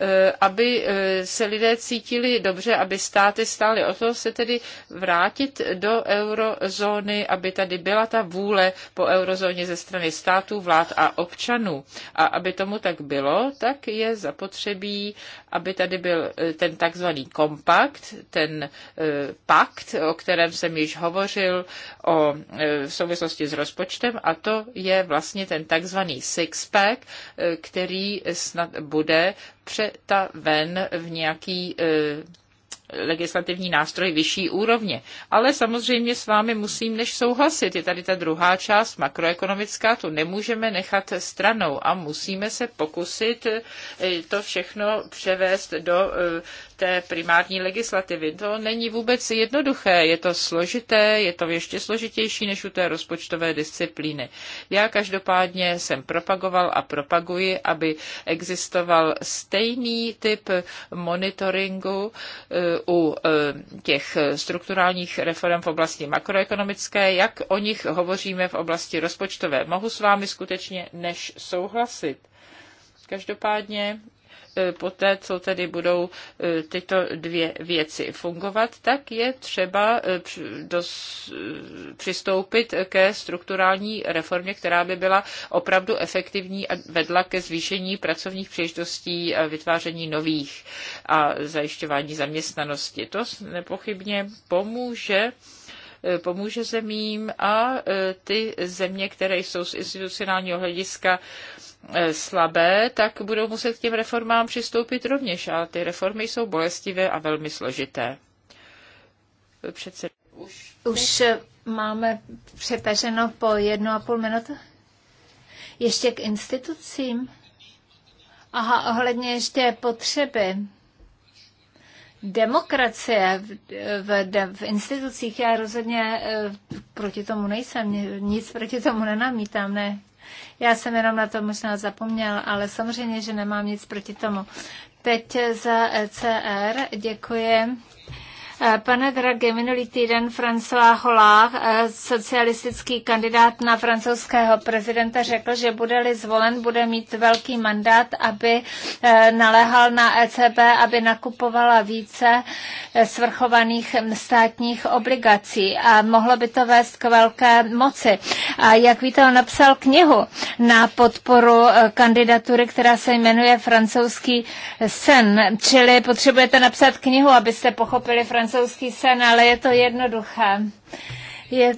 Eh, aby eh, se lidé cítili dobře, aby státy stály o to se tedy vrátit do eurozóny, aby tady byla ta vůle po eurozóně ze strany států, vlád a občanů. A aby tomu tak bylo, tak je zapotřebí, aby tady byl eh, ten takzvaný kompakt, ten pakt, o kterém jsem již hovořil o, v souvislosti s rozpočtem, a to je vlastně ten takzvaný six-pack, který snad bude při přetaven v nějaký e, legislativní nástroj vyšší úrovně. Ale samozřejmě s vámi musím než souhlasit. Je tady ta druhá část makroekonomická, tu nemůžeme nechat stranou a musíme se pokusit e, to všechno převést do e, té primární legislativy. To není vůbec jednoduché, je to složité, je to ještě složitější než u té rozpočtové disciplíny. Já každopádně jsem propagoval a propaguji, aby existoval stejný typ monitoringu eh, u eh, těch strukturálních reform v oblasti makroekonomické, jak o nich hovoříme v oblasti rozpočtové. Mohu s vámi skutečně než souhlasit. Každopádně E, poté, co tedy budou e, tyto dvě věci fungovat, tak je třeba e, přistoupit ke strukturální reformě, která by byla opravdu efektivní a vedla ke zvýšení pracovních příležitostí a vytváření nových a zajišťování zaměstnanosti. To nepochybně pomůže pomůže zemím a ty země, které jsou z institucionálního hlediska Eh, slabé, tak budou muset k těm reformám přistoupit rovněž. A ty reformy jsou bolestivé a velmi složité. Přece... Už, Už eh, máme přepeřeno po jednu a půl minutu. Ještě k institucím. Aha, ohledně ještě potřeby demokracie v, v, v institucích, já rozhodně eh, proti tomu nejsem, nic proti tomu nenamítám, ne. Já jsem jenom na to možná zapomněl, ale samozřejmě, že nemám nic proti tomu. Teď za ECR děkuji Pane Drage, minulý týden François Hollande, eh, socialistický kandidát na francouzského prezidenta, řekl, že bude-li zvolen, bude mít velký mandát, aby eh, naléhal na ECB, aby nakupovala více eh, svrchovaných mm, státních obligací a mohlo by to vést k velké moci. A jak víte, on napsal knihu na podporu kandidatury, která se jmenuje Francouzský sen, čili potřebujete napsat knihu, abyste pochopili francouzský francouzský sen, ale je to jednoduché. Je,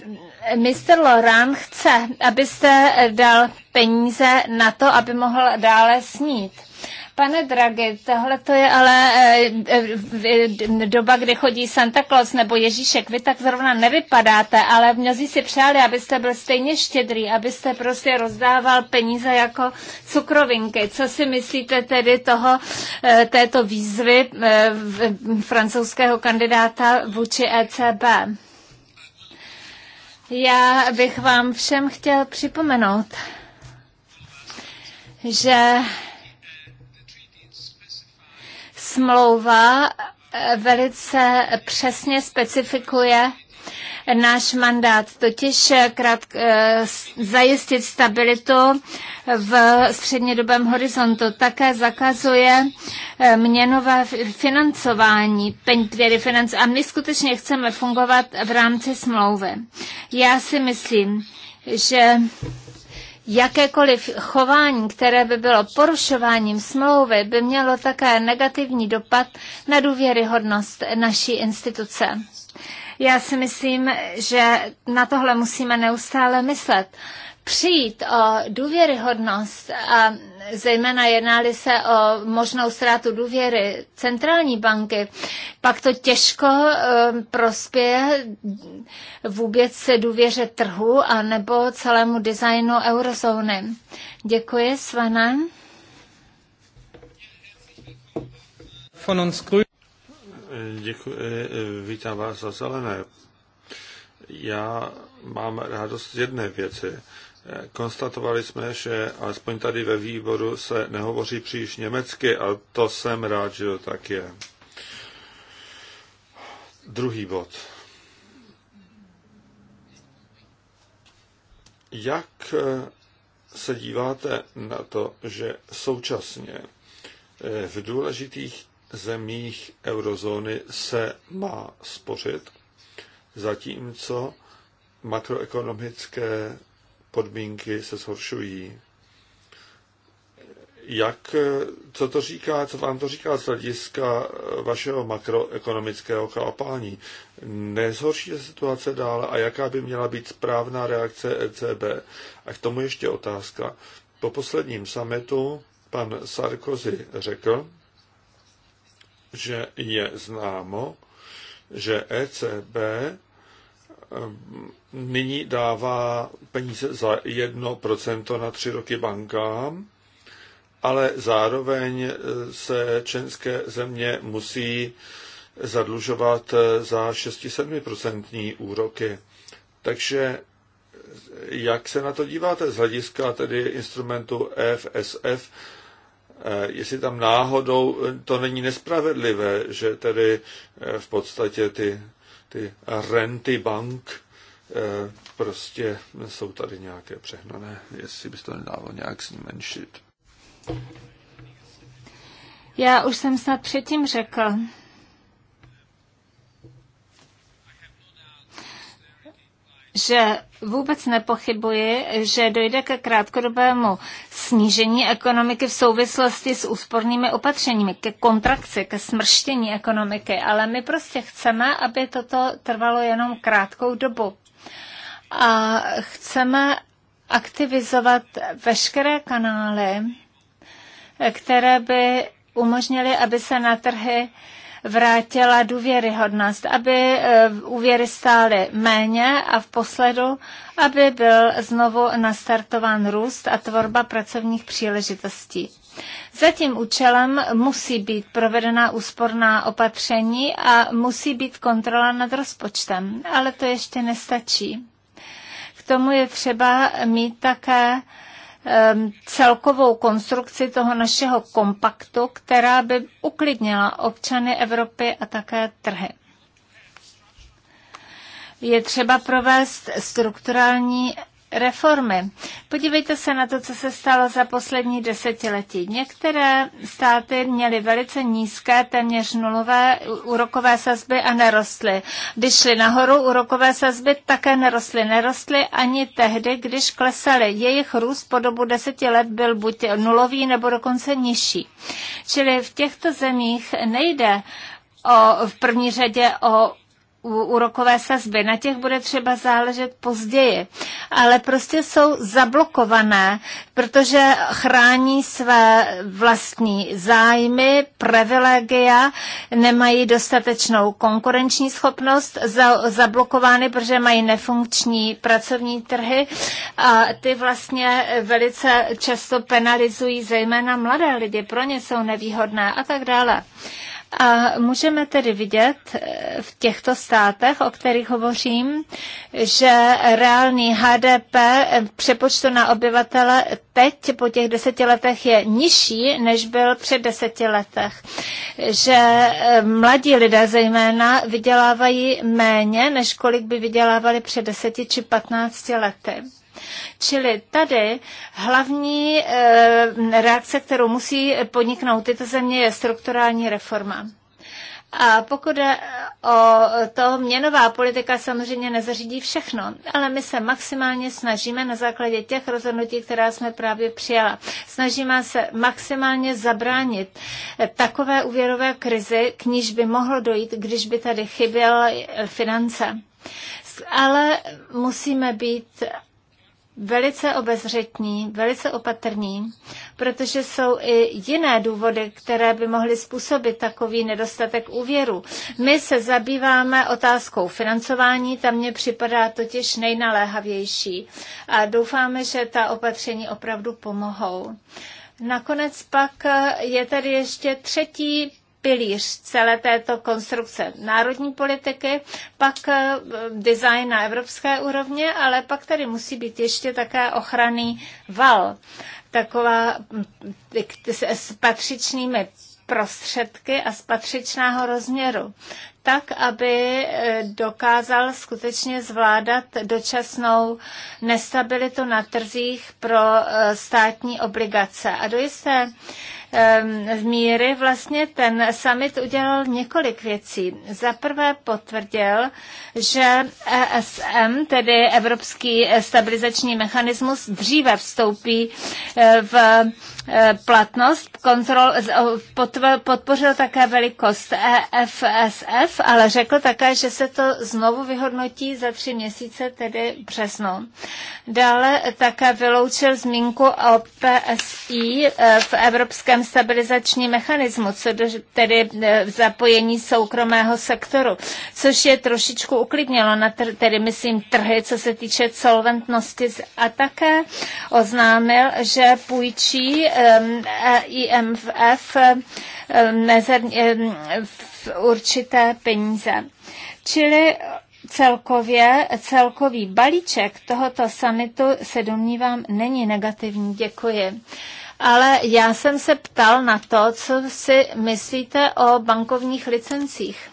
Mr. Laurent chce, abyste dal peníze na to, aby mohl dále snít. Pane Dragi, tohle to je ale eh, eh, eh, doba, kdy chodí Santa Claus nebo Ježíšek. Vy tak zrovna nevypadáte, ale mnozí si přáli, abyste byl stejně štědrý, abyste prostě rozdával peníze jako cukrovinky. Co si myslíte tedy toho, této výzvy francouzského kandidáta vůči ECB? Já bych vám všem chtěl připomenout, že smlouva eh, velice přesně specifikuje náš mandát, totiž eh, krát, eh, zajistit stabilitu v střednědobém horizontu. Také zakazuje měnové financování, tedy finance. A my skutečně chceme fungovat v rámci smlouvy. Já si myslím, že Jakékoliv chování, které by bylo porušováním smlouvy, by mělo také negativní dopad na důvěryhodnost naší instituce. Já si myslím, že na tohle musíme neustále myslet přijít o důvěryhodnost a zejména jednali se o možnou ztrátu důvěry centrální banky, pak to těžko e, prospěje vůbec se důvěře trhu a nebo celému designu eurozóny. Děkuji, Svane. Děkuji, e, vítám vás za zelené. Já mám radost jedné věci konstatovali jsme, že alespoň tady ve výboru se nehovoří příliš německy a to jsem rád, že to tak je. Druhý bod. Jak eh, se díváte na to, že současně eh, v důležitých zemích eurozóny se má spořit, zatímco makroekonomické podmínky se zhoršují. Jak, co to říká, co vám to říká z hlediska eh, vašeho makroekonomického chápání? Nezhorší se situace dále a jaká by měla být správná reakce ECB? A k tomu ještě otázka. Po posledním sametu pan Sarkozy řekl, že je známo, že ECB Ehm, nyní dává peníze za 1% na tři roky bankám, ale zároveň eh, se členské země musí zadlužovat eh, za 6-7% úroky. Takže eh, jak se na to díváte z hlediska tedy instrumentu FSF, jestli tam náhodou to není nespravedlivé, že tedy v podstatě ty ty renty bank eh, prostě jsou tady nějaké přehnané, jestli by to nedávalo nějak zmenšit. Já už jsem snad předtím řekl, že vůbec nepochybuji, že dojde ke krátkodobému snížení ekonomiky v souvislosti s úspornými opatřeními, ke kontrakci, ke smrštění ekonomiky, ale my prostě chceme, aby toto trvalo jenom krátkou dobu. A chceme aktivizovat veškeré kanály, které by umožnily, aby se na trhy vrátila důvěryhodnost, aby eh, úvěry stály méně a v posledu, aby byl znovu nastartován růst a tvorba pracovních příležitostí. Za tím účelem musí být provedena úsporná opatření a musí být kontrola nad rozpočtem, ale to ještě nestačí. K tomu je třeba mít také Ehm, celkovou konstrukci toho našeho kompaktu, která by uklidnila občany Evropy a také trhy. Je třeba provést strukturální reformy. Podívejte se na to, co se stalo za poslední desetiletí. Některé státy měly velice nízké, téměř nulové úrokové sazby a nerostly. Když šly nahoru, úrokové sazby také nerostly. Nerostly ani tehdy, když klesaly. Jejich růst po dobu deseti let byl buď nulový nebo dokonce nižší. Čili v těchto zemích nejde o, v první řadě o úrokové sazby. Na těch bude třeba záležet později. Ale prostě jsou zablokované, protože chrání své vlastní zájmy, privilegia, nemají dostatečnou konkurenční schopnost, za, zablokovány, protože mají nefunkční pracovní trhy a ty vlastně velice často penalizují zejména mladé lidi, pro ně jsou nevýhodné a tak dále. Uh, a můžeme tedy vidět eh, v těchto státech, o kterých hovořím, že reálný HDP eh, přepočtu na obyvatele teď po těch deseti letech je nižší, než byl před deseti letech. Že eh, mladí lidé zejména vydělávají méně, než kolik by vydělávali před deseti či patnácti lety. Čili tady hlavní eh, reakce, kterou musí podniknout tyto země, je strukturální reforma. A pokud je o to, měnová politika samozřejmě nezařídí všechno, ale my se maximálně snažíme na základě těch rozhodnutí, která jsme právě přijala. Snažíme se maximálně zabránit takové úvěrové krizi, k níž by mohlo dojít, když by tady chyběla finance. Ale musíme být velice obezřetní, velice opatrní, protože jsou i jiné důvody, které by mohly způsobit takový nedostatek úvěru. My se zabýváme otázkou financování, tam mně připadá totiž nejnaléhavější a doufáme, že ta opatření opravdu pomohou. Nakonec pak je tady ještě třetí pilíř celé této konstrukce národní politiky, pak eh, design na evropské úrovně, ale pak tady musí být ještě také ochranný val, taková hm, s patřičnými prostředky a z patřičného rozměru, tak, aby eh, dokázal skutečně zvládat dočasnou nestabilitu na trzích pro eh, státní obligace. A do jisté v míry vlastně ten summit udělal několik věcí. Za prvé potvrdil, že ESM, tedy Evropský stabilizační mechanismus, dříve vstoupí eh, v Eh, platnost, kontrol, podpořil také velikost EFSF, ale řekl také, že se to znovu vyhodnotí za tři měsíce, tedy březnu. Dále také vyloučil zmínku o PSI eh, v Evropském stabilizačním mechanismu, co do, tedy eh, zapojení soukromého sektoru, což je trošičku uklidnilo, na tr- tedy myslím trhy, co se týče solventnosti a také oznámil, že půjčí Um, e IMF um, um, určité peníze. Čili celkově, celkový balíček tohoto samitu se domnívám není negativní. Děkuji. Ale já jsem se ptal na to, co si myslíte o bankovních licencích.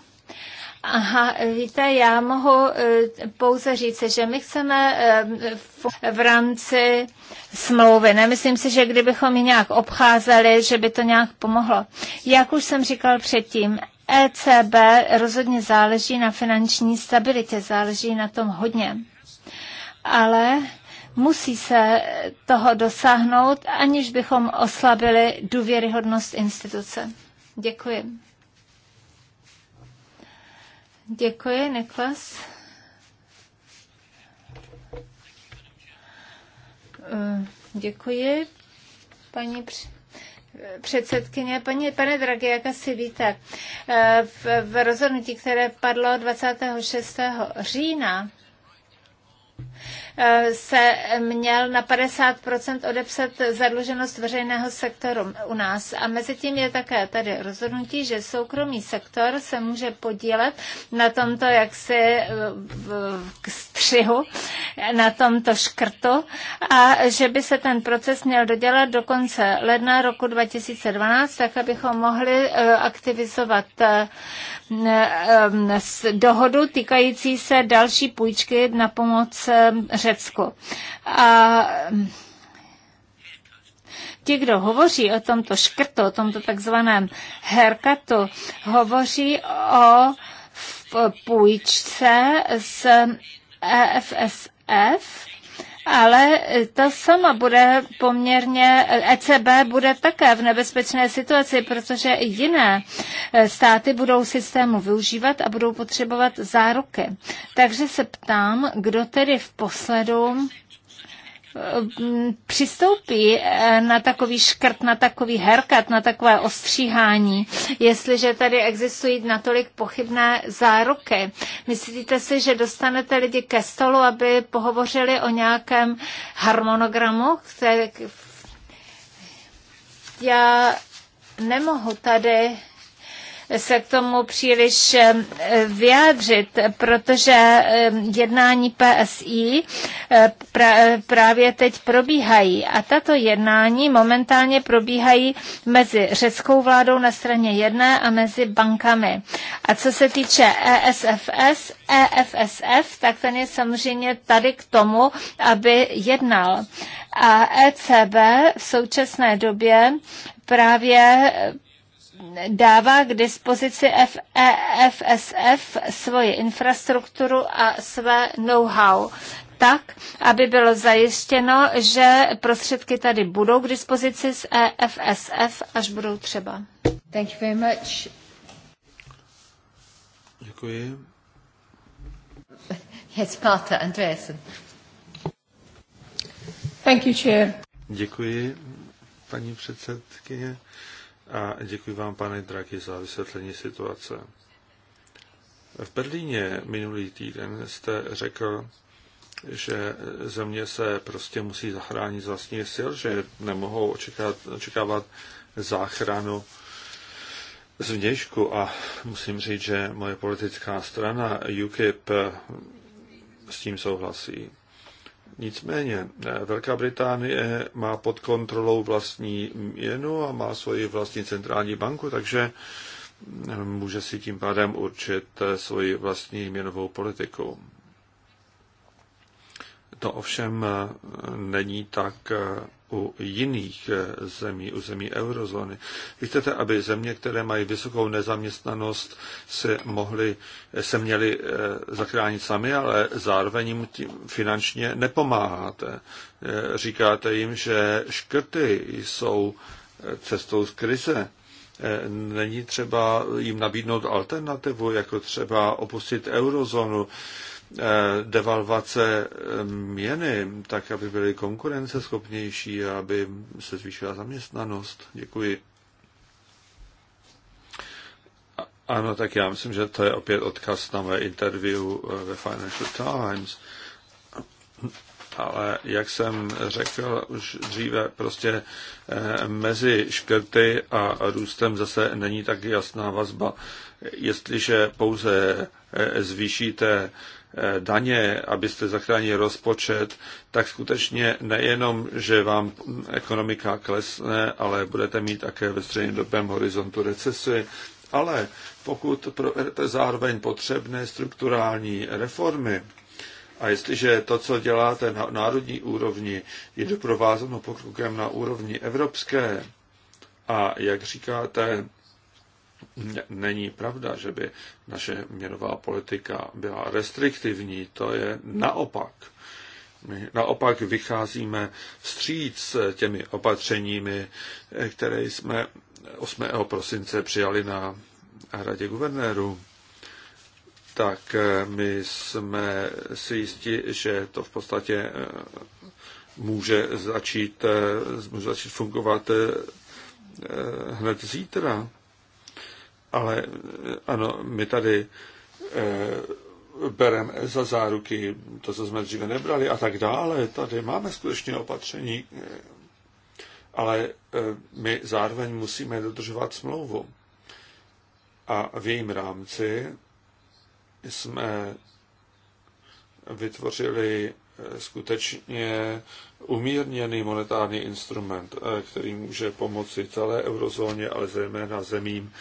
Aha, víte, já mohu eh, pouze říct, že my chceme eh, v rámci smlouvy. Nemyslím si, že kdybychom ji nějak obcházeli, že by to nějak pomohlo. Jak už jsem říkal předtím, ECB rozhodně záleží na finanční stabilitě, záleží na tom hodně. Ale musí se toho dosáhnout, aniž bychom oslabili důvěryhodnost instituce. Děkuji. Děkuji, Niklas. Eh, děkuji, paní předsedkyně. Paní, pane Dragi, jak asi víte, eh, v, v rozhodnutí, které padlo 26. října, Eh, se měl na 50% odepsat zadluženost veřejného sektoru u nás. A mezi tím je také tady rozhodnutí, že soukromý sektor se může podílet na tomto jaksi eh, k střihu, na tomto škrtu a že by se ten proces měl dodělat do konce ledna roku 2012, tak abychom mohli eh, aktivizovat dohodu týkající se další půjčky na pomoc Řecko. A ti, kdo hovoří o tomto škrtu, o tomto takzvaném herkatu, hovoří o půjčce z EFSF, ale ta sama bude poměrně, ECB bude také v nebezpečné situaci, protože i jiné e, státy budou systému využívat a budou potřebovat záruky. Takže se ptám, kdo tedy v posledu Eh, přistoupí eh, na takový škrt, na takový herkat, na takové ostříhání, jestliže tady existují natolik pochybné záruky. Myslíte si, že dostanete lidi ke stolu, aby pohovořili o nějakém harmonogramu? Já nemohu tady se k tomu příliš eh, vyjádřit, protože eh, jednání PSI eh, právě teď probíhají a tato jednání momentálně probíhají mezi řeckou vládou na straně jedné a mezi bankami. A co se týče ESFS, EFSF, tak ten je samozřejmě tady k tomu, aby jednal. A ECB v současné době právě dává k dispozici FSF e- svoji infrastrukturu a své know-how tak, aby bylo zajištěno, že prostředky tady budou k dispozici z EFSF, až budou třeba. Thank you very much. Děkuji. Yes, Martha Andreasen. Thank you, Chair. Děkuji, paní předsedkyně a děkuji vám, pane Draghi, za vysvětlení situace. V Berlíně minulý týden jste řekl, že země se prostě musí zachránit z vlastních sil, že nemohou očekávat, očekávat záchranu vnějšku. a musím říct, že moje politická strana UKIP s tím souhlasí. Nicméně eh, Velká Británie má pod kontrolou vlastní měnu a má svoji vlastní centrální banku, takže eh, může si tím pádem určit eh, svoji vlastní měnovou politiku. To ovšem není tak u jiných eh, zemí, u zemí eurozóny. Vy chcete, aby země, které mají vysokou nezaměstnanost, se, mohly, eh, se měly eh, zachránit sami, ale zároveň jim tím finančně nepomáháte. Říkáte jim, že škrty jsou cestou z krize. Není třeba jim nabídnout alternativu, jako třeba opustit eurozónu Eh, devalvace eh, měny, tak aby byly konkurenceschopnější a aby se zvýšila zaměstnanost. Děkuji. Ano, tak já myslím, že to je opět odkaz na moje interview eh, ve Financial Times. Ale jak jsem řekl už dříve, prostě mezi škrty a růstem zase není tak jasná vazba. Jestliže pouze zvýšíte Eh, daně, abyste zachránili rozpočet, tak skutečně nejenom, že vám ekonomika klesne, ale budete mít také ve střednědobém horizontu recesy, Ale pokud provedete eh, zároveň potřebné strukturální reformy, a jestliže to, co děláte na národní úrovni, je doprovázeno pokrokem na úrovni evropské, a jak říkáte, není pravda, že by naše měnová politika byla restriktivní, to je naopak. My naopak vycházíme vstříc těmi opatřeními, které jsme 8. prosince přijali na radě guvernérů. Tak eh, my jsme si jistí, že to v podstatě eh, může začít, eh, může začít fungovat hned zítra. Ale eh, ano, my tady e, bereme za záruky to, co jsme dříve nebrali a tak dále. Tady máme skutečně opatření, eh, ale my zároveň musíme dodržovat smlouvu. A v jejím rámci jsme vytvořili skutečně umírněný monetární instrument, eh, který může pomoci celé eurozóně, ale zejména zemím,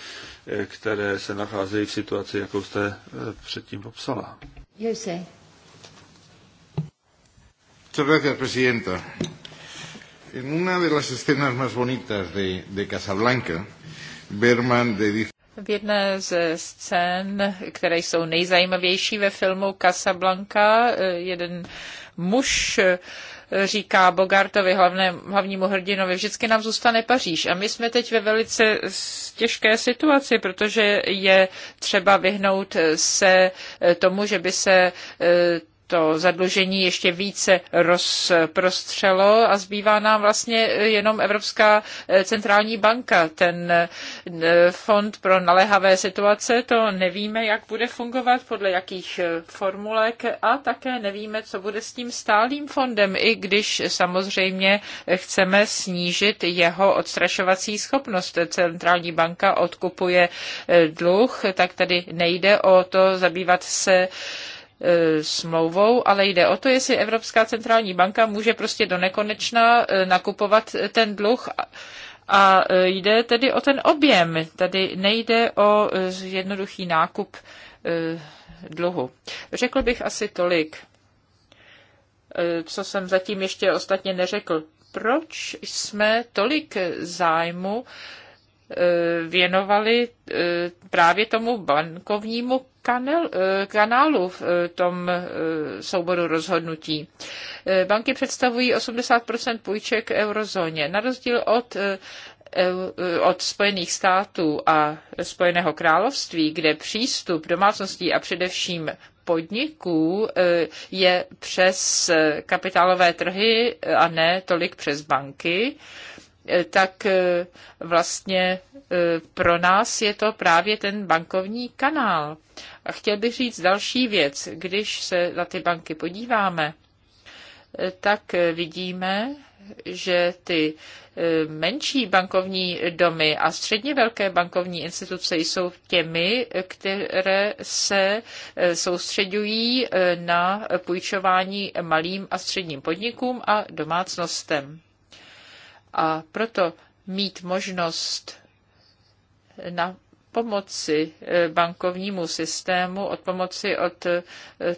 eh, které se nacházejí v situaci, jakou jste eh, předtím popsala. Jose. Muchas gracias, Presidenta. En una de las escenas más bonitas de, de Casablanca, Berman le dice... V jedné ze scén, které jsou nejzajímavější ve filmu Casablanca, jeden muž říká Bogartovi, hlavné, hlavnímu hrdinovi, vždycky nám zůstane Paříž. A my jsme teď ve velice těžké situaci, protože je třeba vyhnout se tomu, že by se eh, to zadlužení ještě více rozprostřelo a zbývá nám vlastně jenom Evropská eh, centrální banka. Ten eh, fond pro naléhavé situace, to nevíme, jak bude fungovat, podle jakých eh, formulek a také nevíme, co bude s tím stálým fondem, i když samozřejmě chceme snížit jeho odstrašovací schopnost. Centrální banka odkupuje dluh, tak tady nejde o to zabývat se E, smlouvou, ale jde o to, jestli Evropská centrální banka může prostě do nekonečna e, nakupovat ten dluh a e, jde tedy o ten objem. Tady nejde o jednoduchý nákup dluhu. Řekl bych asi tolik, co jsem zatím ještě ostatně neřekl. Proč jsme tolik zájmu věnovali právě tomu bankovnímu kanel, eh, kanálů v eh, tom eh, souboru rozhodnutí. Banky představují 80 půjček eurozóně. Na rozdíl od od Spojených států a Spojeného království, kde přístup domácností a především podniků je přes kapitálové trhy a ne tolik přes banky, Eh, tak eh, vlastně eh, pro nás je to právě ten bankovní kanál. A chtěl bych říct další věc. Když se na ty banky podíváme, tak vidíme, že ty menší bankovní domy a středně velké bankovní instituce jsou těmi, které se soustředují na půjčování malým a středním podnikům a domácnostem. A proto mít možnost na pomoci eh, bankovnímu systému, od pomoci od eh,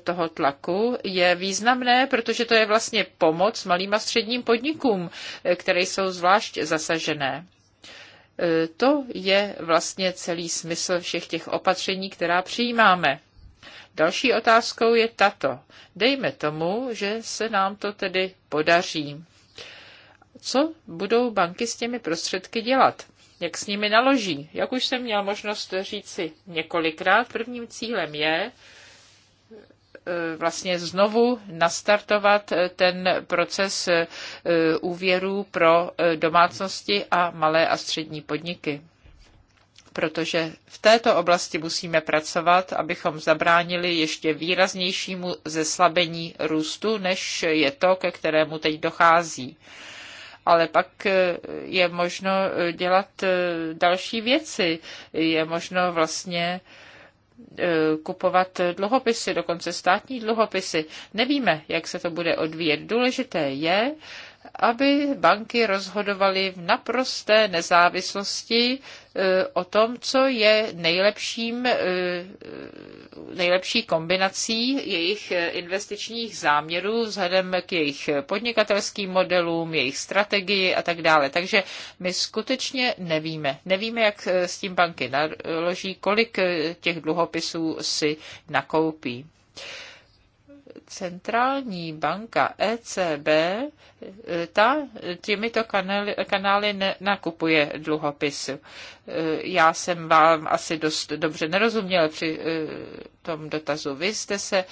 toho tlaku je významné, protože to je vlastně pomoc malým a středním podnikům, eh, které jsou zvlášť zasažené. To je vlastně celý smysl všech těch opatření, která přijímáme. Další otázkou je tato. Dejme tomu, že se nám to tedy podaří co budou banky s těmi prostředky dělat, jak s nimi naloží. Jak už jsem měl možnost říci několikrát, prvním cílem je e, vlastně znovu nastartovat e, ten proces e, úvěrů pro domácnosti a malé a střední podniky protože v této oblasti musíme pracovat, abychom zabránili ještě výraznějšímu zeslabení růstu, než je to, ke kterému teď dochází ale pak eh, je možno eh, dělat eh, další věci. Je možno vlastně kupovat dluhopisy, dokonce státní dluhopisy. Nevíme, jak se to bude odvíjet. Důležité je, aby banky rozhodovaly v naprosté nezávislosti e, o tom, co je nejlepším, e, nejlepší kombinací jejich e, investičních záměrů vzhledem k jejich podnikatelským modelům, jejich strategii a tak dále. Takže my skutečně nevíme. Nevíme, jak s tím banky naloží, kolik těch dluhopisů si nakoupí centrální banka ECB, e, ta těmito kanály, kanály nakupuje dluhopisy. E, já jsem vám asi dost dobře nerozuměl při e, tom dotazu. Vy jste se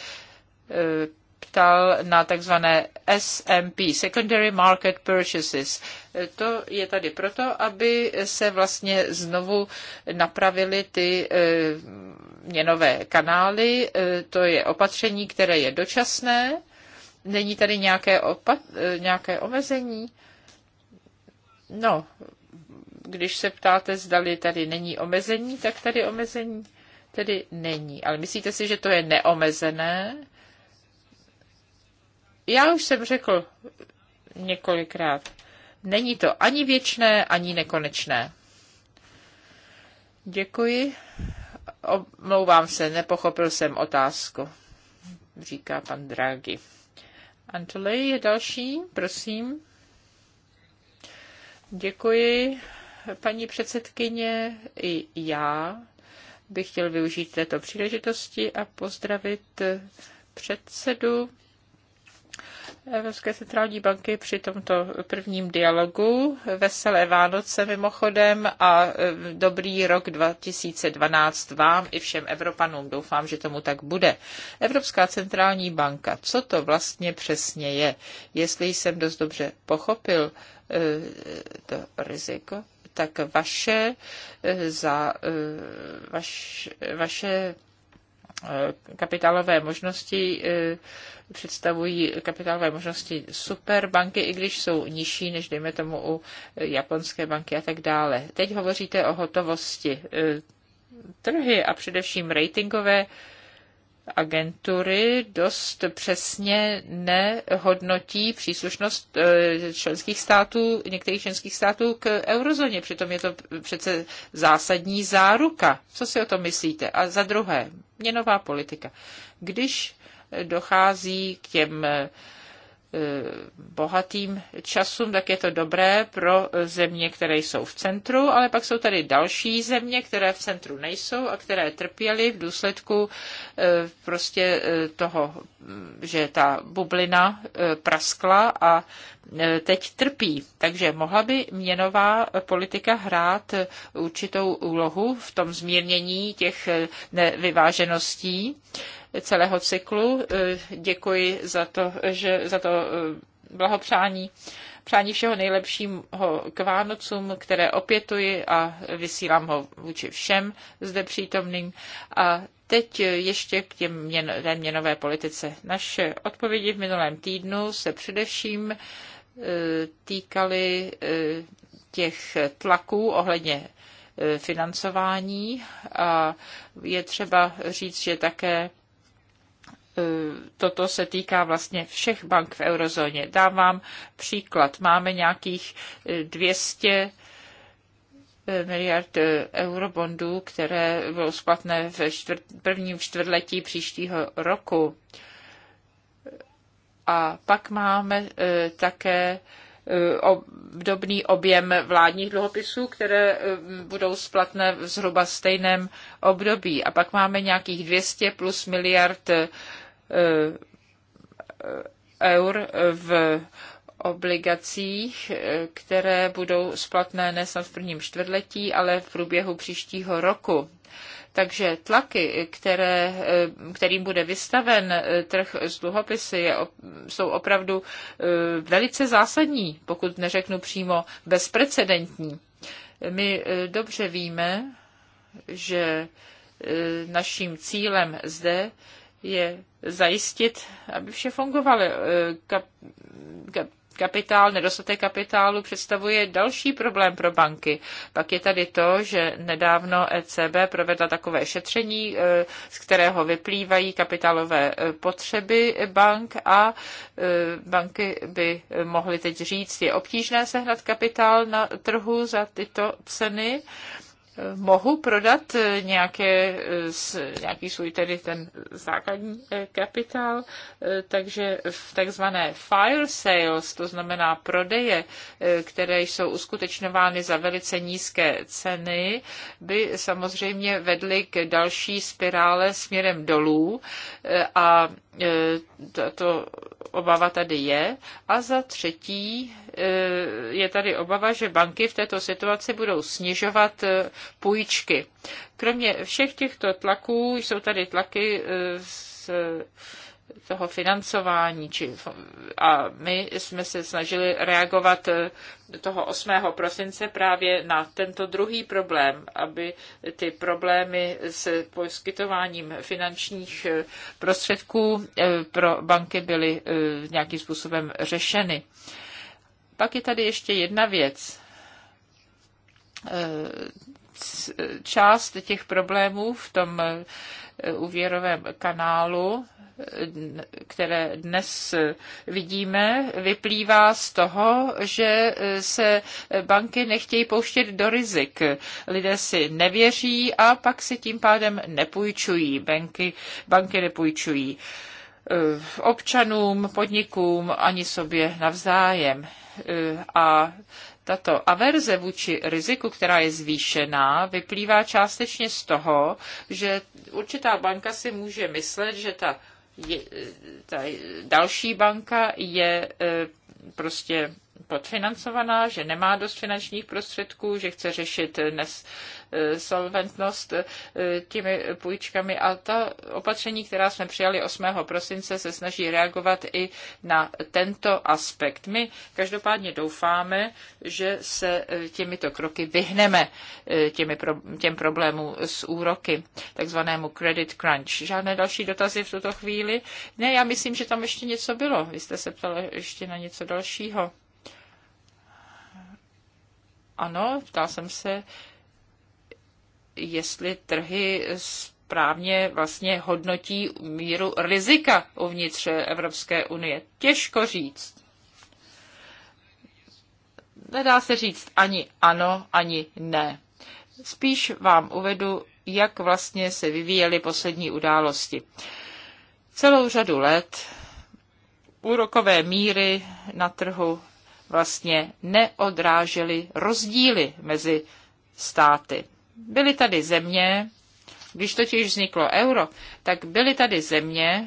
ptal na takzvané SMP, Secondary Market Purchases. To je tady proto, aby se vlastně znovu napravily ty měnové kanály. E, to je opatření, které je dočasné. Není tady nějaké, opat- e, nějaké omezení? No, když se ptáte, zdali tady není omezení, tak tady omezení tedy není. Ale myslíte si, že to je neomezené? Já už jsem řekl několikrát, není to ani věčné, ani nekonečné. Děkuji. Omlouvám se, nepochopil jsem otázku, říká pan Draghi. Antolej je další, prosím. Děkuji, paní předsedkyně, i já bych chtěl využít této příležitosti a pozdravit předsedu Evropské centrální banky při tomto prvním dialogu. Veselé Vánoce mimochodem a e, dobrý rok 2012 vám i všem Evropanům. Doufám, že tomu tak bude. Evropská centrální banka, co to vlastně přesně je? Jestli jsem dost dobře pochopil e, to riziko, tak vaše, e, za, vaš, vaše Eh, kapitálové možnosti eh, představují kapitálové možnosti superbanky, i když jsou nižší než, dejme tomu, u japonské banky a tak dále. Teď hovoříte o hotovosti. Eh, trhy a především ratingové agentury dost přesně nehodnotí příslušnost eh, členských států, některých členských států k eurozóně. Přitom je to přece zásadní záruka. Co si o to myslíte? A za druhé, měnová politika. Když dochází k těm bohatým časům, tak je to dobré pro země, které jsou v centru, ale pak jsou tady další země, které v centru nejsou a které trpěly v důsledku eh, prostě eh, toho, že ta bublina eh, praskla a teď trpí. Takže mohla by měnová politika hrát určitou úlohu v tom zmírnění těch nevyvážeností celého cyklu. E, děkuji za to, že, za to e, blahopřání. Přání všeho nejlepšího k Vánocům, které opětuji a vysílám ho vůči všem zde přítomným. A teď ještě k těm měn, té měnové politice. Naše odpovědi v minulém týdnu se především e, týkaly e, těch tlaků ohledně e, financování a je třeba říct, že také Eh, toto se týká vlastně všech bank v eurozóně. Dám vám příklad. Máme nějakých 200 eh, eh, miliard eurobondů, které bylo splatné v čtvrt, prvním čtvrtletí příštího roku. A pak máme také obdobný objem vládních dluhopisů, které budou splatné v zhruba stejném období. A pak máme nějakých 200 plus miliard Eh, eur v obligacích, eh, které budou splatné nesnad v prvním čtvrtletí, ale v průběhu příštího roku. Takže tlaky, které, eh, kterým bude vystaven trh z dluhopisy, je, jsou opravdu velice zásadní, pokud neřeknu přímo bezprecedentní. My dobře víme, že naším cílem zde je zajistit, aby vše fungovalo. E, kap, kap, kapitál, nedostatek kapitálu představuje další problém pro banky. Pak je tady to, že nedávno ECB provedla takové šetření, e, z kterého vyplývají kapitálové e, potřeby bank a banky by mohly teď říct, je obtížné sehnat kapitál na trhu za tyto ceny mohu prodat eh, nějaké, eh, nějaký svůj tedy ten základní eh, kapitál, takže v takzvané fire sales, to znamená prodeje, které jsou uskutečňovány za velice nízké ceny, by samozřejmě vedly k další spirále směrem dolů a to obava tady je. A za třetí Eh, je tady obava, že banky v této situaci budou snižovat eh, půjčky. Kromě všech těchto tlaků jsou tady tlaky eh, z toho financování. Či, a my jsme se snažili reagovat toho 8. prosince právě na tento druhý problém, aby ty problémy s poskytováním finančních prostředků pro banky byly nějakým způsobem řešeny. Pak je tady ještě jedna věc. Eh, část těch problémů v tom eh, úvěrovém kanálu, eh, které dnes vidíme, vyplývá z toho, že se banky nechtějí pouštět do rizik. Lidé si nevěří a pak si tím pádem nepůjčují. Banky, banky nepůjčují. Uh, občanům, podnikům ani sobě navzájem. A tato averze vůči riziku, která je zvýšená, vyplývá částečně z toho, že určitá banka si může myslet, že ta, je, ta další banka je eh, prostě podfinancovaná, že nemá dost finančních prostředků, že chce řešit nesolventnost e, e, těmi půjčkami a ta opatření, která jsme přijali 8. prosince, se snaží reagovat i na tento aspekt. My každopádně doufáme, že se e, těmito kroky vyhneme těmi pro, těm problémům s úroky, takzvanému credit crunch. Žádné další dotazy v tuto chvíli? Ne, já myslím, že tam ještě něco bylo. Vy jste se ptala ještě na něco dalšího. Ano, ptal jsem se, jestli trhy správně vlastně hodnotí míru rizika uvnitř Evropské unie. Těžko říct. Nedá se říct ani ano, ani ne. Spíš vám uvedu, jak vlastně se vyvíjely poslední události. Celou řadu let úrokové míry na trhu vlastně neodrážely rozdíly mezi státy. Byly tady země, když totiž vzniklo euro, tak byly tady země, e,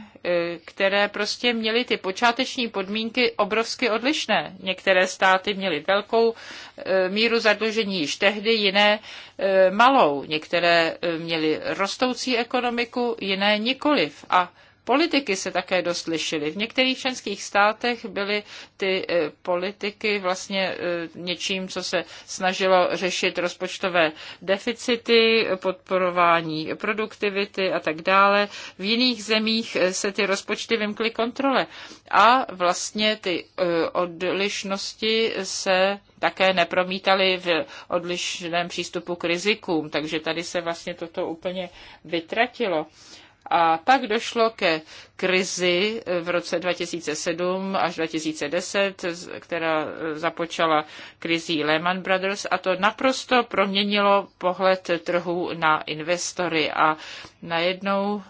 které prostě měly ty počáteční podmínky obrovsky odlišné. Některé státy měly velkou e, míru zadlužení již tehdy, jiné e, malou. Některé měly rostoucí ekonomiku, jiné nikoliv. A Politiky se také dost lišily. V některých členských státech byly ty eh, politiky vlastně eh, něčím, co se snažilo řešit rozpočtové deficity, podporování produktivity a tak dále. V jiných zemích eh, se ty rozpočty vymkly kontrole a vlastně ty odlišnosti se také nepromítali v odlišném přístupu k rizikům, takže tady se vlastně toto úplně vytratilo. A pak došlo ke krizi v roce 2007 až 2010, která započala krizí Lehman Brothers a to naprosto proměnilo pohled trhu na investory a najednou e,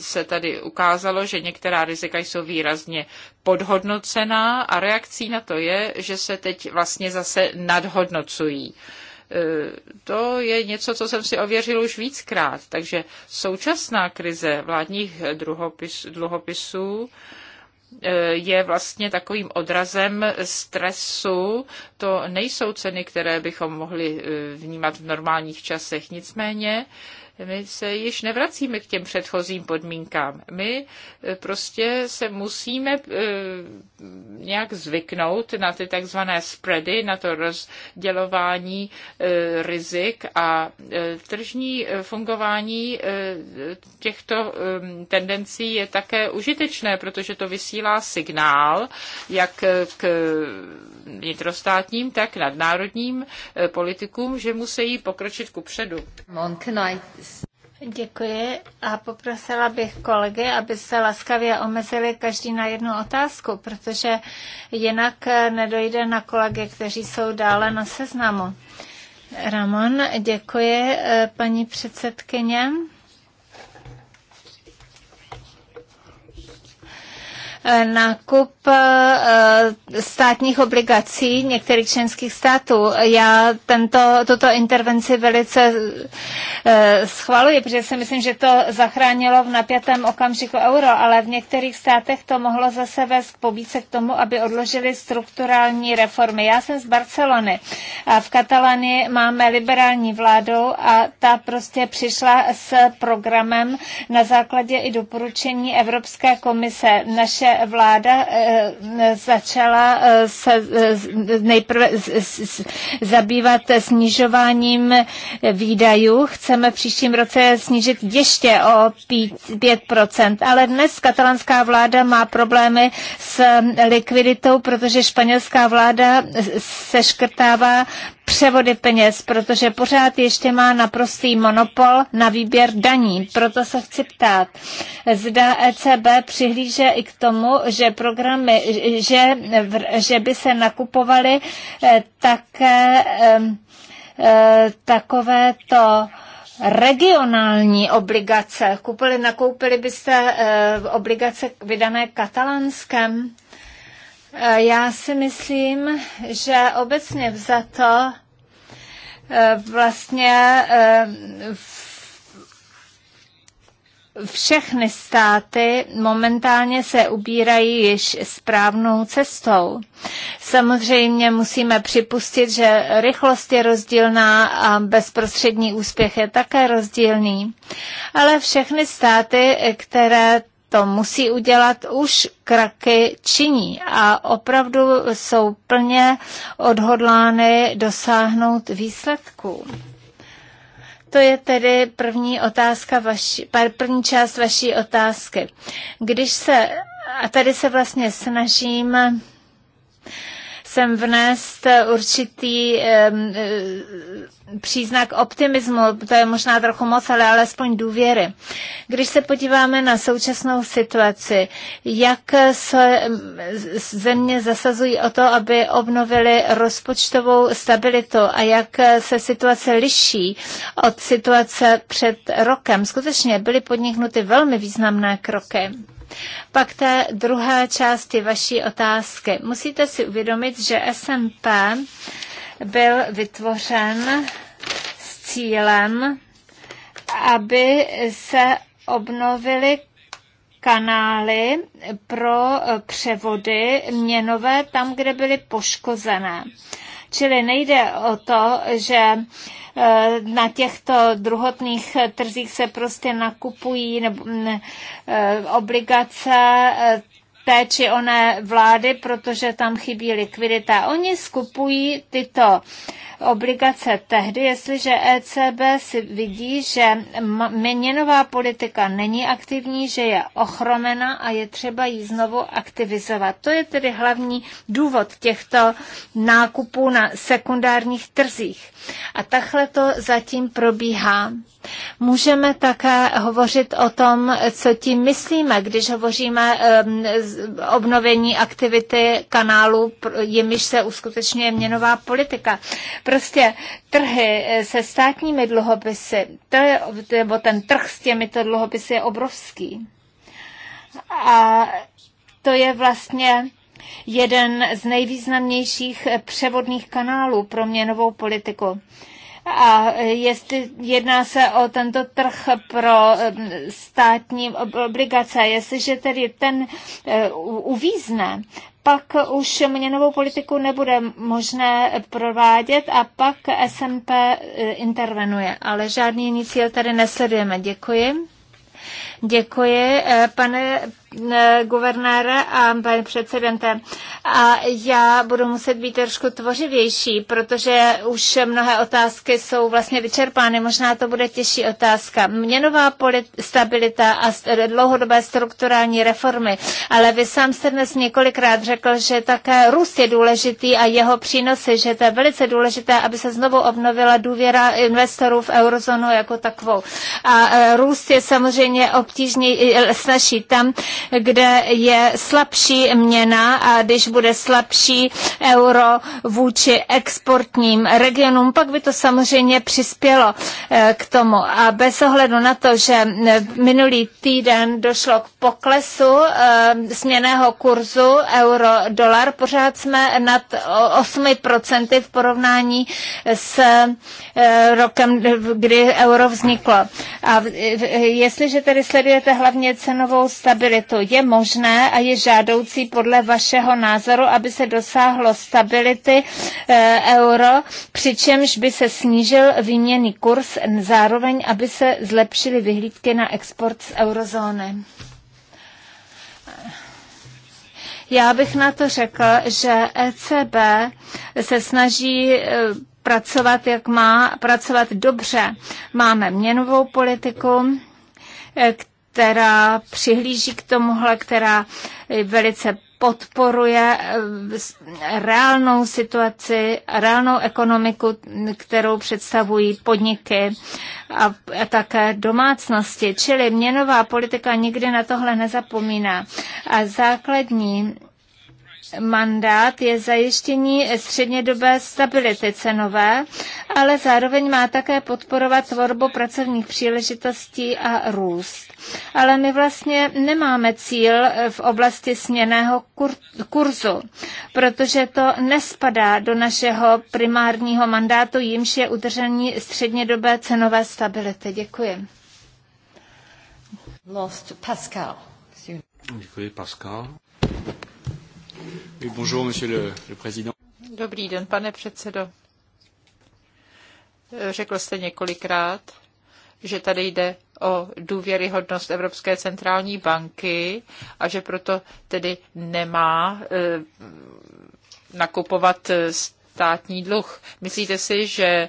se tady ukázalo, že některá rizika jsou výrazně podhodnocená a reakcí na to je, že se teď vlastně zase nadhodnocují. E, to je něco, co jsem si ověřil už víckrát. Takže současná krize vládních dluhopisů e, je vlastně takovým odrazem stresu. To nejsou ceny, které bychom mohli e, vnímat v normálních časech. Nicméně my se již nevracíme k těm předchozím podmínkám. My eh, prostě se musíme eh, nějak zvyknout na ty takzvané spready, na to rozdělování eh, rizik a tržní fungování těchto tendencí je také užitečné, protože to vysílá signál jak k vnitrostátním, tak nadnárodním politikům, že musí pokročit ku předu. Děkuji a poprosila bych kolegy, aby se laskavě omezili každý na jednu otázku, protože jinak nedojde na kolegy, kteří jsou dále na seznamu. Ramon, děkuji, eh, paní předsedkyně. nákup eh, státních obligací některých členských států. Já tento, tuto intervenci velice eh, schvaluji, protože si myslím, že to zachránilo v napětém okamžiku euro, ale v některých státech to mohlo zase vést k pobíce k tomu, aby odložili strukturální reformy. Já jsem z Barcelony a v Katalánii máme liberální vládu a ta prostě přišla s programem na základě i doporučení Evropské komise. Naše vláda eh, začala eh, se eh, nejprve zabývat snižováním výdajů. Chceme v příštím roce snížit ještě o 5%, ale dnes katalánská vláda má problémy s likviditou, protože španělská vláda seškrtává převody peněz, protože pořád ještě má naprostý monopol na výběr daní. Proto se chci ptát, zda ECB přihlíže i k tomu, že programy, že, že by se nakupovaly eh, také eh, takovéto regionální obligace. Kupili, nakoupili byste eh, obligace vydané katalánskem? Eh, já si myslím, že obecně vzato eh, vlastně eh, všechny státy momentálně se ubírají již správnou cestou. Samozřejmě musíme připustit, že rychlost je rozdílná a bezprostřední úspěch je také rozdílný, ale všechny státy, které to musí udělat, už kraky činí a opravdu jsou plně odhodlány dosáhnout výsledků. To je tedy první otázka vaši, první část vaší otázky. Když se, a tady se vlastně snažím sem vnést určitý e, příznak optimismu, to je možná trochu moc, ale alespoň důvěry. Když se podíváme na současnou situaci, jak se země zasazují o to, aby obnovili rozpočtovou stabilitu a jak se situace liší od situace před rokem. Skutečně byly podniknuty velmi významné kroky. Pak té druhé části vaší otázky. Musíte si uvědomit, že SMP byl vytvořen s cílem, aby se obnovily kanály pro převody měnové tam, kde byly poškozené. Čili nejde o to, že e, na těchto druhotných trzích se prostě nakupují nebo, e, obligace e, té či oné vlády, protože tam chybí likvidita. Oni skupují tyto obligace tehdy, jestliže ECB si vidí, že měnová politika není aktivní, že je ochromena a je třeba ji znovu aktivizovat. To je tedy hlavní důvod těchto nákupů na sekundárních trzích. A takhle to zatím probíhá. Můžeme také hovořit o tom, co tím myslíme, když hovoříme obnovení aktivity kanálu, jimiž se uskutečňuje měnová politika. Prostě trhy eh, se státními dluhopisy, to je, nebo ten trh s těmito dluhopisy je obrovský. A to je vlastně jeden z nejvýznamnějších eh, převodných kanálů pro měnovou politiku. A eh, jestli jedná se o tento trh pro státní obligace, jestliže tedy ten uvízne, pak už měnovou politiku nebude možné provádět a pak SNP eh, intervenuje. Ale žádný jiný cíl tady nesledujeme. Děkuji. Děkuji, eh, pane Eh, guvernére a pane předsedente. A já budu muset být trošku tvořivější, protože už mnohé otázky jsou vlastně vyčerpány. Možná to bude těžší otázka. Měnová stabilita a dlouhodobé strukturální reformy. Ale vy sám jste dnes několikrát řekl, že také růst je důležitý a jeho přínosy, že to je velice důležité, aby se znovu obnovila důvěra investorů v eurozónu jako takovou. A eh, růst je samozřejmě obtížně eh, snaží tam, kde je slabší měna a když bude slabší euro vůči exportním regionům, pak by to samozřejmě přispělo eh, k tomu. A bez ohledu na to, že minulý týden došlo k poklesu eh, směného kurzu euro-dolar, pořád jsme nad 8% v porovnání s eh, rokem, kdy euro vzniklo. A jestliže tedy sledujete hlavně cenovou stabilitu, státu. Je možné a je žádoucí podle vašeho názoru, aby se dosáhlo stability eh, euro, přičemž by se snížil výměný kurz, zároveň aby se zlepšily vyhlídky na export z eurozóny. Já bych na to řekl, že ECB se snaží eh, pracovat, jak má, pracovat dobře. Máme měnovou politiku, eh, která přihlíží k tomuhle, která velice podporuje eh, reálnou situaci, reálnou ekonomiku, kterou představují podniky a, a také domácnosti. Čili měnová politika nikdy na tohle nezapomíná. A základní mandát je zajištění střednědobé stability cenové, ale zároveň má také podporovat tvorbu pracovních příležitostí a růst. Ale my vlastně nemáme cíl v oblasti směného kurzu, protože to nespadá do našeho primárního mandátu, jimž je udržení střednědobé cenové stability. Děkuji. Lost Pascal. Děkuji, Pascal. Dobrý den, pane předsedo. Řekl jste několikrát, že tady jde o důvěryhodnost Evropské centrální banky a že proto tedy nemá eh, nakupovat státní dluh. Myslíte si, že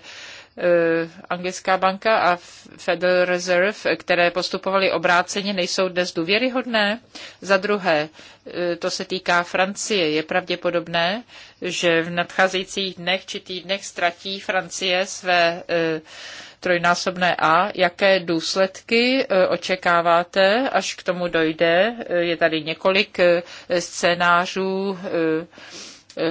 Eh, anglická banka a Federal Reserve, které postupovaly obráceně, nejsou dnes důvěryhodné? Za druhé, eh, to se týká Francie. Je pravděpodobné, že v nadcházejících dnech či týdnech ztratí Francie své eh, trojnásobné A. Jaké důsledky očekáváte, až k tomu dojde? Je tady několik scénářů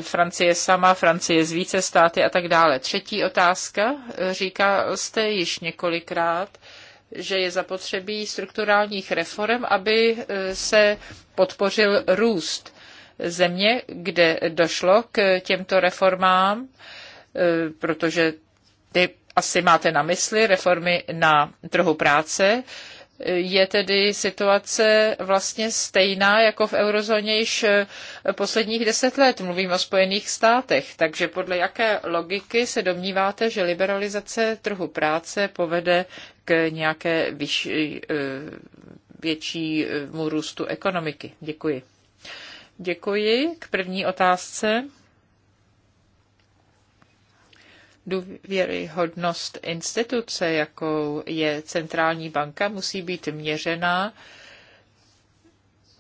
Francie sama, Francie z více státy a tak dále. Třetí otázka, říkal jste již několikrát, že je zapotřebí strukturálních reform, aby e, se podpořil růst země, kde došlo k těmto reformám, e, protože ty asi máte na mysli reformy na trhu práce, je tedy situace vlastně stejná jako v eurozóně již eh, posledních deset let. Mluvím o Spojených státech. Takže podle jaké logiky se domníváte, že liberalizace trhu práce povede k nějaké vyšší, eh, většímu eh, růstu ekonomiky? Děkuji. Děkuji. K první otázce. Důvěryhodnost instituce, jakou je centrální banka, musí být měřena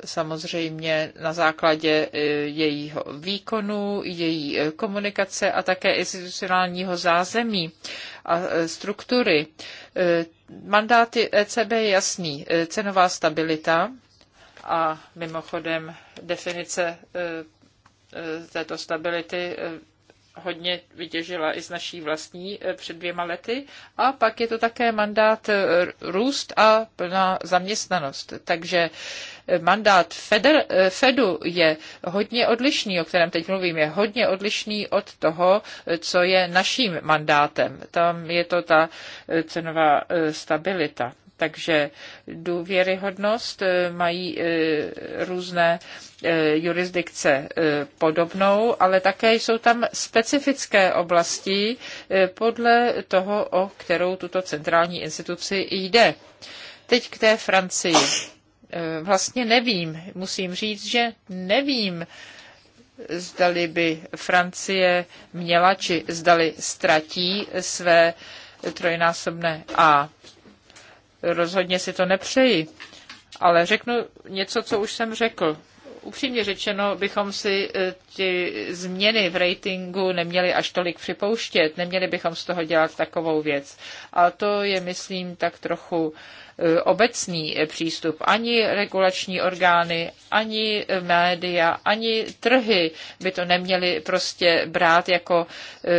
samozřejmě na základě e, jejího výkonu, její e, komunikace a také institucionálního zázemí a e, struktury. Mandát ECB je jasný. Cenová stabilita a mimochodem definice této stability hodně vytěžila i z naší vlastní eh, před dvěma lety. A pak je to také mandát eh, růst a plná zaměstnanost. Takže eh, mandát Feder, Fedu je hodně odlišný, o kterém teď mluvím, je hodně odlišný od toho, co je naším mandátem. Tam je to ta cenová stabilita. Takže důvěryhodnost eh, mají eh, různé eh, jurisdikce podobnou, ale také jsou tam specifické oblasti podle toho, o kterou tuto centrální instituci jde. Teď k té Francii. Vlastně nevím, musím říct, že nevím, zdali by Francie měla, či zdali ztratí své trojnásobné A Rozhodně si to nepřeji. Ale řeknu něco, co už jsem řekl. Upřímně řečeno, bychom si eh, ty změny v ratingu neměli až tolik připouštět, neměli bychom z toho dělat takovou věc. A to je, myslím, tak trochu uh, Eh, obecný přístup. Ani regulační orgány, ani média, ani trhy by to neměly prostě brát jako eh,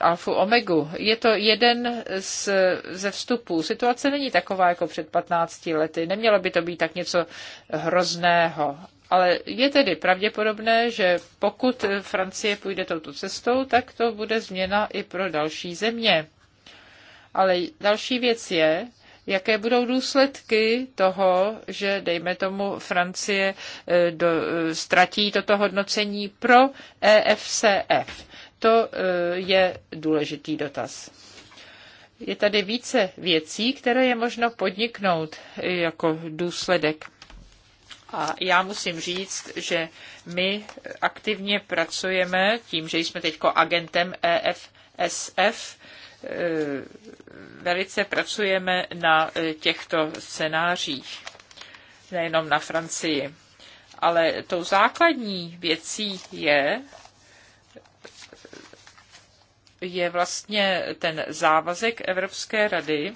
alfu omegu. Je to jeden z, ze vstupů. Situace není taková jako před 15 lety. Nemělo by to být tak něco hrozného. Ale je tedy pravděpodobné, že pokud Francie půjde touto cestou, tak to bude změna i pro další země. Ale další věc je, Jaké budou důsledky toho, že, dejme tomu, Francie eh, do, eh, ztratí toto hodnocení pro EFCF? To eh, je důležitý dotaz. Je tady více věcí, které je možno podniknout jako důsledek. A já musím říct, že my aktivně pracujeme tím, že jsme teď agentem EFSF, Eh, velice pracujeme na eh, těchto scénářích, nejenom na Francii. Ale tou základní věcí je, je vlastně ten závazek Evropské rady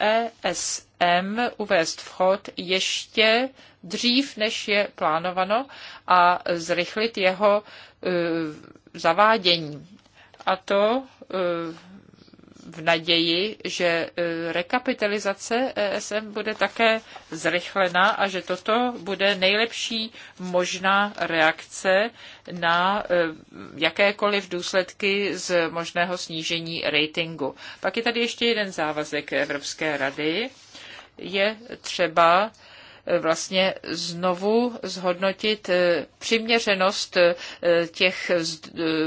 ESM eh, e uvést vchod ještě dřív, než je plánovano a zrychlit jeho e, zavádění. A to e, v naději, že e, rekapitalizace ESM bude také zrychlena a že toto bude nejlepší možná reakce na jakékoliv důsledky z možného snížení ratingu. Pak je tady ještě jeden závazek Evropské rady. Je třeba vlastně znovu zhodnotit eh, přiměřenost eh, těch eh,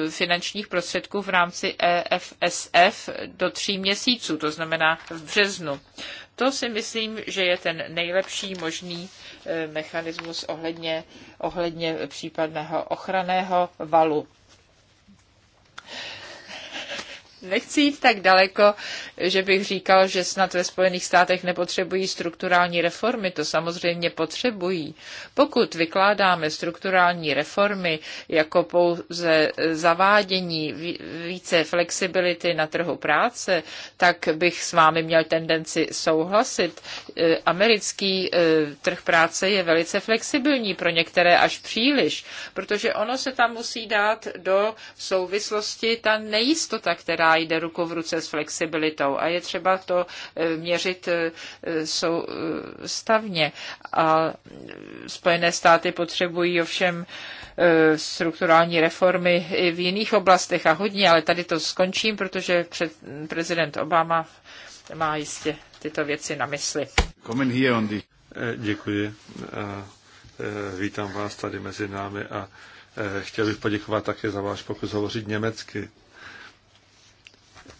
finančních prostředků v rámci EFSF do tří měsíců, to znamená v březnu. To si myslím, že je ten nejlepší možný mechanismus ohledně, ohledně případného ochranného valu nechci jít tak daleko, že bych říkal, že snad ve Spojených státech nepotřebují strukturální reformy. To samozřejmě potřebují. Pokud vykládáme strukturální reformy jako pouze zavádění více flexibility na trhu práce, tak bych s vámi měl tendenci souhlasit. E, americký e, trh práce je velice flexibilní pro některé až příliš, protože ono se tam musí dát do souvislosti ta nejistota, která která jde ruku v ruce s flexibilitou. A je třeba to eh, měřit eh, soustavně. A Spojené státy potřebují ovšem eh, strukturální reformy i v jiných oblastech a hodně, ale tady to skončím, protože před, prezident Obama má jistě tyto věci na mysli. Děkuji. Vítám vás tady mezi námi a chtěl bych poděkovat také za váš pokus hovořit německy.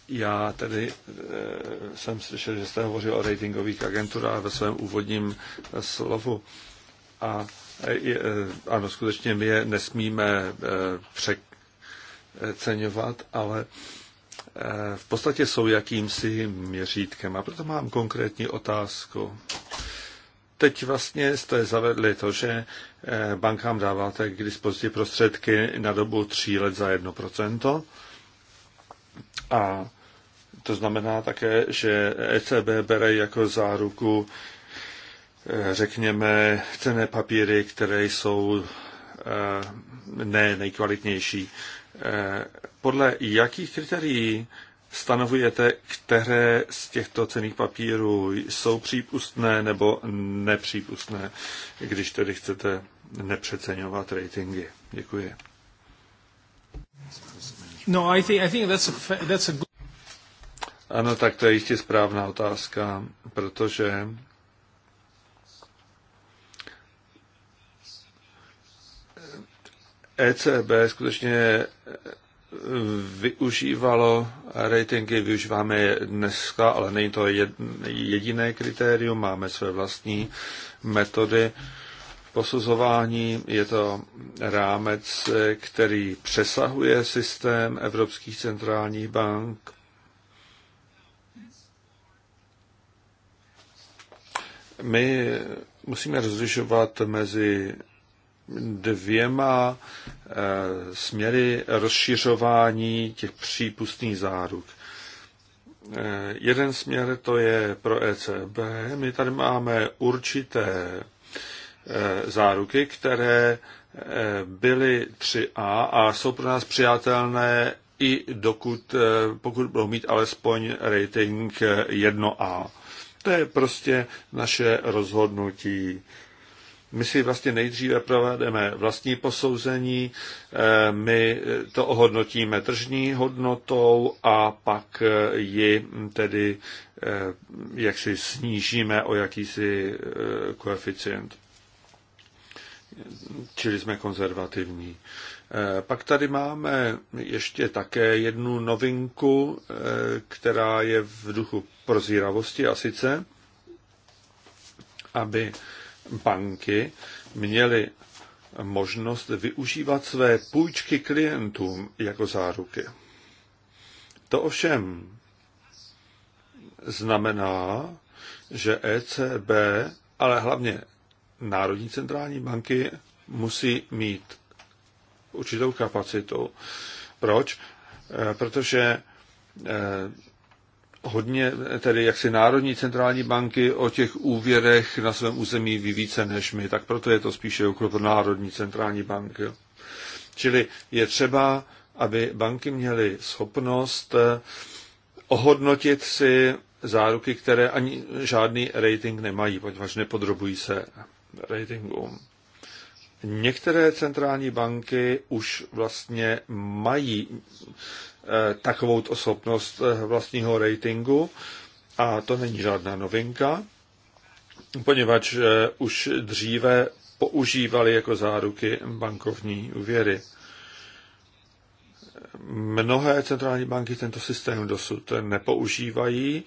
Já tedy e, jsem slyšel, že jste hovořil o ratingových agenturách ve svém úvodním eh, slovu. A e, ano, skutečně my je nesmíme e, přeceňovat, ale e, v podstatě jsou jakýmsi měřítkem. A proto mám konkrétní otázku. Teď vlastně jste zavedli to, že bankám dáváte k dispozici prostředky na dobu tří let za jedno procento A to znamená také, že ECB bere jako záruku, eh, řekněme, cené papíry, které jsou eh, ne nejkvalitnější. Eh, podle jakých kritérií stanovujete, které z těchto cených papírů jsou přípustné nebo nepřípustné, když tedy chcete nepřeceňovat ratingy? Děkuji. No, I think, I think that's a, that's a good... Ano, tak to je jistě správná otázka, protože ECB skutečně využívalo ratingy, využíváme je dneska, ale není to jediné kritérium, máme své vlastní metody posuzování. Je to rámec, který přesahuje systém evropských centrálních bank My musíme rozlišovat mezi dvěma eh, směry rozšiřování těch přípustných záruk. Eh, jeden směr to je pro ECB. My tady máme určité eh, záruky, které byly 3A a jsou pro nás přijatelné i dokud, pokud budou mít alespoň rating 1A. To je prostě naše rozhodnutí. My si vlastně nejdříve provedeme vlastní posouzení, eh, my to ohodnotíme tržní hodnotou a pak ji tedy eh, jak si snížíme o jakýsi eh, koeficient. Čili jsme konzervativní. Pak tady máme ještě také jednu novinku, která je v duchu prozíravosti a sice, aby banky měly možnost využívat své půjčky klientům jako záruky. To ovšem znamená, že ECB, ale hlavně Národní centrální banky musí mít určitou kapacitu. Proč? Eh, protože eh, hodně, tedy jaksi národní centrální banky o těch úvěrech na svém území ví více než my, tak proto je to spíše okruh národní centrální banky. Čili je třeba, aby banky měly schopnost eh, ohodnotit si záruky, které ani žádný rating nemají, poněvadž nepodrobují se ratingům. Některé centrální banky už vlastně mají Eh, takovou osobnost eh, vlastního ratingu a to není žádná novinka, poněvadž eh, už dříve používali jako záruky bankovní úvěry. Mnohé centrální banky tento systém dosud nepoužívají,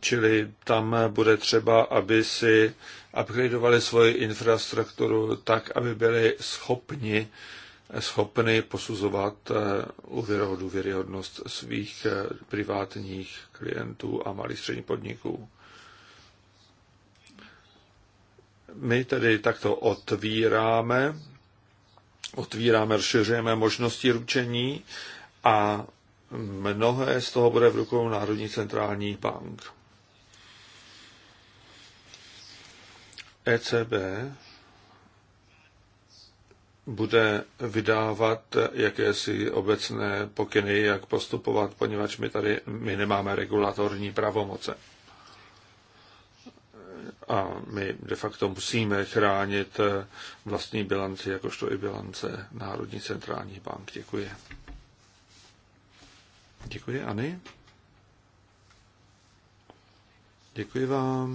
čili tam bude třeba, aby si upgradeovali svoji infrastrukturu tak, aby byli schopni schopny posuzovat eh, úvěrovou důvěryhodnost svých eh, privátních klientů a malých středních podniků. My tedy takto otvíráme, otvíráme, rozšiřujeme možnosti ručení a mnohé z toho bude v rukou Národní centrální bank. ECB bude vydávat jakési obecné pokyny, jak postupovat, poněvadž my tady my nemáme regulatorní pravomoce. A my de facto musíme chránit vlastní bilanci, jakožto i bilance Národní centrální bank. Děkuji. Děkuji, Ani. Děkuji vám.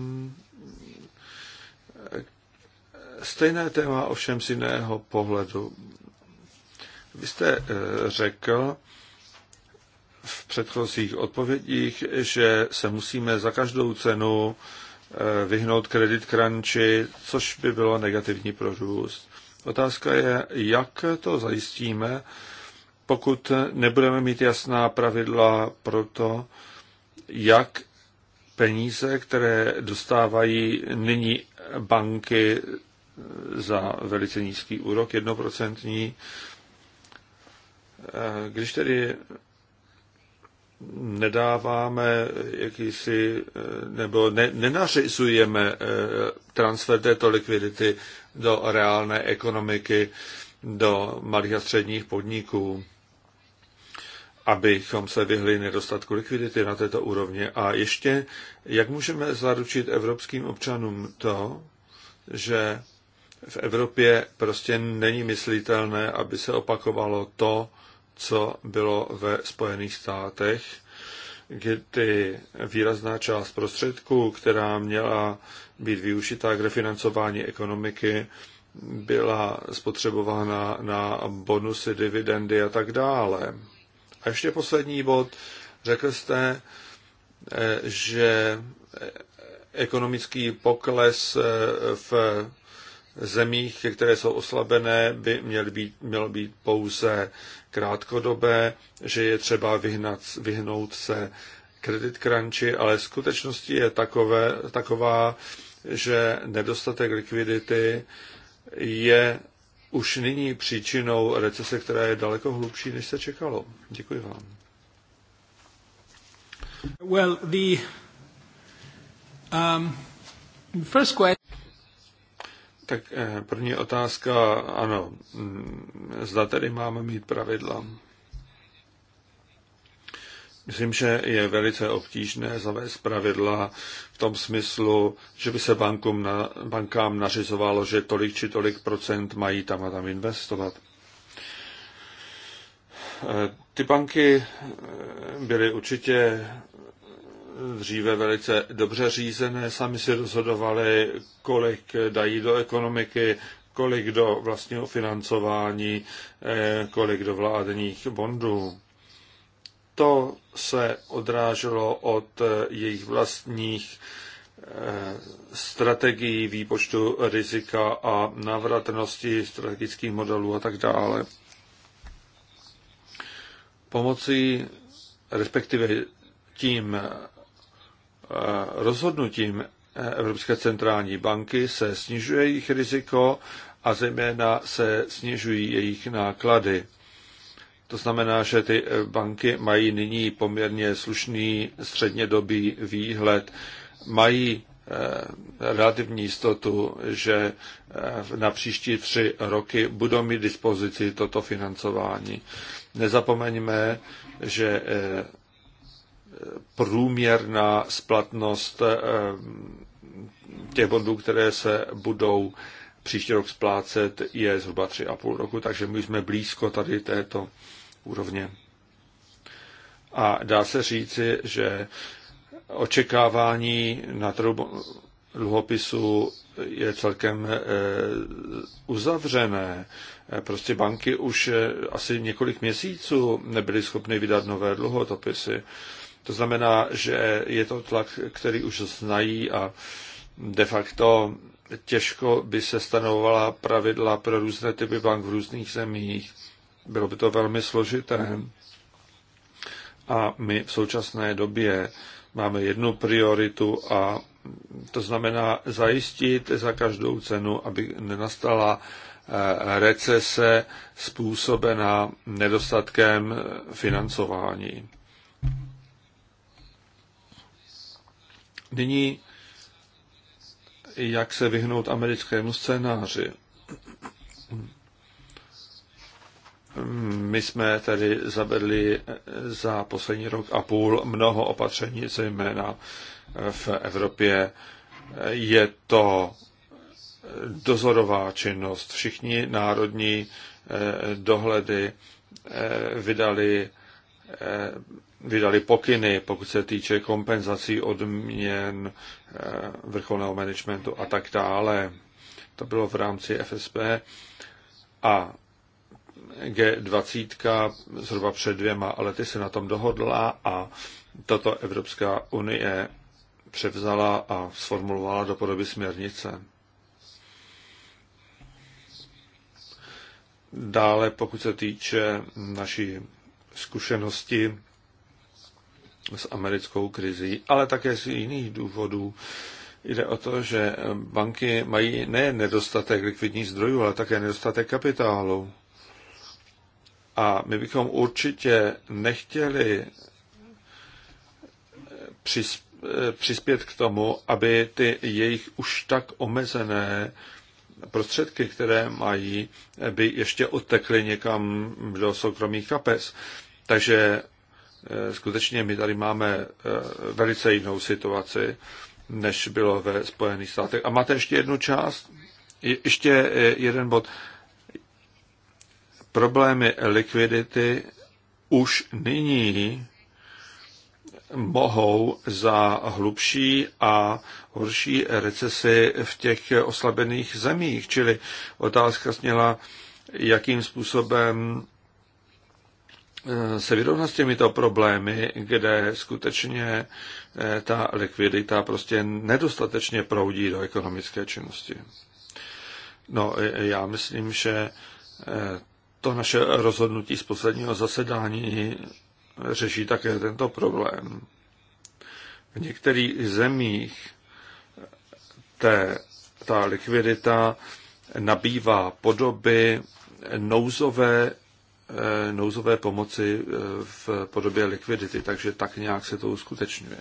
Stejné téma ovšem z jiného pohledu. Vy jste eh, řekl v předchozích odpovědích, že se musíme za každou cenu eh, vyhnout kredit crunchi, což by bylo negativní pro růst. Otázka je, jak to zajistíme, pokud nebudeme mít jasná pravidla pro to, jak peníze, které dostávají nyní banky za velice nízký úrok, jednoprocentní. Eh, když tedy nedáváme jakýsi, eh, nebo ne, nenařizujeme eh, transfer této likvidity do reálné ekonomiky, do malých a středních podniků, abychom se vyhli nedostatku likvidity na této úrovni. A ještě, jak můžeme zaručit evropským občanům to, že v Evropě prostě není myslitelné, aby se opakovalo to, co bylo ve Spojených státech, kdy výrazná část prostředků, která měla být využitá k refinancování ekonomiky, byla spotřebována na bonusy, dividendy a tak dále. A ještě poslední bod. Řekl jste, eh, že ekonomický pokles eh, v zemích, které jsou oslabené, by měl být, mělo být pouze krátkodobé, že je třeba vyhnat, vyhnout se kredit crunchi, ale skutečností je takové, taková, že nedostatek likvidity je už nyní příčinou recese, která je daleko hlubší, než se čekalo. Děkuji vám. Well, the, um, first question... Tak eh, první otázka, ano, mm, zda tedy máme mít pravidla. Myslím, že je velice obtížné zavést pravidla v tom smyslu, že by se bankům na, bankám nařizovalo, že tolik či tolik procent mají tam a tam investovat. Eh, ty banky eh, byly určitě dříve velice dobře řízené, sami si rozhodovali, kolik dají do ekonomiky, kolik do vlastního financování, eh, kolik do vládních bondů. To se odráželo od eh, jejich vlastních eh, strategií výpočtu rizika a návratnosti strategických modelů a tak dále. Pomocí, respektive tím Eh, rozhodnutím eh, Evropské centrální banky se snižuje jejich riziko a zejména se snižují jejich náklady. To znamená, že ty eh, banky mají nyní poměrně slušný střednědobý výhled. Mají relativní jistotu, že na příští tři roky budou mít dispozici toto financování. Nezapomeňme, že průměrná splatnost eh, těch bondů, které se budou příští rok splácet, je zhruba 3,5 roku, takže my jsme blízko tady této úrovně. A dá se říci, že očekávání na trhu dluhopisu je celkem eh, uzavřené. Eh, prostě banky už asi několik měsíců nebyly schopny vydat nové dluhopisy. To znamená, že je to tlak, který už znají a de facto těžko by se stanovovala pravidla pro různé typy bank v různých zemích. Bylo by to velmi složité. A my v současné době máme jednu prioritu a to znamená zajistit za každou cenu, aby nenastala eh, recese způsobená nedostatkem financování. Nyní, jak se vyhnout americkému scénáři. My jsme tady zavedli za poslední rok a půl mnoho opatření, zejména v Evropě. Je to dozorová činnost. Všichni národní eh, dohledy eh, vydali eh, vydali pokyny, pokud se týče kompenzací odměn eh, vrcholného managementu a tak dále. To bylo v rámci FSP a G20 zhruba před dvěma lety se na tom dohodla a tato Evropská unie převzala a sformulovala do podoby směrnice. Dále, pokud se týče naší zkušenosti s americkou krizí, ale také z jiných důvodů. Jde o to, že banky mají ne nedostatek likvidních zdrojů, ale také nedostatek kapitálu. A my bychom určitě nechtěli eh, eh, přispět k tomu, aby ty jejich už tak omezené prostředky, které mají, eh, by ještě odtekly někam do soukromých kapes. Takže Eh, skutečně my tady máme eh, velice jinou situaci, než bylo ve Spojených státech. A máte ještě jednu část, ještě eh, jeden bod. Problémy likvidity už nyní mohou za hlubší a horší recesy v těch oslabených zemích. Čili otázka sněla, jakým způsobem Eh, se vyrovnat s těmito problémy, kde skutečně eh, ta likvidita prostě nedostatečně proudí do ekonomické činnosti. No, eh, já myslím, že to naše rozhodnutí z posledního zasedání řeší také tento problém. V některých zemích té, ta likvidita nabývá podoby nouzové Eh, nouzové pomoci eh, v podobě likvidity, takže tak nějak se to uskutečňuje.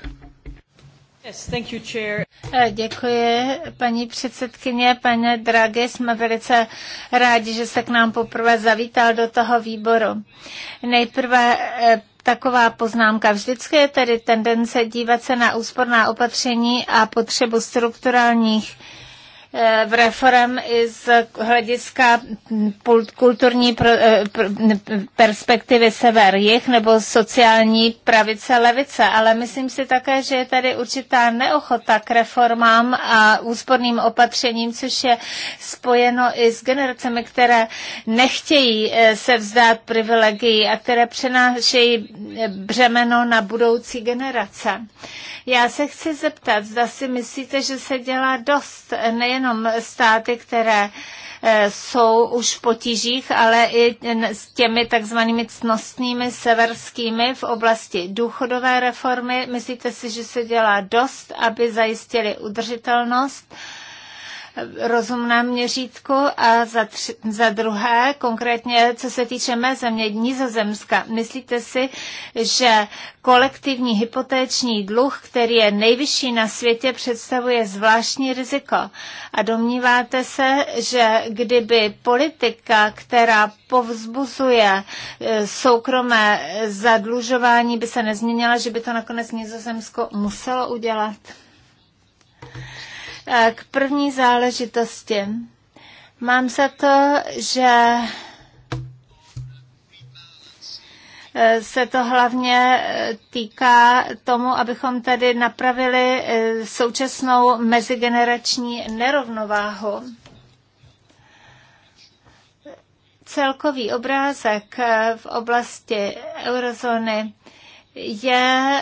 Yes, thank you, chair. Eh, děkuji, paní předsedkyně, paní Draghi, jsme velice rádi, že se k nám poprvé zavítal do toho výboru. Nejprve taková poznámka. Vždycky je tedy tendence dívat se na úsporná opatření a potřebu strukturálních v reform i z hlediska kulturní eh, perspektivy sever-jih nebo sociální pravice-levice, ale myslím si také, že je tady určitá neochota k reformám a úsporným opatřením, což je spojeno i s generacemi, které nechtějí eh, se vzdát privilegií a které přenášejí eh, břemeno na budoucí generace. Já se chci zeptat, zda si myslíte, že se dělá dost nejen nejenom státy, které eh, jsou už v potížích, ale i s těmi takzvanými cnostnými severskými v oblasti důchodové reformy. Myslíte si, že se dělá dost, aby zajistili udržitelnost? rozumná měřítku a za, tři, za druhé, konkrétně co se týče mé země Nizozemska, myslíte si, že kolektivní hypotéční dluh, který je nejvyšší na světě, představuje zvláštní riziko? A domníváte se, že kdyby politika, která povzbuzuje e, soukromé zadlužování, by se nezměnila, že by to nakonec Nizozemsko muselo udělat? Eh, k první záležitosti. Mám za to, že eh, se to hlavně eh, týká tomu, abychom tady napravili současnou mezigenerační nerovnováhu. Celkový obrázek v oblasti eurozóny je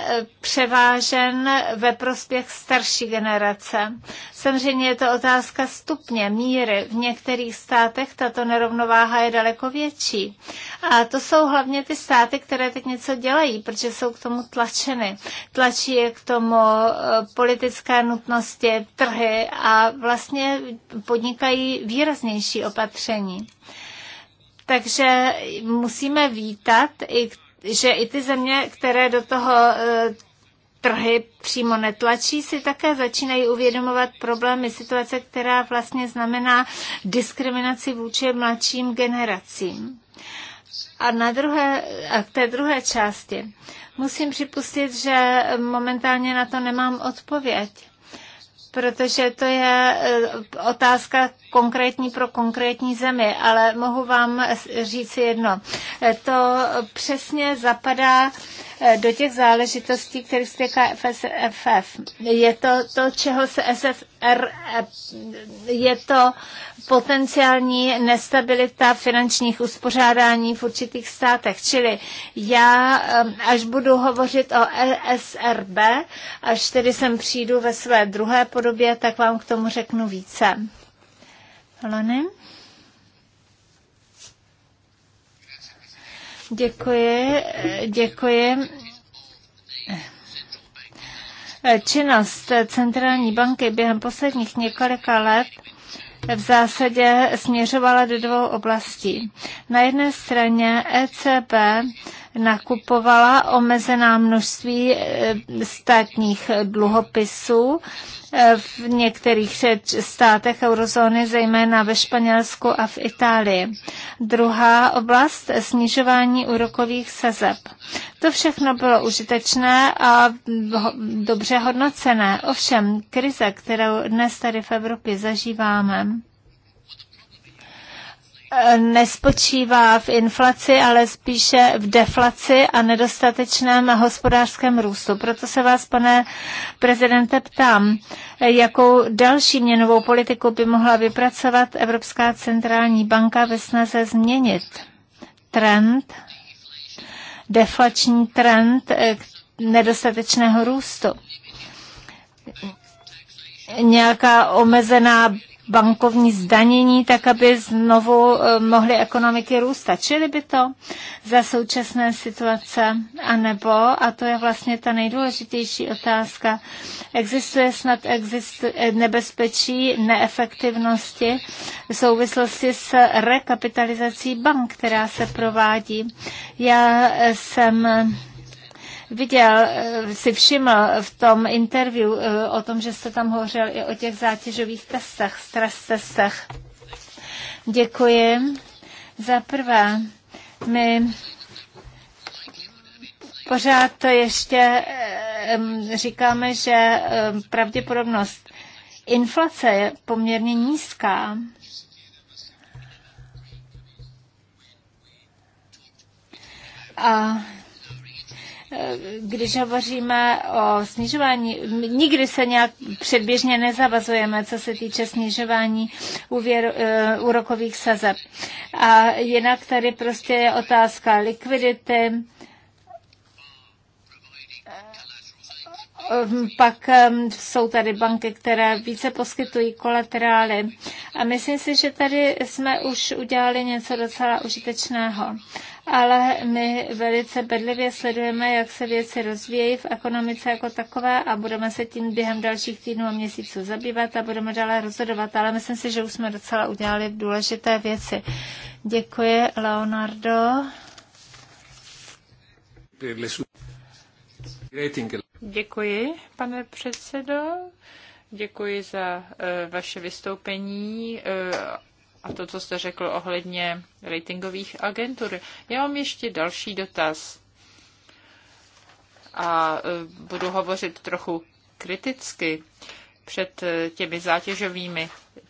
převážen ve prospěch starší generace. Samozřejmě je to otázka stupně, míry. V některých státech tato nerovnováha je daleko větší. A to jsou hlavně ty státy, které teď něco dělají, protože jsou k tomu tlačeny. Tlačí je k tomu eh, politické nutnosti, trhy a vlastně podnikají výraznější opatření. Takže musíme vítat i že i ty země, které do toho e, trhy přímo netlačí, si také začínají uvědomovat problémy situace, která vlastně znamená diskriminaci vůči mladším generacím. A na druhé, a k té druhé části musím připustit, že momentálně na to nemám odpověď protože to je eh, otázka konkrétní pro konkrétní zemi, ale mohu vám říct jedno. Eh, to přesně zapadá eh, do těch záležitostí, které se týká FSFF. Je to to, čeho se SFR, e- je to potenciální nestabilita finančních uspořádání v určitých státech. Čili já, až budu hovořit o ESRB, až tedy sem přijdu ve své druhé podobě, tak vám k tomu řeknu více. Lony? Děkuji, děkuji. Činnost centrální banky během posledních několika let v zásadě směřovala do dvou oblastí. Na jedné straně ECB nakupovala omezená množství eh, státních dluhopisů eh, v některých státech eurozóny, zejména ve Španělsku a v Itálii. Druhá oblast snižování úrokových sazeb. To všechno bylo užitečné a dobře hodnocené. Ovšem, krize, kterou dnes tady v Evropě zažíváme, nespočívá v inflaci, ale spíše v deflaci a nedostatečném hospodářském růstu. Proto se vás, pane prezidente, ptám, jakou další měnovou politiku by mohla vypracovat Evropská centrální banka ve snaze změnit trend, deflační trend nedostatečného růstu. Nějaká omezená bankovní zdanění, tak aby znovu eh, mohly ekonomiky růstat. Čili by to za současné situace, anebo, a to je vlastně ta nejdůležitější otázka, existuje snad exist, eh, nebezpečí neefektivnosti v souvislosti s rekapitalizací bank, která se provádí. Já eh, jsem viděl, eh, si všiml v tom interview eh, o tom, že jste tam hovořil i o těch zátěžových testech, stres testech. Děkuji. Za prvé, my pořád to ještě eh, říkáme, že pravděpodobnost inflace je poměrně nízká. A když hovoříme o snižování, nikdy se nějak předběžně nezavazujeme, co se týče snižování úvěru, eh, úrokových sazeb. A jinak tady prostě je otázka likvidity, Pak ehm, jsou tady banky, které více poskytují kolaterály. A myslím si, že tady jsme už udělali něco docela užitečného ale my velice bedlivě sledujeme, jak se věci rozvíjejí v ekonomice jako takové a budeme se tím během dalších týdnů a měsíců zabývat a budeme dále rozhodovat, ale myslím si, že už jsme docela udělali důležité věci. Děkuji, Leonardo. Děkuji, pane předsedo. Děkuji za eh, vaše vystoupení eh, a to, co jste řekl ohledně ratingových agentur. Já mám ještě další dotaz a e, budu hovořit trochu kriticky před e, těmi zátěžovými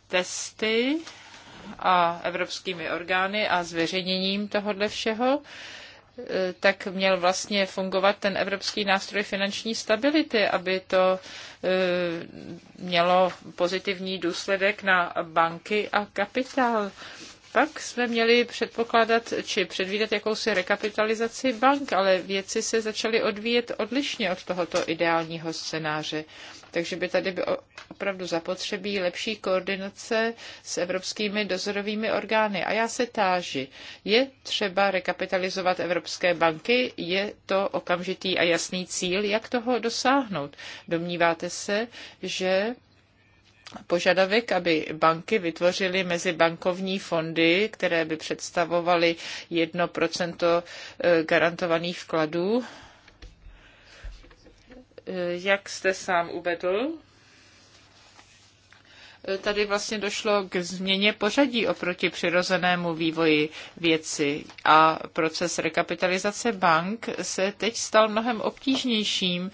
testy a evropskými orgány a zveřejněním tohohle všeho Eh, tak měl vlastně fungovat ten Evropský nástroj finanční stability, aby to eh, mělo pozitivní důsledek na banky a kapitál. Pak jsme měli předpokládat či předvídat jakousi rekapitalizaci bank, ale věci se začaly odvíjet odlišně od tohoto ideálního scénáře. Takže by tady by opravdu zapotřebí lepší koordinace s evropskými dozorovými orgány. A já se táži, je třeba rekapitalizovat evropské banky, je to okamžitý a jasný cíl, jak toho dosáhnout. Domníváte se, že požadavek, aby banky vytvořily mezibankovní fondy, které by představovaly 1% eh, garantovaných vkladů. Jak jste sám uvedl, tady vlastně došlo k změně pořadí oproti přirozenému vývoji věci a proces rekapitalizace bank se teď stal mnohem obtížnějším,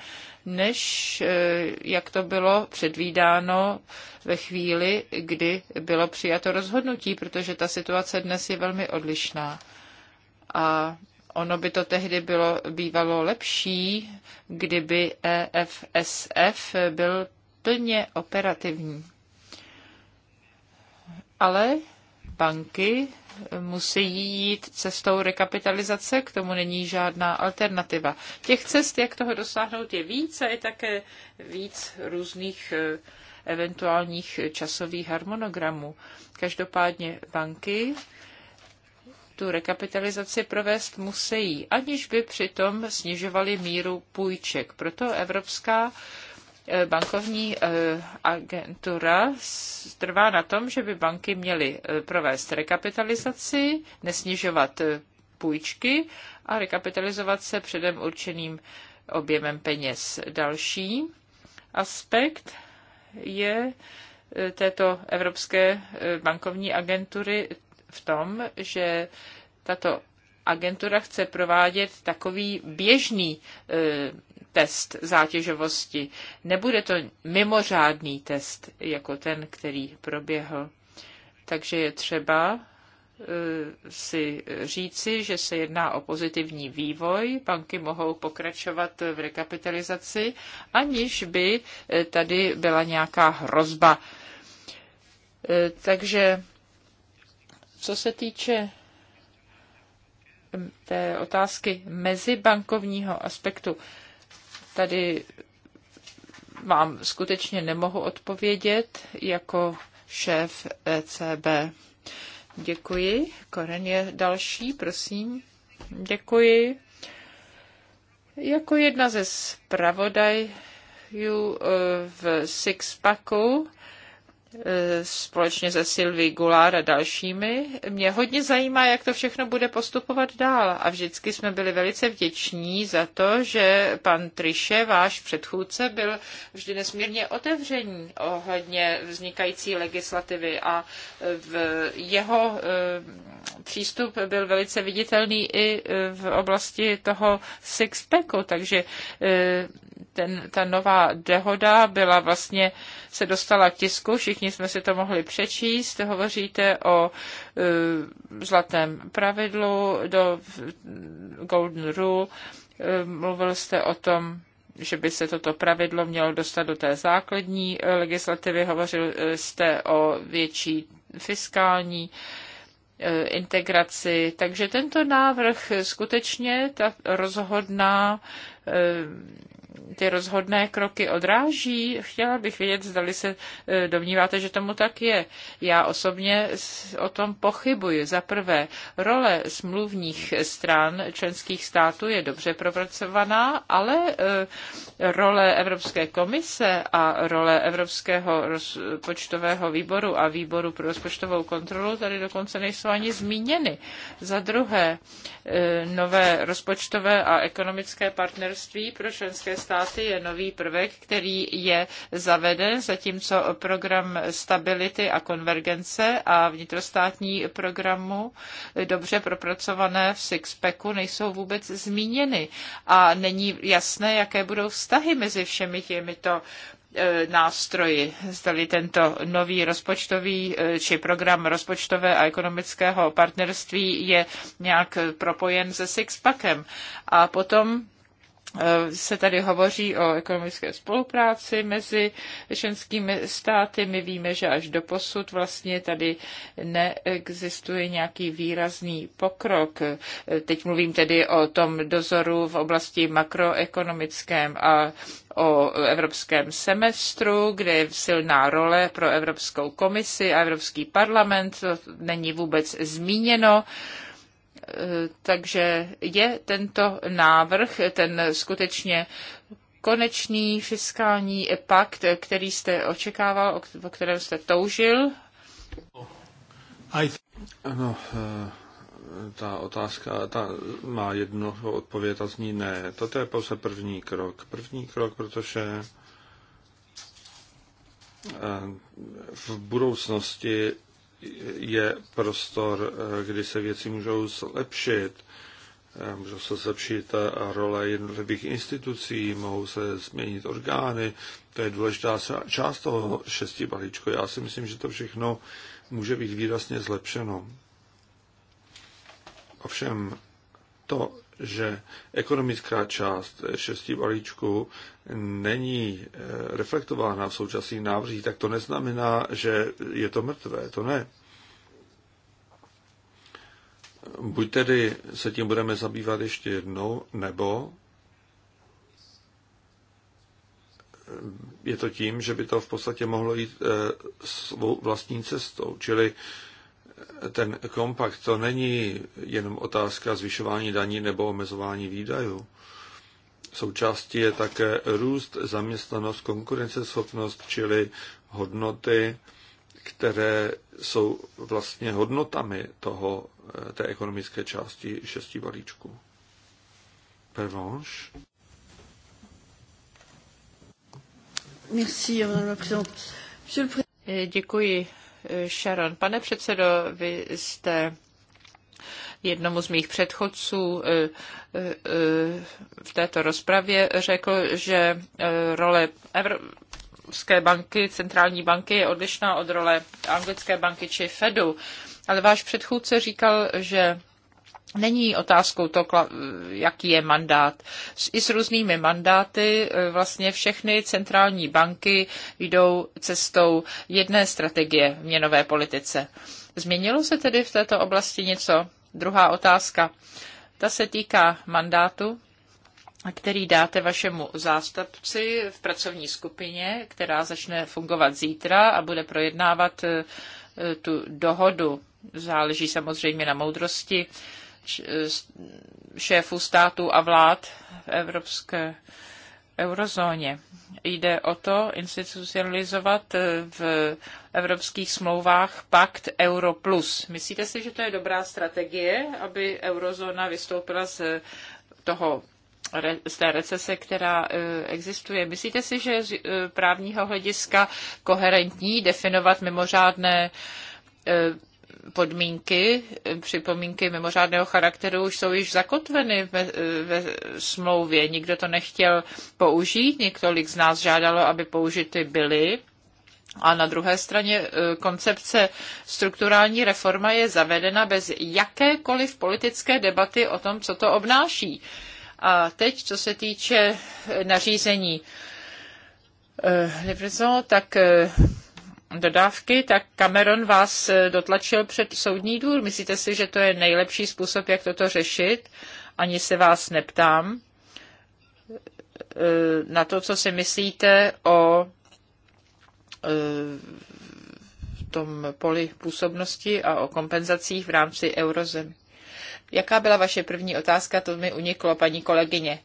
než eh, jak to bylo předvídáno ve chvíli, kdy bylo přijato rozhodnutí, protože ta situace dnes je velmi odlišná. A Ono by to tehdy bylo bývalo lepší, kdyby EFSF byl plně operativní. Ale banky musí jít cestou rekapitalizace, k tomu není žádná alternativa. Těch cest, jak toho dosáhnout, je víc a je také víc různých eh, eventuálních časových harmonogramů. Každopádně banky tu rekapitalizaci provést musí, aniž by přitom snižovali míru půjček. Proto Evropská eh, bankovní eh, agentura trvá na tom, že by banky měly eh, provést rekapitalizaci, nesnižovat půjčky a rekapitalizovat se předem určeným objemem peněz. Další aspekt je této Evropské bankovní agentury v tom, že tato agentura chce provádět takový běžný e, test zátěžovosti. Nebude to mimořádný test, jako ten, který proběhl. Takže je třeba e, si říci, že se jedná o pozitivní vývoj, banky mohou pokračovat v rekapitalizaci, aniž by e, tady byla nějaká hrozba. E, takže co se týče té otázky mezibankovního aspektu, tady vám skutečně nemohu odpovědět jako šéf ECB. Děkuji. Koren je další, prosím. Děkuji. Jako jedna ze zpravodajů eh, v Sixpacku E, společně se Sylvie Goulart a dalšími. Mě hodně zajímá, jak to všechno bude postupovat dál. A vždycky jsme byli velice vděční za to, že pan Triše, váš předchůdce, byl vždy nesmírně otevřený ohledně vznikající legislativy a e, v jeho e, přístup byl velice viditelný i v oblasti toho sixpacku, takže ten, ta nová dehoda byla vlastně, se dostala k tisku, všichni jsme si to mohli přečíst, hovoříte o uh, zlatém pravidlu, do Golden Rule, uh, mluvil jste o tom, že by se toto pravidlo mělo dostat do té základní e, legislativy, hovořil jste o větší fiskální integraci. Takže tento návrh skutečně ta rozhodná ty rozhodné kroky odráží? Chtěla bych vědět, zdali se e, domníváte, že tomu tak je. Já osobně o tom pochybuji. Za prvé, role smluvních stran členských států je dobře propracovaná, ale e, role Evropské komise a role Evropského rozpočtového výboru a výboru pro rozpočtovou kontrolu tady dokonce nejsou ani zmíněny. Za druhé, e, nové rozpočtové a ekonomické partnerství pro členské státy je nový prvek, který je zaveden, zatímco program stability a konvergence a vnitrostátní programu eh, dobře propracované v Sixpacku nejsou vůbec zmíněny a není jasné, jaké budou vztahy mezi všemi těmito eh, nástroji, zdali tento nový rozpočtový eh, či program rozpočtové a ekonomického partnerství je nějak propojen se Sixpackem. A potom Eh, se tady hovoří o ekonomické spolupráci mezi členskými státy. My víme, že až do posud vlastně tady neexistuje nějaký výrazný pokrok. Eh, teď mluvím tedy o tom dozoru v oblasti makroekonomickém a o evropském semestru, kde je silná role pro Evropskou komisi a Evropský parlament. To není vůbec zmíněno. Uh, Eh, takže je tento návrh, ten skutečně konečný fiskální pakt, který jste očekával, o kterém jste toužil? Ano, eh, ta otázka ta má jednu odpověď a zní ne. Toto je pouze první krok. První krok, protože eh, v budoucnosti je prostor, eh, kdy se věci můžou zlepšit. Eh, můžou se zlepšit eh, role jednotlivých institucí, mohou se změnit orgány. To je důležitá část toho šesti balíčku. Já si myslím, že to všechno může být výrazně zlepšeno. Ovšem to, že ekonomická část šestí balíčku není eh, reflektována v současných návrzích, tak to neznamená, že je to mrtvé. To ne. Buď tedy se tím budeme zabývat ještě jednou, nebo eh, je to tím, že by to v podstatě mohlo jít eh, svou vlastní cestou. Čili ten kompakt to není jenom otázka zvyšování daní nebo omezování výdajů. Součástí je také růst, zaměstnanost, konkurenceschopnost, čili hodnoty, které jsou vlastně hodnotami toho, eh, té ekonomické části šestí balíčků. Pervenche. Merci, eh, Děkuji, Sharon. Pane předsedo, vy jste jednomu z mých předchůdců eh, eh, v této rozpravě řekl, že eh, role Evropské banky, centrální banky je odlišná od role anglické banky či Fedu. Ale váš předchůdce říkal, že Není otázkou to, jaký je mandát. I s různými mandáty e, vlastně všechny centrální banky jdou cestou jedné strategie v měnové politice. Změnilo se tedy v této oblasti něco? Druhá otázka. Ta se týká mandátu, který dáte vašemu zástupci v pracovní skupině, která začne fungovat zítra a bude projednávat e, e, tu dohodu. Záleží samozřejmě na moudrosti šéfů států a vlád v Evropské eurozóně. Jde o to institucionalizovat e, v evropských smlouvách pakt Euro+. Plus. Myslíte si, že to je dobrá strategie, aby eurozóna vystoupila z, toho, z té recese, která e, existuje? Myslíte si, že z e, právního hlediska koherentní definovat mimořádné podmínky, připomínky mimořádného charakteru už jsou již zakotveny ve, ve smlouvě. Nikdo to nechtěl použít, několik z nás žádalo, aby použity byly. A na druhé straně e, koncepce strukturální reforma je zavedena bez jakékoliv politické debaty o tom, co to obnáší. A teď, co se týče nařízení e, tak e, dodávky, tak Cameron vás eh, dotlačil před soudní důr. Myslíte si, že to je nejlepší způsob, jak toto řešit? Ani se vás neptám eh, na to, co si myslíte o eh, tom poli působnosti a o kompenzacích v rámci eurozemí. Jaká byla vaše první otázka, to mi uniklo, paní kolegyně.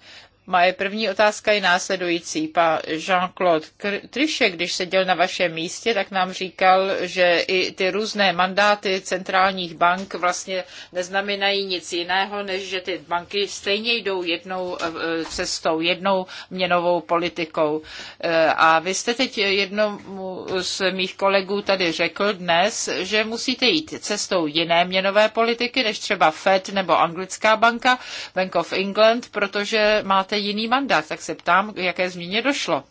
Moje první otázka je následující. Pa Jean-Claude Trichet, když seděl na vašem místě, tak nám říkal, že i ty různé mandáty centrálních bank vlastně neznamenají nic jiného, než že ty banky stejně jdou jednou eh, cestou, jednou měnovou politikou. Eh, a vy jste teď jednomu z mých kolegů tady řekl dnes, že musíte jít cestou jiné měnové politiky, než třeba Fed nebo anglická banka, Bank of England, protože máte máte jiný mandát, tak se ptám, k jaké změně došlo.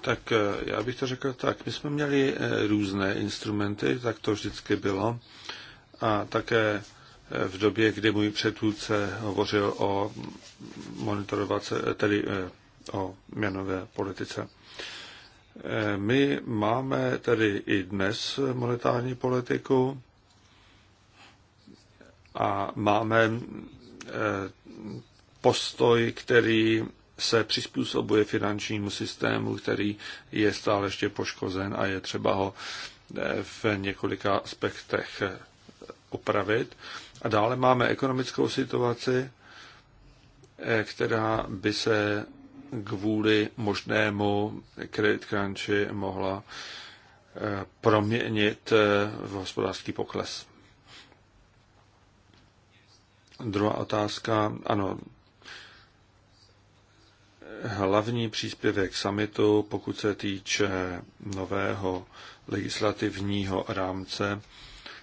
Tak eh, já bych to řekl tak. My jsme měli eh, různé instrumenty, tak to vždycky bylo. A také eh, v době, kdy můj předchůdce hovořil o monitorovace, tedy o měnové politice. My máme tedy i dnes monetární politiku a máme Eh, postoj, který se přizpůsobuje finančnímu systému, který je stále ještě poškozen a je třeba ho eh, v několika aspektech eh, upravit. A dále máme ekonomickou situaci, která by se kvůli možnému credit crunchi mohla proměnit v hospodářský pokles. Druhá otázka, ano, hlavní příspěvek samitu, pokud se týče nového legislativního rámce,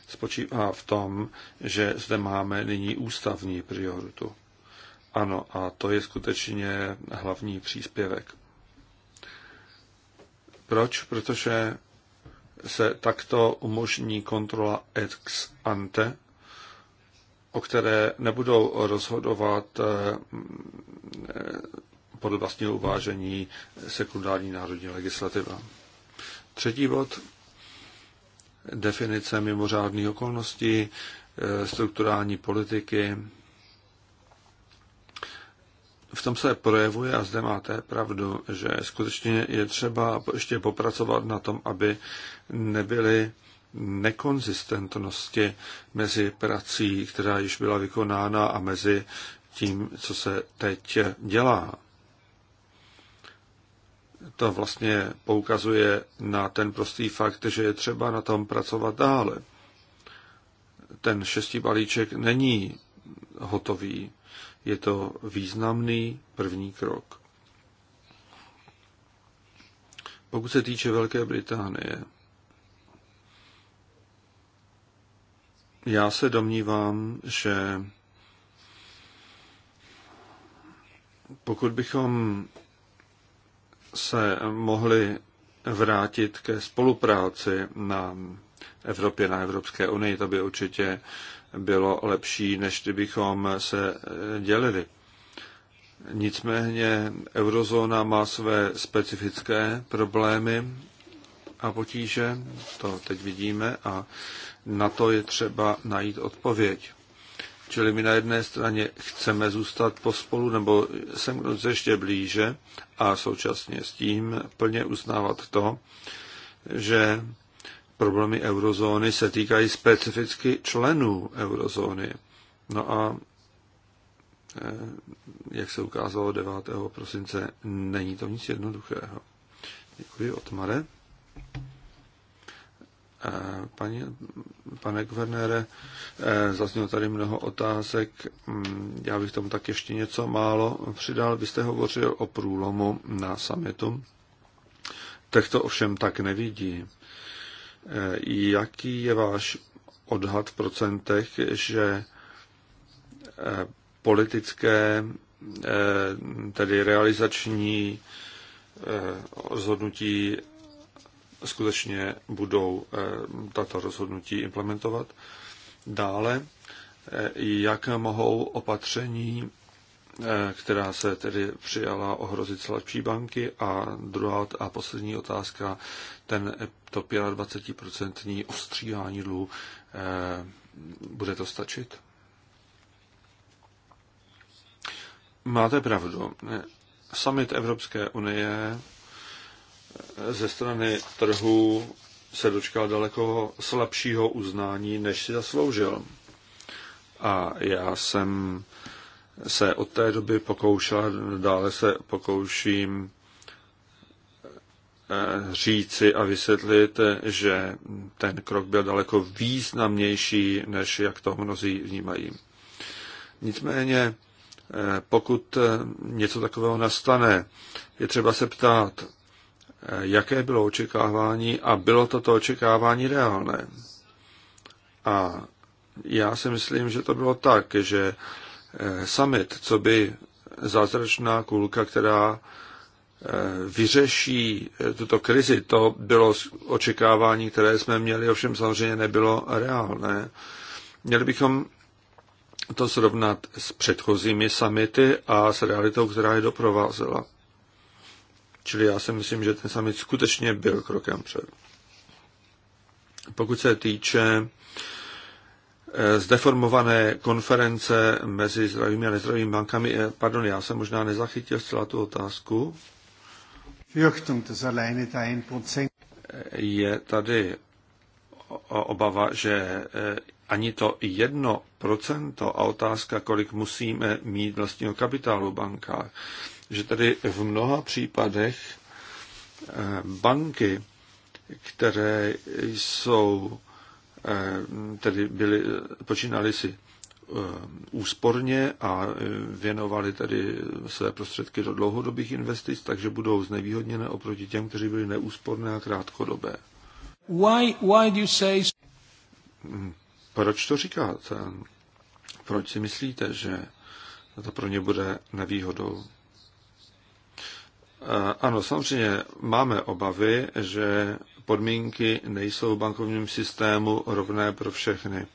spočívá v tom, že zde máme nyní ústavní prioritu. Ano, a to je skutečně hlavní příspěvek. Proč? Protože se takto umožní kontrola ex ante o které nebudou rozhodovat eh, eh, podle vlastního uvážení sekundární národní legislativa. Třetí bod, definice mimořádných okolností, eh, strukturální politiky. V tom se projevuje, a zde máte pravdu, že skutečně je třeba ještě popracovat na tom, aby nebyly nekonzistentnosti mezi prací, která již byla vykonána a mezi tím, co se teď dělá. To vlastně poukazuje na ten prostý fakt, že je třeba na tom pracovat dále. Ten šestý balíček není hotový. Je to významný první krok. Pokud se týče Velké Británie, Já se domnívám, že pokud bychom se mohli vrátit ke spolupráci na Evropě, na Evropské unii, to by určitě bylo lepší, než kdybychom se dělili. Nicméně eurozóna má své specifické problémy a potíže, to teď vidíme, a na to je třeba najít odpověď. Čili my na jedné straně chceme zůstat pospolu nebo jsem se ještě blíže a současně s tím plně uznávat to, že problémy eurozóny se týkají specificky členů eurozóny. No a eh, jak se ukázalo 9. prosince, není to nic jednoduchého. Děkuji, Otmare. Pane pane guvernére, eh, zaznělo tady mnoho otázek. Mm, já bych tomu tak ještě něco málo přidal. Vy jste hovořil o průlomu na summitu. Tak to ovšem tak nevidí. Eh, jaký je váš odhad v procentech, že eh, politické, tedy realizační rozhodnutí skutečně budou eh, tato rozhodnutí implementovat. Dále, eh, jak mohou opatření, eh, která se tedy přijala, ohrozit slabší banky. A druhá a poslední otázka, ten, to 25% ostříhání dluhu, bude to stačit? Máte pravdu. Summit Evropské unie ze strany trhu se dočkal daleko slabšího uznání, než si zasloužil. A já jsem se od té doby pokoušel, dále se pokouším eh, říci a vysvětlit, že ten krok byl daleko významnější, než jak to mnozí vnímají. Nicméně, eh, pokud eh, něco takového nastane, je třeba se ptát, jaké bylo očekávání a bylo toto očekávání reálné. A já si myslím, že to bylo tak, že eh, summit, co by zázračná kulka, která eh, vyřeší eh, tuto krizi, to bylo očekávání, které jsme měli, ovšem samozřejmě nebylo reálné. Měli bychom to srovnat s předchozími samity a s realitou, která je doprovázela. Čili já si myslím, že ten summit skutečně byl krokem před. Pokud se týče eh, zdeformované konference mezi zdravými a nezdravými bankami, eh, pardon, já jsem možná nezachytil zcela tu otázku. Eh, je tady obava, že ani to jedno procento a otázka, kolik musíme mít vlastního kapitálu v bankách, že tedy v mnoha případech eh, banky, které jsou, eh, tedy byly, počínaly si eh, úsporně a věnovali tedy své prostředky do dlouhodobých investic, takže budou znevýhodněné oproti těm, kteří byli neúsporné a krátkodobé. Why, why do you say... Proč to říkáte? Proč si myslíte, že to pro ně bude nevýhodou? Ano, samozřejmě máme obavy, že podmínky nejsou v bankovním systému rovné pro všechny.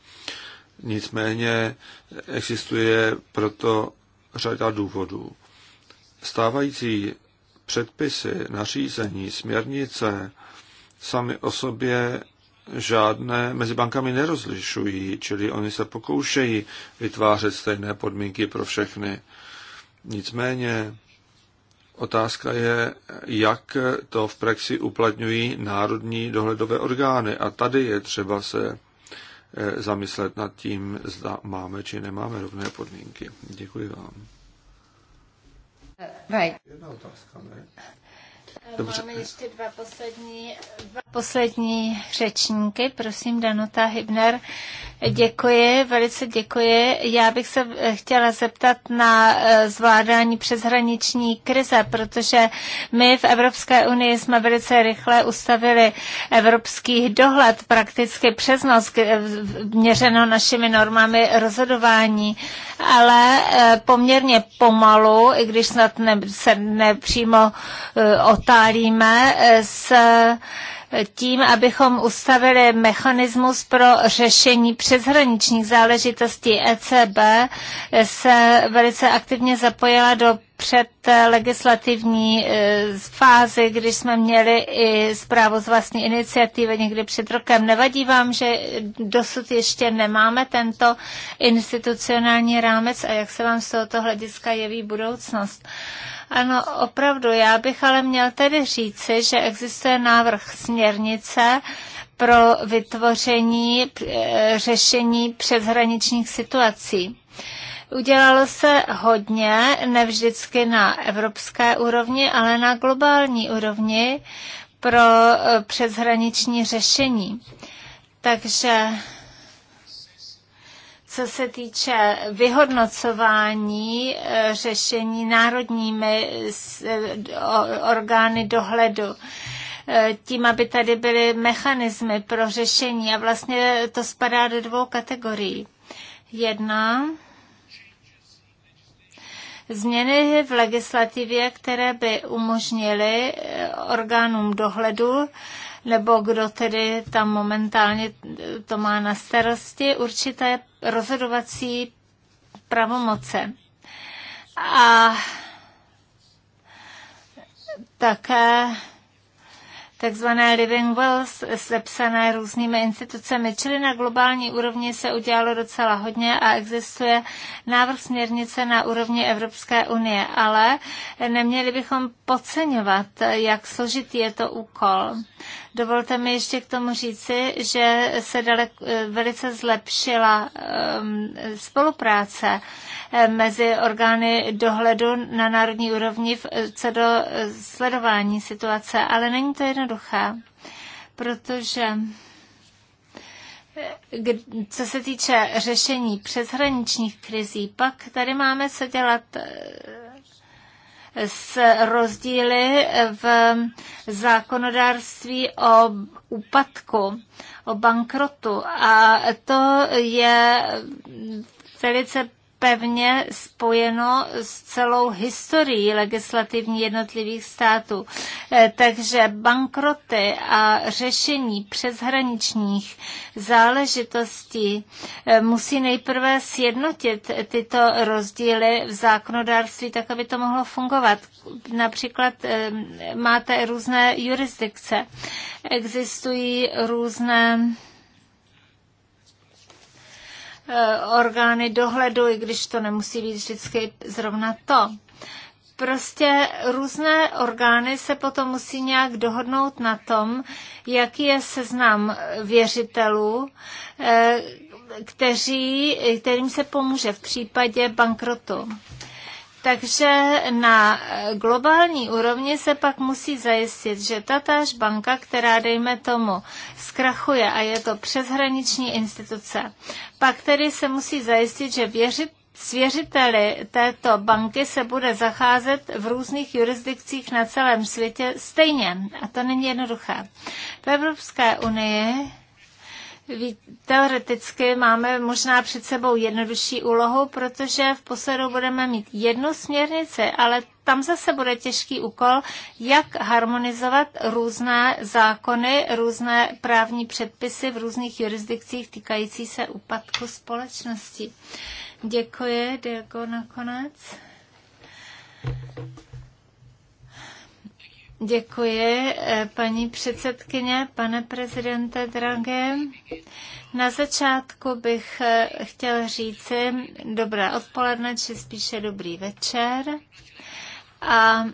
Nicméně existuje proto řada důvodů. Stávající předpisy, nařízení, směrnice sami o sobě žádné mezi bankami nerozlišují, čili oni se pokoušejí vytvářet stejné podmínky pro všechny. Nicméně Otázka je, jak to v praxi uplatňují národní dohledové orgány. A tady je třeba se eh, zamyslet nad tím, zda máme či nemáme rovné podmínky. Děkuji vám. Right. Jedna otázka, ne? Eh, Dobře. Máme ještě dva poslední, dva poslední řečníky. Prosím, Danuta Hybner Děkuji, velice děkuji. Já bych se chtěla zeptat na eh, zvládání přeshraniční krize, protože my v Evropské unii jsme velice rychle ustavili evropský dohled prakticky přes noc, eh, měřeno našimi normami rozhodování, ale eh, poměrně pomalu, i když snad ne, se nepřímo otálíme, s tím, abychom ustavili mechanismus pro řešení přeshraničních záležitostí. ECB se velice aktivně zapojila do před legislativní e, fázi, když jsme měli i zprávu z vlastní iniciativy někdy před rokem. Nevadí vám, že dosud ještě nemáme tento institucionální rámec a jak se vám z tohoto hlediska jeví budoucnost? Uh, ano, opravdu, já bych ale měl tedy říci, že existuje návrh směrnice, pro vytvoření eh, řešení přeshraničních situací. Udělalo se hodně, ne vždycky na evropské úrovni, ale na globální úrovni pro eh, přeshraniční řešení. Takže co se týče vyhodnocování eh, řešení národními eh, orgány dohledu eh, tím, aby tady byly mechanismy pro řešení. A vlastně to spadá do dvou kategorií. Jedna, změny v legislativě, které by umožnily orgánům dohledu nebo kdo tedy tam momentálně eh, to má na starosti, určité rozhodovací pravomoce. A také takzvané living Wells sepsané různými institucemi. Čili na globální úrovni se udělalo docela hodně a existuje návrh směrnice na úrovni Evropské unie, ale neměli bychom podceňovat, jak složitý je to úkol. Dovolte mi ještě k tomu říci, že se daleko, velice zlepšila um, spolupráce eh, mezi orgány dohledu na národní úrovni co do sledování situace, ale není to jednoduché, protože eh, co se týče řešení přeshraničních krizí, pak tady máme co dělat eh, s rozdíly v zákonodárství o úpadku, o bankrotu. A to je velice pevně spojeno s celou historií legislativní jednotlivých států. Eh, takže bankroty a řešení přeshraničních záležitostí eh, musí nejprve sjednotit tyto rozdíly v zákonodárství, tak aby to mohlo fungovat. Například eh, máte různé jurisdikce, existují různé Eh, orgány dohledu, i když to nemusí být vždycky zrovna to prostě různé orgány se potom musí nějak dohodnout na tom, jaký je seznam věřitelů, eh, kteří, kterým se pomůže v případě bankrotu. Takže na globální úrovni se pak musí zajistit, že tatáž banka, která dejme tomu zkrachuje a je to přeshraniční instituce, pak tedy se musí zajistit, že věřit Svěřiteli této banky se bude zacházet v různých jurisdikcích na celém světě stejně. A to není jednoduché. V Evropské unii Teoreticky máme možná před sebou jednodušší úlohu, protože v posledu budeme mít jednu směrnici, ale tam zase bude těžký úkol, jak harmonizovat různé zákony, různé právní předpisy v různých jurisdikcích týkající se úpadku společnosti. Děkuji, Diego, nakonec. Děkuji, eh, paní předsedkyně, pane prezidente Dragé. Na začátku bych eh, chtěl říci dobré odpoledne, či spíše dobrý večer. A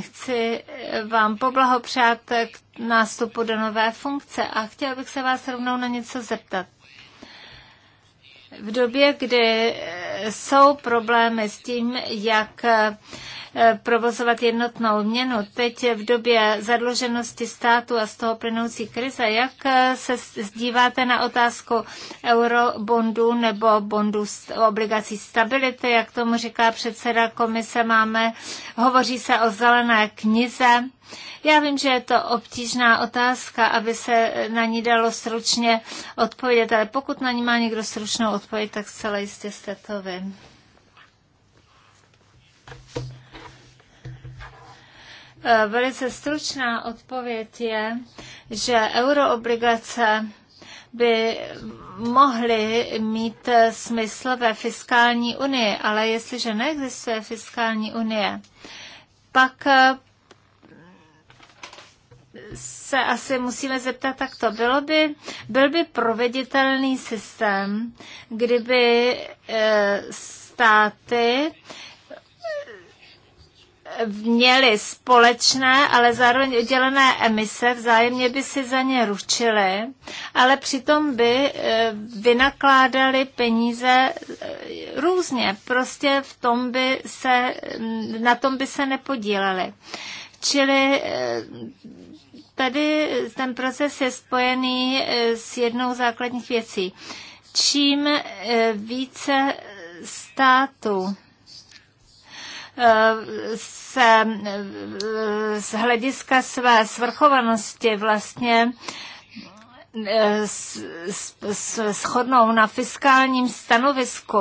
chci eh, vám poblahopřát k nástupu do nové funkce a chtěl bych se vás rovnou na něco zeptat. V době, kdy jsou problémy s tím, jak Eh, provozovat jednotnou měnu. Teď v době zadluženosti státu a z toho plynoucí krize, jak eh, se zdíváte na otázku eurobondů nebo bondů obligací stability, jak tomu říká předseda komise, máme, hovoří se o zelené knize, já vím, že je to obtížná otázka, aby se na ní dalo stručně odpovědět, ale pokud na ní má někdo stručnou odpověď, tak zcela jistě jste to vy. Eh, velice stručná odpověď je, že euroobligace by mohly mít eh, smysl ve fiskální unii, ale jestliže neexistuje fiskální unie, pak eh, se asi musíme zeptat takto. Bylo by, byl by proveditelný systém, kdyby státy měli společné, ale zároveň oddělené emise, vzájemně by si za ně ručili, ale přitom by eh, vynakládali peníze eh, různě. Prostě v tom by se, mm, na tom by se nepodíleli. Čili eh, tady ten proces je spojený s jednou základních věcí. Čím více států se z hlediska své svrchovanosti vlastně shodnou na fiskálním stanovisku.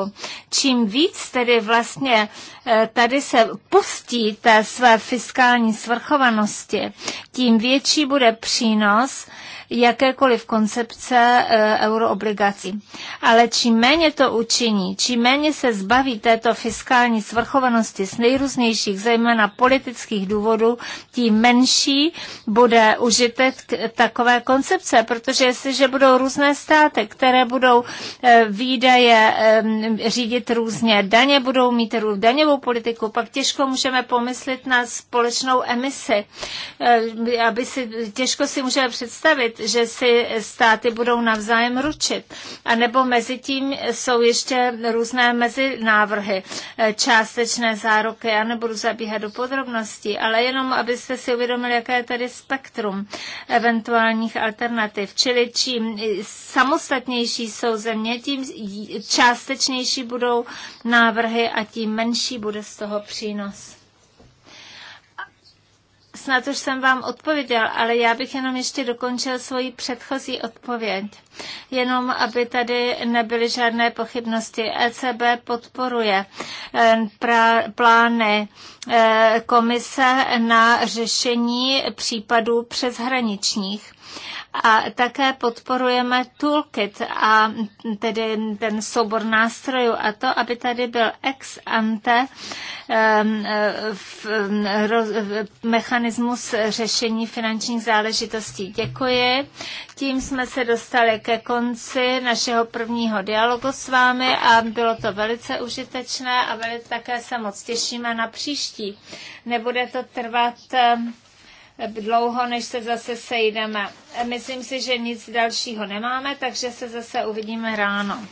Čím víc tedy vlastně eh, tady se pustí té své fiskální svrchovanosti, tím větší bude přínos jakékoliv koncepce eh, euroobligací. Ale čím méně to učiní, čím méně se zbaví této fiskální svrchovanosti z nejrůznějších, zejména politických důvodů, tím menší bude užitek takové koncepce, protože jestliže budou různé státy, které budou eh, výdaje řídit různě, daně budou mít daněvou politiku, pak těžko můžeme pomyslet na společnou emisi, eh, aby si, těžko si můžeme představit, že si státy budou navzájem ručit. A nebo mezi tím jsou ještě různé mezi návrhy, eh, částečné záruky. Já nebudu zabíhat do podrobností, ale jenom, abyste si uvědomili, jaké je tady spektrum eventuálních alternativ. Čili čím samostatnější jsou země, tím částečnější budou návrhy a tím menší bude z toho přínos snad už jsem vám odpověděl, ale já bych jenom ještě dokončil svoji předchozí odpověď. Jenom, aby tady nebyly žádné pochybnosti. ECB podporuje eh, pra, plány eh, komise na řešení případů přeshraničních a také podporujeme toolkit a tedy ten soubor nástrojů a to, aby tady byl ex ante mechanismus řešení finančních záležitostí. Děkuji. Tím jsme se dostali ke konci našeho prvního dialogu s vámi a bylo to velice užitečné a velice také se moc těšíme na příští. Nebude to trvat dlouho, než se zase sejdeme. Myslím si, že nic dalšího nemáme, takže se zase uvidíme ráno.